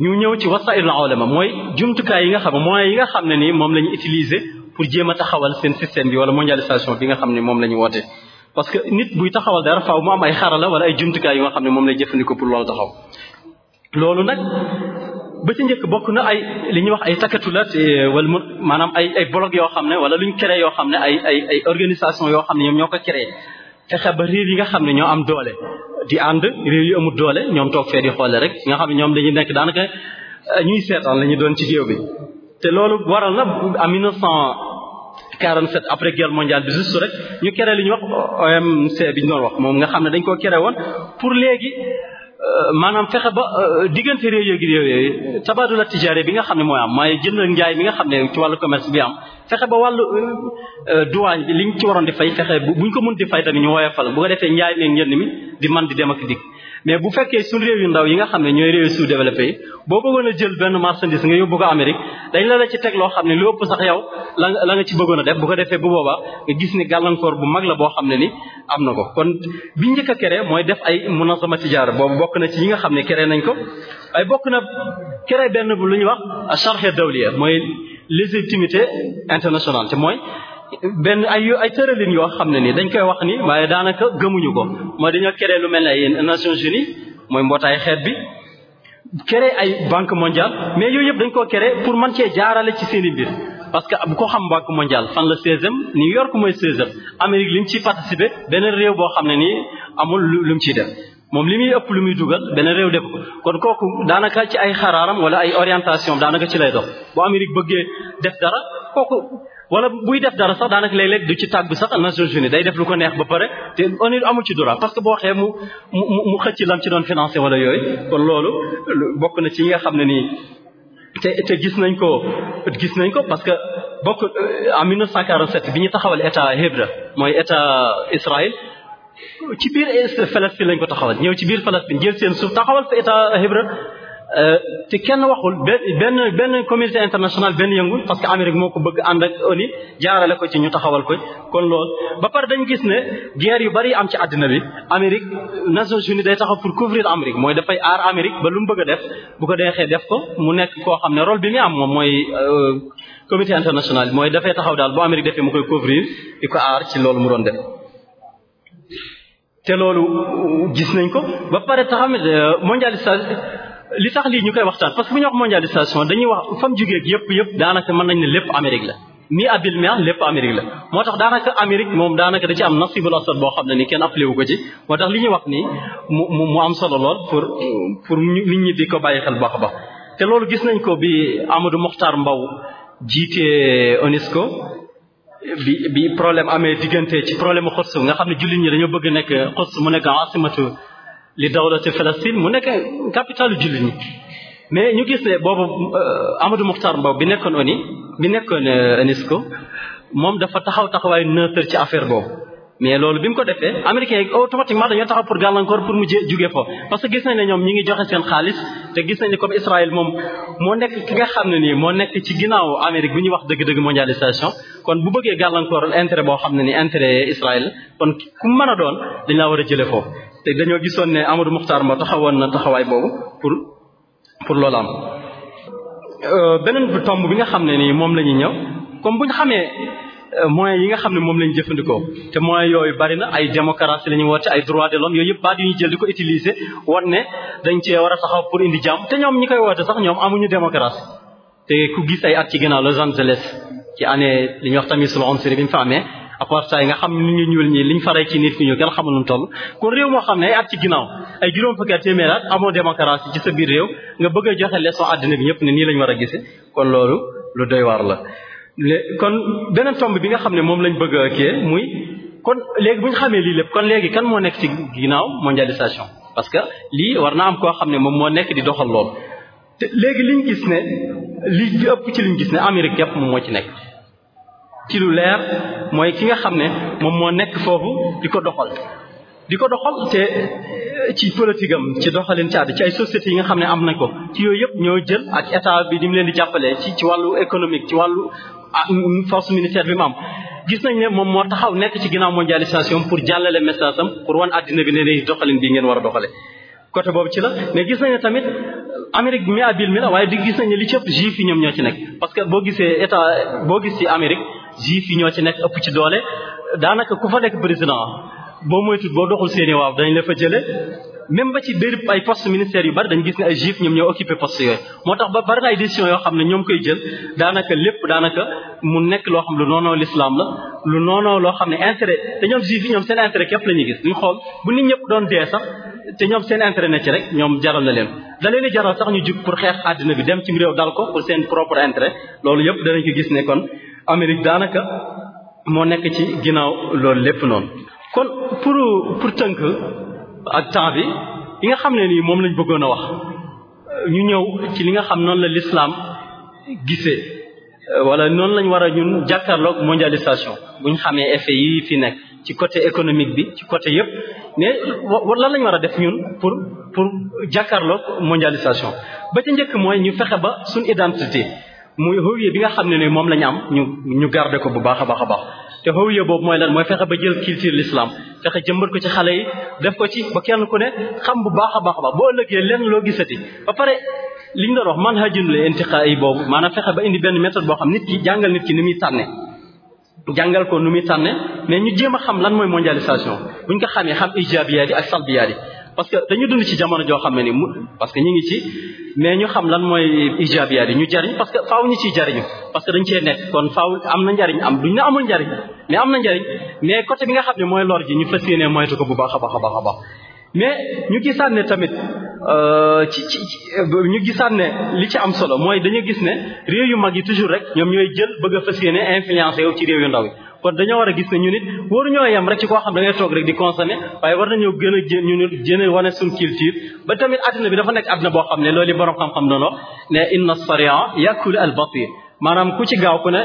ñu ñëw ci wasaa'il ulama mooy jumtukaay yi nga xam moyens yi nga xam ne nii moom lañu ñu utiliser pour jéem taxawal seen système bi wala mondialisation bi nga xam ne moom la ñu woote parce que nit buy taxawal dara faaw mu am ay xarala wala ay jumtukaay yu nga xam ne moom lay jëfandikoo pour loolu taxaw loolu nag ba ci njëkk bokk na ay li ñuy wax ay takkatulat eh, wala mu maanaam ay ay blog yoo xam ne wala luñ créé yoo xam ne ay ay ay organisation yoo xam ne ñoom ñoo ko créé fexe ba réew yi nga xam ne ñoo am doole di ànd réew yi amul doole ñoom toog fee di xoole rek nga xam ne ñoom dañu nekk daanaka eh, ñuy seetaan la ñu doon ci géew bi te loolu waral na en 1947 après guerre mondiale bi juste rek ñu kere li ñuy oo OMC bi ñu doon wax moom nga xam ne dañ koo créé woon léegi Euh, maanaam fexe ba euh, diggante réew yooyu yooyu tabaadul tijaare bi nga xam ne mooy am mooy jënd njaay bi nga xam ne ci wàllu commerce bi am fexe ba wàllu euh, douane bi liñ ci waroon di fay fexe buñ ko mën di fay tamit ñu woyofal bu ko defee njaay meeg njënd mi di man di dem ak dikk mais bu fekkee suñu réew yu ndaw yi nga xam ne ñooy réew sous développé yi boo bëggoon jël benn marchandise nga yóbbu ko Amérique dañ la la ci teg loo xam ne lu ëpp sax yow la nga la nga ci bëggoon a def bu ko defee bu boobaa nga gis ni gàllankoor bu mag la boo xam ne ni am na ko kon bi njëkk a créé mooy def ay na munazama tijaara boobu bokk na ci yi nga xam ne créé nañ ko waaye bokk na kere benn bu lu ñuy wax charge dawliya mooy légitimité internationale te mooy benn ay ay tëralin yoo xam ne ni dañ koy wax ni waaye daanaka gëmuñu ko mooy dañoo créé lu mel ne ay Nations Unies mooy mbootaay xeet bi kere ay banque mondiale mais yooyu yëpp dañ koo kere pour man cee jaarale ci seen i mbir parce que bu ko xam banque mondiale fan la 16e New York mooy 16e Amérique li mu ciy participé beneen réew boo xam ne nii amul lu mu ciy def moom li muy ëpp lu muy dugal beneen réew def ko kon kooku daanaka ci ay xaraaram wala ay orientation daanaka ci lay dox wala buy def dara sax daanaka léeg-léeg du ci tàggu sax Nations Unies day def lu ko neex ba pare te on amul ci droit parce que boo waxee mu mu mu xëcc lan ci doon financé wala yooyu kon loolu bokk na ci yi nga xam ne nii te te gis nañ ko gis nañ ko parce que bokk euh, en 1947 bi ñu taxawal état Hébreu mooy état Israël ci biir Palestine lañ ko taxawal ñëw ci biir Palestine jël seen suuf taxawal fa état Hébreu Euh, te kenn waxul benn benn communauté internationale benn yëngul parce que Amérique moo ko bëgg ànd ak ONU jaarale ko ci ñu taxawal ko kon loolu ba pare dañ gis ne guerre yu bari am ci àddina bi Amérique Nations Unies day taxaw pour couvrir Amérique mooy dafay aar Amérique ba lu mu bëgg def bu ko deexee def ko mu nekk koo xam ne rôle bi muy am moom mooy euh, comité international mooy dafay taxaw daal bu Amérique defee mu koy couvrir i ko aar ci loolu mu doon def te loolu gis nañ ko ba pare euh, li tax lii ñu koy waxtaan parce que bu ñu wax mondialisation dañuy wax fan jugee yëpp yëpp daanaka mën nañ ne lépp Amérique la mi abil mi lépp Amérique la moo tax daanaka Amérique moom daanaka da ci am nasibul asad boo xam ne ni kenn appelé wu ko ci moo tax wax nii mu mu am solo lool pour pour nit ñi di ko bàyyi xel baax a baax te loolu gis nañ ko bi Amadou Mokhtar mbaw jiite UNESCO bi bi problème amee diggante ci problème mu nga xam ne jullit ñi dañoo bëgg nekk xotsu mu nekk asimatu li dawlati Palestine mu nekk capitalu jullit ñi mais ñu gis ne boobu euh, Amadou Mokhtar Mbow bi nekkoon ONU bi nekkoon euh, UNESCO moom dafa taxaw taxawaayu neutre ci affaire boobu mais loolu bi mu ko defee américains yi automatiquement dañoo taxaw pour gàllankoor pour mu jóge foofu parce que gis nañ ne ñoom ñi ngi joxe seen xaalis te gis nañ ne comme Israël moom moo nekk ki nga xam ne nii moo nekk ci ginnaaw Amérique bi ñuy wax dëgg-dëgg kon bu bëggee gàllankoor intérêt boo xam ne ni intérêt Israël kon ku mën a doon dañ laa war a jële foofu te dañoo gisoon ne Amadou Mokhtar moo taxawoon na taxawaay boobu pour pour loolu am euh, beneen tomb bi nga xam ne nii moom la ñuy ñëw comme bu ñu xamee Euh, moyens yi nga xam ne moom lañ jëfandikoo te moyens yooyu bari na ay démocratie la ñu woote ay droits de l'homme yooyu yëpp baat yu ñu jël di ko utiliser wan ne dañ cee war a taxaw pour indi jàmm te ñoom ñi koy woote sax ñoom amuñu démocratie te ku gis ay at ci ginnaaw Los Angeles ci année li ñuy wax tamit sul onsri bi ñu fa amee apartheid nga xam ni ñu ñuul ñi liñ faray ci nit ki ñu kenn xamul nu toll kon réew moo xam ne ay at ci ginnaaw ay juróom fukki at téeméer at amoo réew nga bëgg a joxe leçon ñëpp ne nii lañ war a gise kon loolu lu doy waar la lé kon beneen tomb bi nga xam ne moom lañu bëgg a kii muy kon léegi bu ñu xamee lii lépp kon léegi kan moo nekk ci ginnaaw mondialisation parce que lii war na am koo xam ne moom moo nekk di doxal lool te léegi liñ gis ne li di ëpp ci liñ gis ne Amérique yëpp moom moo ci nekk ci lu leer mooy ki nga xam ne moom moo nekk foofu di ko doxal di ko doxal te euh, ci politique am ci doxalin ci àdd ci ay sociétés yi nga xam ne am na ko ci yooyu yëpp ñoo jël ak état bi ni mu leen di jàppale ci wàllu économique ci wàllu ah force militaire bi mu am gis nañ ne moom moo taxaw nekk ci ginnaaw mondialisation pour jàllale message am pour wan àddina bi ne ne doxalin bi ngeen war a doxale côté boobu ci la mais gis nañ ne tamit Amérique mi abil mi la waaye di gis nañ ne li ci ëpp juif yi ñoom ñoo ci nekk parce que boo gisee état boo gis ci Amérique juif yi ñoo ci nekk ëpp ci doole daanaka ku fa nekk président boo moytu boo doxul seeni waaw dañ la fa jële même ba ci béréb ay poste ministère yu bari dañ gis ne ay juif ñoom ñoo occupé poste yooyu moo tax ba bari ay décisions yoo xam ne ñoom koy jël daanaka lépp daanaka mu nekk loo xam lu noonoo l'islam ne intérêt te ñoom juif yi ñoom seen intérêt képp la gis duñ xool bu nit ñëpp doon dee sax te ñoom seen intérêt na ci rek ñoom jaral na leen da leen jaral sax ñu jug pour xeex àddina bi dem ci réew dal ko pour seen propre intérêt loolu yëpp danañ ko gis ne kon Amérique daanaka moo nekk ci ginnaaw loolu lépp noonu ak temps bi li nga xam ne nii moom lañu bëggoon a wax ñu ñëw ci li nga xam noonu la l'islam gisee wala noonu lañ war a ñun jàkkaarloog mondialisation buñ xamee effet yi fi nekk ci côté économique bi ci côté yëpp ne lan lañ war a def ñun pour pour jàkkaarloog mondialisation ba ca njëkk mooy ñu fexe ba suñ identité muy hëwiye bi nga xam ne ni moom lañ am ñu ñu garder ko bu baax a baax a baax te hëwiye boobu mooy lan mooy fexe ba jël culture l'islam fexe jëmbat ko ci xale yi def ko ci ba kenn ku ne xam bu baax a baax a boo ëllëgee lenn loo gisati ba pare li ñu doon wax manhajul yi boobu maanaam fexe ba indi benn méthode boo xam nit ki jàngal nit ki ni muy tànne jàngal ko nu muy tànne mais ñu jéem a xam lan mooy mondialisation buñ ko xamee xam ijaabiyaat yi ak salbiyaat yi parce que dañu dund ci jamono joo xam ne ni mu parce que ñu ngi ci mais ñu xam lan mooy ijaabiyaat yi ñu jariñ parce que faaw ñu ciy jariñu parce que dañ cee nekk kon faaw am na njariñ am ñu ne amul njariñ mais am na njariñ mais côté bi nga xam ne mooy lor ji ñu fas yéenee moytu ko bu baax a baax a baax a baax mais ñu gisaat ne tamit euh, ci ci ñu gisaan ne li ci am solo mooy dañu gis ne réew yu mag yi toujours rek ñoom ñooy jël bëgg a fas yéene ci réew yu ndaw yi kon dañoo war a gis ne ñu nit waruñoo yem rek ci koo xam da ngay toog rek di consommer waaye war nañoo gën a jën ñu nit jën a wane suñ culture ba tamit adduna bi dafa nekk adduna boo xam ne loolu yi boroom xam-xam noonu ne inna sariya yakul al batir maanaam ku ci gaaw ku ne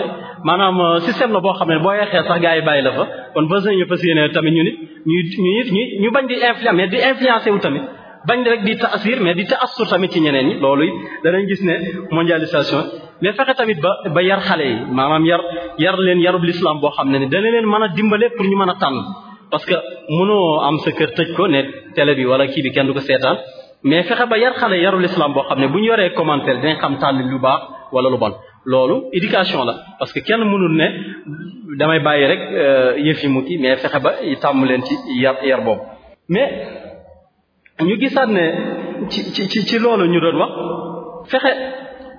maanaam euh, système la boo xam ne boo yeexee sax gaa yi bàyyi la fa kon fas nañu fas yéene tamit ñu nit ñu ñu it ñu ñu bañ di influencer di influencer wu tamit bañ rek di taasir mais di taasur tamit ci ñeneen yi loolu it danañ gis ne mondialisation mais fexe tamit ba ba yar xale yi maanaam yar yar leen yarub l'islam boo xam ne ni dana leen mën a dimbale pour ñu mën a tànn parce que mënoo am sa kër tëj ko ne télé bi wala kii bi kenn du ko seetaan mais fexe ba yar xale yarul islam boo xam ne bu ñu yoree commentaire dinañ xam tànn lu baax wala lu bon loolu éducation la parce que kenn mënul ne damay bàyyi rek euh, yëf yi mu kii fexe ba tàmm leen ci yar yar boobu ñu gisaat ne ci ci ci loolu ñu doon wax fexe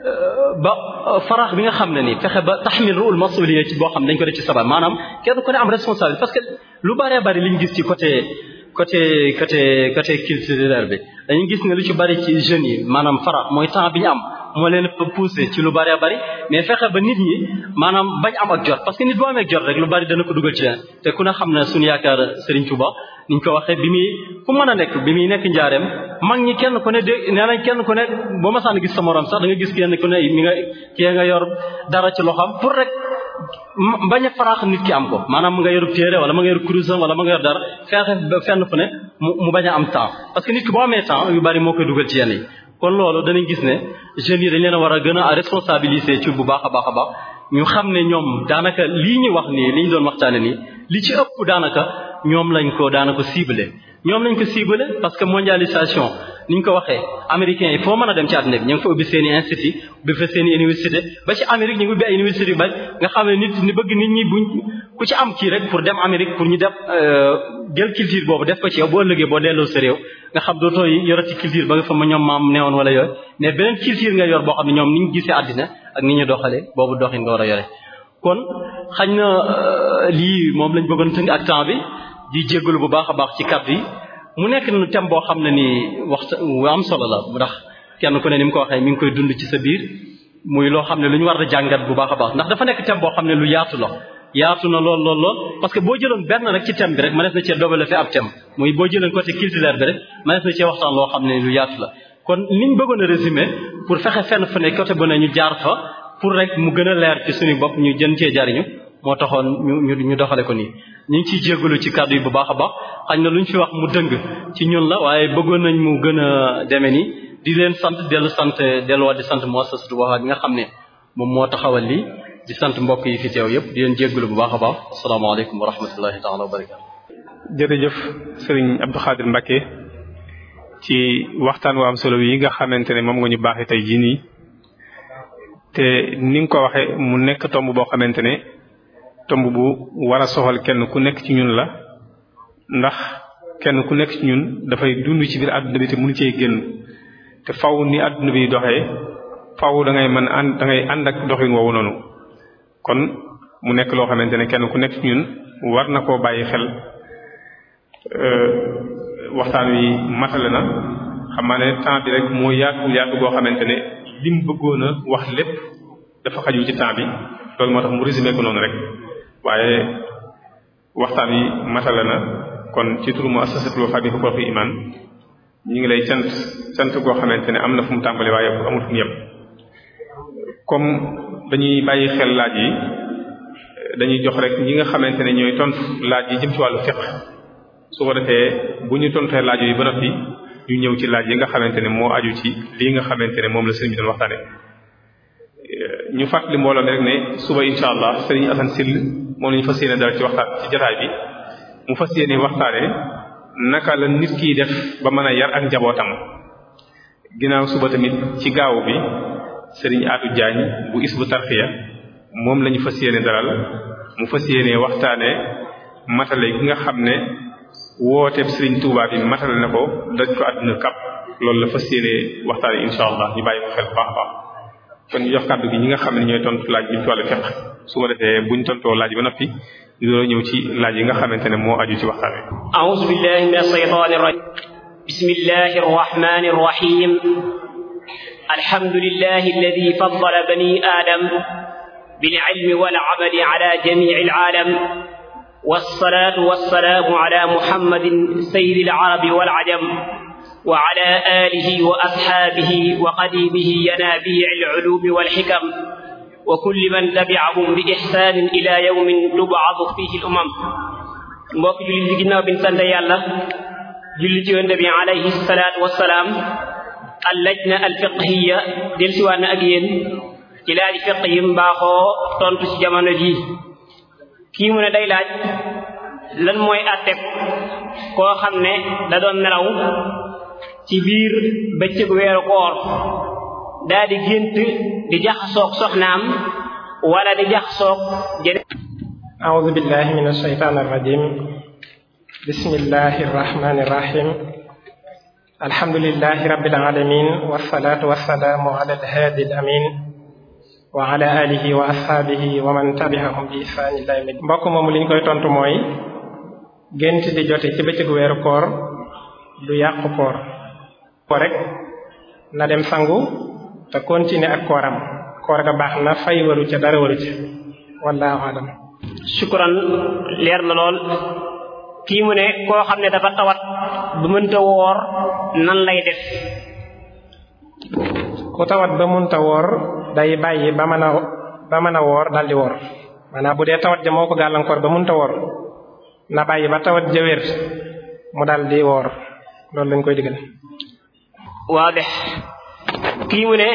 euh, ba euh, faraax bi nga xam ne ni fexe ba taxmil ruul masuliya ci boo xam ne dañ ko def ci sabab maanaam kenn ku ne am responsabilité parce que lu bëree bëri liñ gis ci côté côté côté côté culturel bi dañuy gis ne lu ci bëri ci jeunes yi maanaam faraax mooy temps bi ñu am moo leen poussé ci lu bëree bëri mais fexe ba nit ñi maanaam bañ am ak jot parce que nit boo amee jot rek lu bëri dana ko dugal ci leen te ku ne xam ne suñu yaakaar Serigne Touba ni ñu ko waxee bi muy fu mën a nekk bi muy nekk njaareem mag ñi kenn ku ne dé nee nañ kenn ku ne boo ma sànni gis sa morom sax da nga gis kenn ku ne mi nga kii nga yor dara ci loxoom pour rek bañ a faraax nit ki am ko maanaam mu nga yor téere wala mu nga yor kurusam wala mu nga yor dara fexe fenn fu ne mu bañ a am temps parce que nit ki boo amee temps yu bëri moo koy dugal ci yenn yi kon loolu danañ gis ne jeunes yi dañ leen war a gën a responsabiliser ci bu baax a baax a baax ñu xam ne ñoom daanaka lii ñu wax nii li ñu doon waxtaane nii li ci ëpp daanaka ñoom lañ ko daanaka ciblé ñoom lañ ko ciblé parce que mondialisation ni ñu ko waxee américains yi foo mën a dem ci àddina bi ñu ngi fa ubbi seen i institut ubbi fa seen i université ba ci Amérique ñu ngi ubbi ay université yu nga xam ne nit ni bëgg nit ñi buñ ku ci am kii rek pour dem Amérique pour ñu def euh, jël culture boobu def ko ci yow boo ëllëgee boo delloo sa réew nga xam dootoo yorati culture ba nga fa ma ñoom maam neewoon wala yooyu mais beneen a yore kon xañ euh, bi di jéggalu bu baax a baax ci kàddu yi mu nekk nu thème boo xam ne nii wax am solo la ndax kenn ku ne ni mu ko waxee mi ngi koy dund ci sa biir muy loo xam ne lu war a jàngat bu baax a baax ndax dafa nekk thème boo xam ne lu yaatu la yaatu na lool lool lool parce que boo jëloon benn rek ci thème bi rek mënees na cee développé ab tem muy boo jëloon côté culturel bi rek mënees na cee waxtaan loo xam ne lu yaatu la kon niñ bëggoon a résumé pour fexe fenn fu ne côté bu ne ñu jaar fa pour rek mu gën a leer ci suñu bopp ñu jën cee jariñu moo taxoon ñu ñu doxale ko nii ñu ngi ciy jéggalu ci kàddu yi bu baax a baax xañ na lu ñu fi wax mu dëng ci ñun la waaye bëggoon nañ mu gën a demee nii di leen sant dellu sant delluwaat di sant muassasatul Wafa bi nga xam ne moom moo taxawal lii di sant mbokk yi fi teew yëpp di leen jéggalu bu baax a baax asalaamaaleykum wa rahmatullahi taala wa barakaatu jërëjëf sëriñ Abdou Khadir Mbacke ci waxtaan wu am solo yi nga xamante ne moom nga ñu baaxee tey jii nii te ni nga ko waxee mu nekk tomb boo xamante ne tomb bu war a soxal kenn ku nekk ci ñun la ndax kenn ku nekk ci ñun dafay dund ci biir àdduna bi te mënu cee génn te faw ni àdduna bi doxee faw da ngay mën ànd da ànd ak doxin woowu noonu kon mu nekk loo xamante ne kenn ku nekk ci ñun war na koo bàyyi xel waxtaan wi matale na xam naa ne temps bi rek moo yaatu yaatu goo xamante ne lim bëggoon a wax lépp dafa xajul ci temps bi loolu moo tax mu résumé ko noonu rek waaye waxtaan yi matale na kon ci turu muassasatul Wafa bi huquqil iman ñu ngi lay cant cant goo xamante ne am na fu mu tàmbali waaye amul fu mu comme dañuy bàyyi xel laaj yi dañuy jox rek ñi nga xamante ne ñooy tontu laaj yi jëm ci wàllu fiqh su ko defee bu ñu tontee laaj yi ba noppi ñu ñëw ci laaj yi nga xamante ne moo aju ci lii nga xamante ne moom la sëriñ bi doon waxtaane ñu fàttali mbooloo rek ne suba incha allah sëriñ Assane Sill moom lañu fas yéene dara ci waxtaan ci jotaay bi mu fas yéene waxtaane naka la nit kiy def ba mën a yar ak njabootam ginnaaw suba tamit ci gaaw bi sëriñ Atou Diagne bu bu tarxiya moom lañu fas yéene dalal mu fas yéene waxtaane matale gi nga xam ne wooteeb Serigne Touba bi matale na ko daj ko àdduna kap loolu la fas yéene waxtaane insha allah ñu bàyyi ko xel baax baax kon ñu jox kàddu gi ñi nga xam ne ñooy tontu laaj bi ci wàllu fiqh su ko defee buñ tontoo laaj ba noppi di doon ñëw ci laaj yi nga xamante ne moo aju ci waxtaan wi. a'uuzu billahi minash shaytaanir rajiim. bismillahir rahmaanir rahiim. alhamdulillahi alladhi faddala bani aadam bil ilmi wal amali ala jami'il aalam. wassalaatu wassalaamu ala muhammadin sayyidil arabi wal ajam. وعلى آله وأصحابه وقديمه ينابيع العلوم والحكم وكل من تبعهم بإحسان إلى يوم تبعث فيه الأمم mbokk jullit yi ginnaaw bi ñu sant yàlla jullit ci yonent bi alayhi salaatu wassalaam al lajna al fiqhiya delsiwaat na ak yéen ci laaj fiq yi mbaaxoo tontu ci jamono jii kii mu ne day laaj lan mooy àtteeg koo xam ne da doon nelaw ci biir bëccëg weeru koor daa di gént di jaxasoog soxnaam wala di jaxasoog jene aoudu billahi min alsheytan arrajim bismillahi arrahmani irrahim alhamdulilahi rabbil alamin wasalaatu wasalaamu alamin wa ala alihi wa ashaabihi wa man koy tontu mooy gént di jote ci bëccëg weeru koor du yàqu koor ko rek dem sangu te continuer ak kooram koor baax na fay waru ca dara waru leer na lool kii mu ne koo xam ne dafa tawat ba mënta woor nan lay tawat ba mënta woor day bàyyi ba man a ba mën a woor daldi woor maanaam bu dee tawat ja moo ko gàllankoor ba mënta woor na bàyyi ba tawat ja wér mu daldi woor loolu lañ koy digal waadix kii mu ne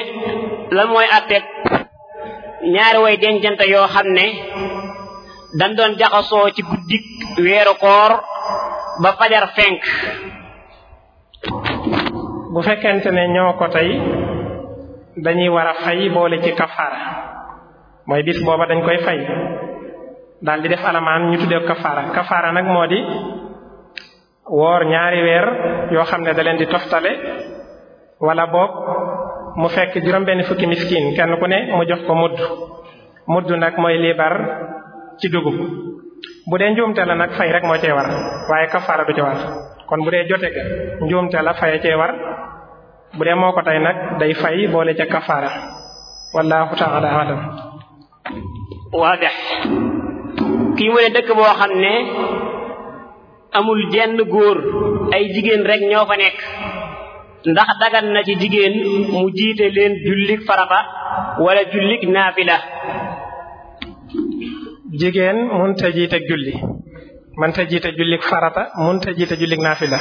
lan mooy àtteeg ñaari way dencante yoo xam ne dañ doon jaxasoo ci guddik weeru koor ba fajar fenk bu fekkente ne ñoo ko tey dañuy war a fay boole ci kafaara mooy bis booba dañ koy fay dal di def alamaan ñu tuddee kafaara kafaara nag moo di woor ñaari weer yoo xam ne da leen di toftale wala boog mu fekk juróom benn fukki miskin kenn ku ne mu jox ko mudd mudd nag mooy liibar ci dugub bu dee njuumte nag fay rek moo cee war waaye kafaara du ci war kon bu dee jote ga njuumte la faye cee war bu dee moo ko nag day fay boole ca kafaara wallahu ta'ala alam waadex kii mu ne dëkk boo xam ne amul jenn góor ay jigéen rek ñoo fa nekk ndax dagan na ci jigéen mu jiite leen jullik farata wala jullik naafila jigéen mënta jiite julli mënta jiite jullik farata mënta jiite jullik naafila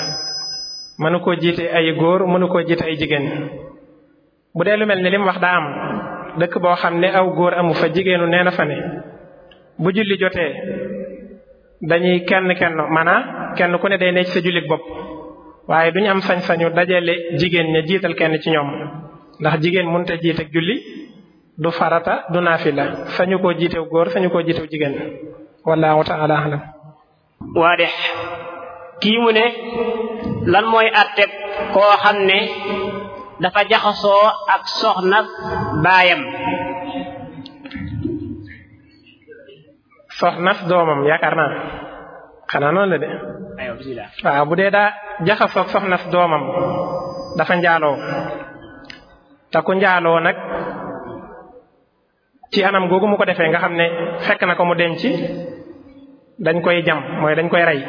mënu koo jiite ay góor mënu koo jiite ay jigéen bu dee lu mel ni li wax daa am dëkk boo xam ne aw góor amu fa jigéenu nee na fa ne bu julli jotee dañuy kenn kenn maanaa kenn ku ne day ne sa jullik bopp waaye duñu am sañ-sañu dajale jigéen ña jiital kenn ci ñoom ndax jigéen mënut a jiite julli du farata du la sañu koo jiitew góor sañu koo jiitew jigéen wallahu taala alam waa de kii mu ne lan mooy àtteeb koo xam ne dafa jaxasoo ak soxna baayam soxna doomam yaakaar naa xanaa noonu la de. waaw bu dee daa jaxasoog soxna si doomam dafa njaaloo te ku njaaloo nag ci anam googu mu ko defee nga xam ne fekk na ko mu dem ci dañ koy jam mooy dañ koy rey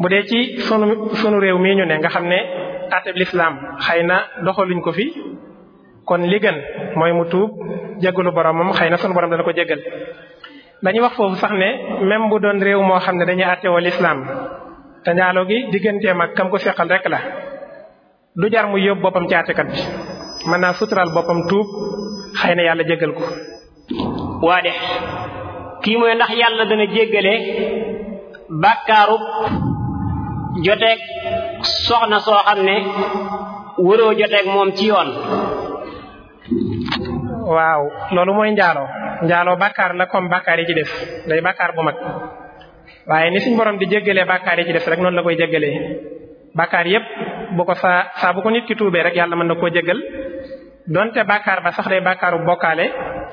bu dee ci sunu sunu réew mii ñu ne nga xam ne ateb lislaam xëy na doxaluñ ko fi kon li mooy mu tuub jéggalu boromam xëy na sunu borom dana ko jegal dañu wax foofu sax ne même bu doon réew moo xam ne dañuy àttewoo lislaam te njaaloo gi digganteem ak kam ko seqal rek la du jar mu yóbbu boppam ci àttekat bi mën naa suturaal boppam tuub xëy na yàlla jéggal ko waa de kii mooy ndax yàlla dana jéggale bàkkaarub joteeg soxna soo xam ne wëroo joteeg moom ci yoon waaw loolu mooy njaaloo njaaloo bàkkaar la comme bàkkaar yi ci des day bàkkaar bu mag waaye ni suñ borom di jéggalee bàkkaar yi ci des rek noonu la koy jéggalee bàkkaar yépp bu ko saa saa bu ko nit ki tuubee rek yàlla mën na koo jéggal donte bàkkaar ba sax day bàkkaaru bokkaale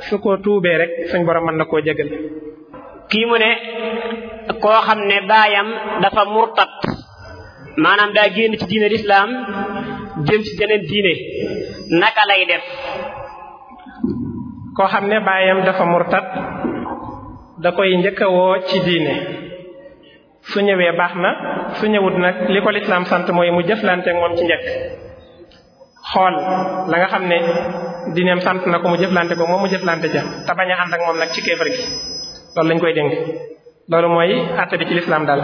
su ko tuubee rek suñ borom mën na koo jéggal kii mu ne koo xam ne baayam dafa murtat maanaam daa génn ci diine lislaam jëm ci jeneen diine naka lay def koo xam ne baayam dafa murtat da koy njëkk woo ci diine su ñëwee baax na su ñëwut nag li ko lislaam sant mooy mu jëflante ak moom ci njëkk xool la nga xam ne diineem sant na ko mu jëflante ko moom mu jëflante ja te bañ a ànd ak moom nag ci kéefar gi loolu lañ koy dénk loolu mooy àtte bi ci lislaam daal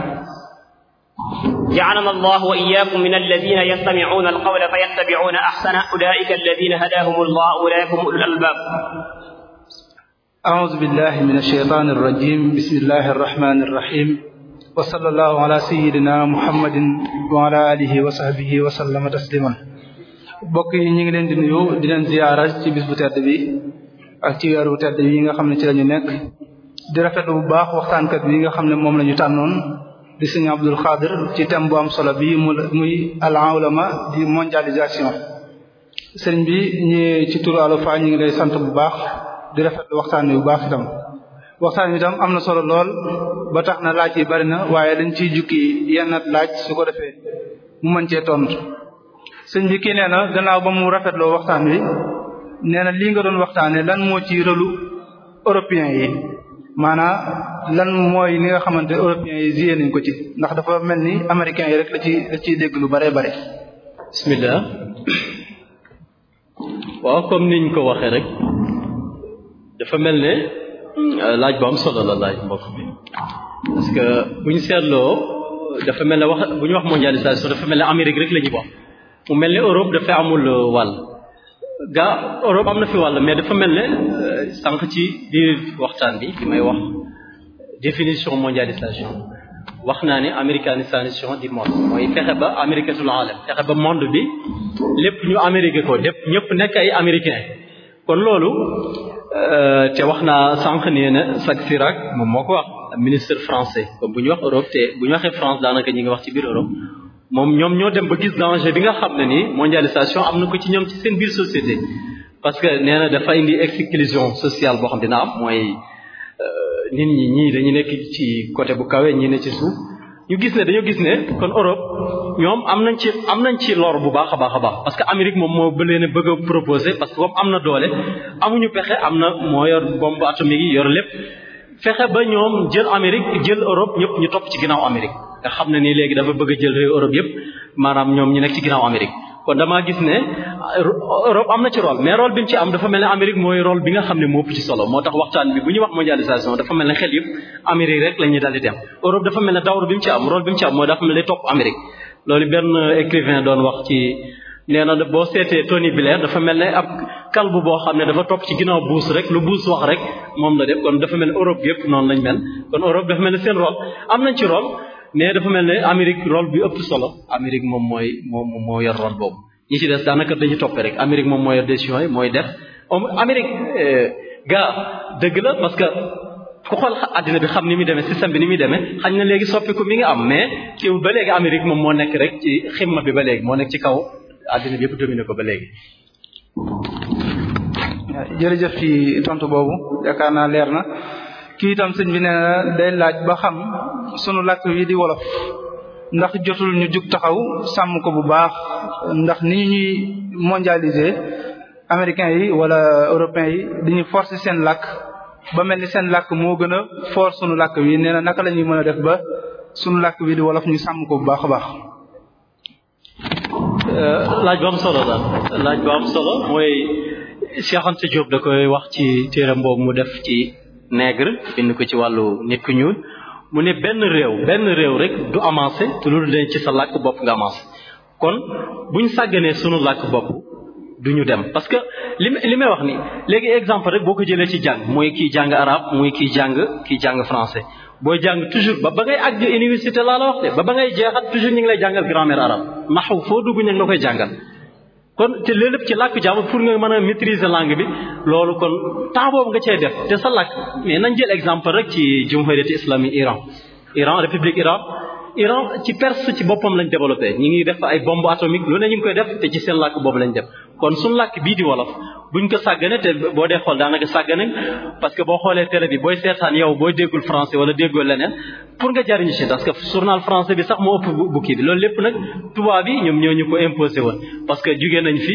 جعلنا الله وإياكم من الذين يستمعون القول فيتبعون أحسنه أولئك الذين هداهم الله أولئك هم أولو الألباب أعوذ بالله من الشيطان الرجيم بسم الله الرحمن الرحيم وصلى الله على سيدنا محمد وعلى آله وصحبه وسلم تسليما bokk yi ñu ngi leen di nuyu di leen ziyaara ci bis bu bi ci weer bu tedd yi nga xam ne ci nekk di rafetlu bu baax waxtaankat bi nga xam ne moom la ñu tànnoon di sëñ Abdul Xaadir ci thème bu am solo bi muy al ulama di mondialisation sëriñ bi ñi ci turu Alwafa ñu ngi lay sant bu baax di rafet waxtaan wi bu baax itam waxtaan wi itam am na solo lool ba tax na laaj yi bari na waaye dañ ciy jukki yenn laaj su ko defee mu mën cee ton sëñ bi kii nee na gannaaw ba mu rafetloo waxtaan wi nee na lii nga doon waxtaanee lan moo ci rëlu européen yi maanaa lan mooy li nga xamante européen yi jiyee nañ ko ci ndax dafa mel ni américain yi rek la ci la ciy dégg lu bare bare bismillah waaw comme niñ ko waxee rek dafa mel ne euh, laaj bu am solo la laaj mbokk parce que bu ñu seetloo dafa mel ne wax bu ñu wax mondialisation dafa mel ne Amérique rek la ñuy wax mu mel ne Europe dafa amul euh, wàll gaa Europe am na fi wàll mais dafa mel ne euh, sànq ci biir waxtaan bi li may wax définition mondialisation wax naa ne américanisation du monde mooy fexe ba américatul alam fexe ba monde bi lépp ñu amérique ko lépp ñëpp nekk ay américain kon loolu euh, te wax naa sànq nee na Jacques Chirac moom moo ko wax ministre français comme bu ñu wax Europe te bu ñu waxee France daanaka ñi ngi wax ci biir Europe moom ñoom ñoo dem ba gis danger bi nga xam ne nii mondialisation am na ko ci ñoom ci seen biir société parce que nee na dafa indi exclusion sociale boo xam dina am mooy euh, nit ñi ñii dañu nekk ci côté bu kawe ñii ne ci suuf ñu gis ne dañoo gis ne kon Europe ñoom am nañ ci am nañ ci lor bu baax a baax baax parce que Amérique moom moo ba leen bëgg a proposer parce que comme am na doole amuñu pexe am na moo yor bombe atomique yi yor lépp fexe ba ñoom jël Amérique jël Europe ñëpp ñu topp ci ginnaaw Amérique nga xam ne nii léegi dafa bëgg jël réew Europe yëpp maanaam ñoom ñu nekk ci ginnaaw Amérique kon damaa gis ne Europe am na ci rôle mais rôle bi mu ci am dafa mel ne Amérique mooy rôle bi nga xam ne moo ëpp ci solo moo tax waxtaan bi bu ñuy wax mondialisation loolu benn écrivain doon wax ci nee na boo seetee Tony Blair dafa mel ne ab kalbu boo xam ne dafa topp ci ginnaaw buus rek lu buus wax rek moom la def kon dafa mel ne Europe yëpp noonu lañ mel kon Europe dafa mel ni seen rol am na ci rôle mais dafa mel ne amerique rôle bi ëpp solo amerique moom mooy moom moo yor boobu ñi ci des daanaka dañu toppee rek Amérique moom moo yor décision yi mooy def Amérique euh, gaa dëgg la parce que ku xool àddina bi xam ni muy demee système bi ni muy demee xañ na léegi soppiku mi ngi am mais kii ba léegi Amérique moom moo nekk rek ci ximma bi ba léegi moo nekk ci kaw àddina bi yëpp dominé ko ba léegi. jërëjëf ci tontu boobu yaakaar naa leer na kii itam sëñ bi nee na day laaj ba xam sunu làkk wi di wolof ndax jotul ñu jug taxaw sàmm ko bu baax ndax ni ñuy mondialiser américains yi wala européens yi dañuy forcer seen làkk. ba mel ni seen làkk moo gën a foor sunu làkk wi nee na naka lañuy mën a def ba sunu làkk wii di wolof ñu sàmm ko bu baax a baax. Euh, laaj bu am solo la laaj bu am solo mooy Cheikh Anta da koy wax ci téeram boobu mu def ci nègre bind ko ci wàllu nit ku ñuul mu ne benn réew benn réew rek du avancé te loolu dañ ci sa làkk bopp nga avancé kon buñ sàgganee sunu làkk bopp. du ñu dem parce que li li may wax ni léegi exemple rek boo ko jëlee ci jàng mooy kii jàng arabe mooy kii jàng kii jàng français booy jàng toujours ba ba ngay àgg université laa la wax de ba ba ngay jeexat toujours ñu ngi lay jàngal grammaire arabe naxu foo dugg ñu ngi koy jàngal. kon te lépp ci làkk jàmm pour nga mën a maîtriser langue bi loolu kon temps boobu nga cee def te sa làkk mais nañ jël exemple rek ci jumhuriyati islamique Iran Iran république Iran Iran ci Perse ci boppam lañ développé ñu ngi def ay bombe atomique lu ne koy def te ci seen làkk boobu lañ def kon suñu làkk bii di wolof buñ ko sàggane te boo dee xool daanaka sàggane parce que boo xoolee télé bi booy seetaan yow booy déggul français wala déggul leneen pour nga jariñu ci parce que journal français bi sax moo ëpp bu kii bi loolu lépp nag tubaab yi ñoom ñoo ñu ko imposé woon parce que jugee nañ fi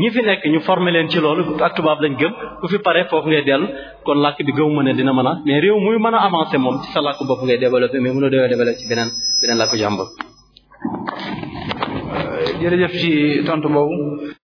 ñi fi nekk ñu former ci loolu ak tubaab lañ gëm ku fi pare foofu ngay dellu kon làkk bi gëw mën a dina mën a mais réew muy mën a avancer moom ci sa làkk bopp ngay développé mais mënoo développé ci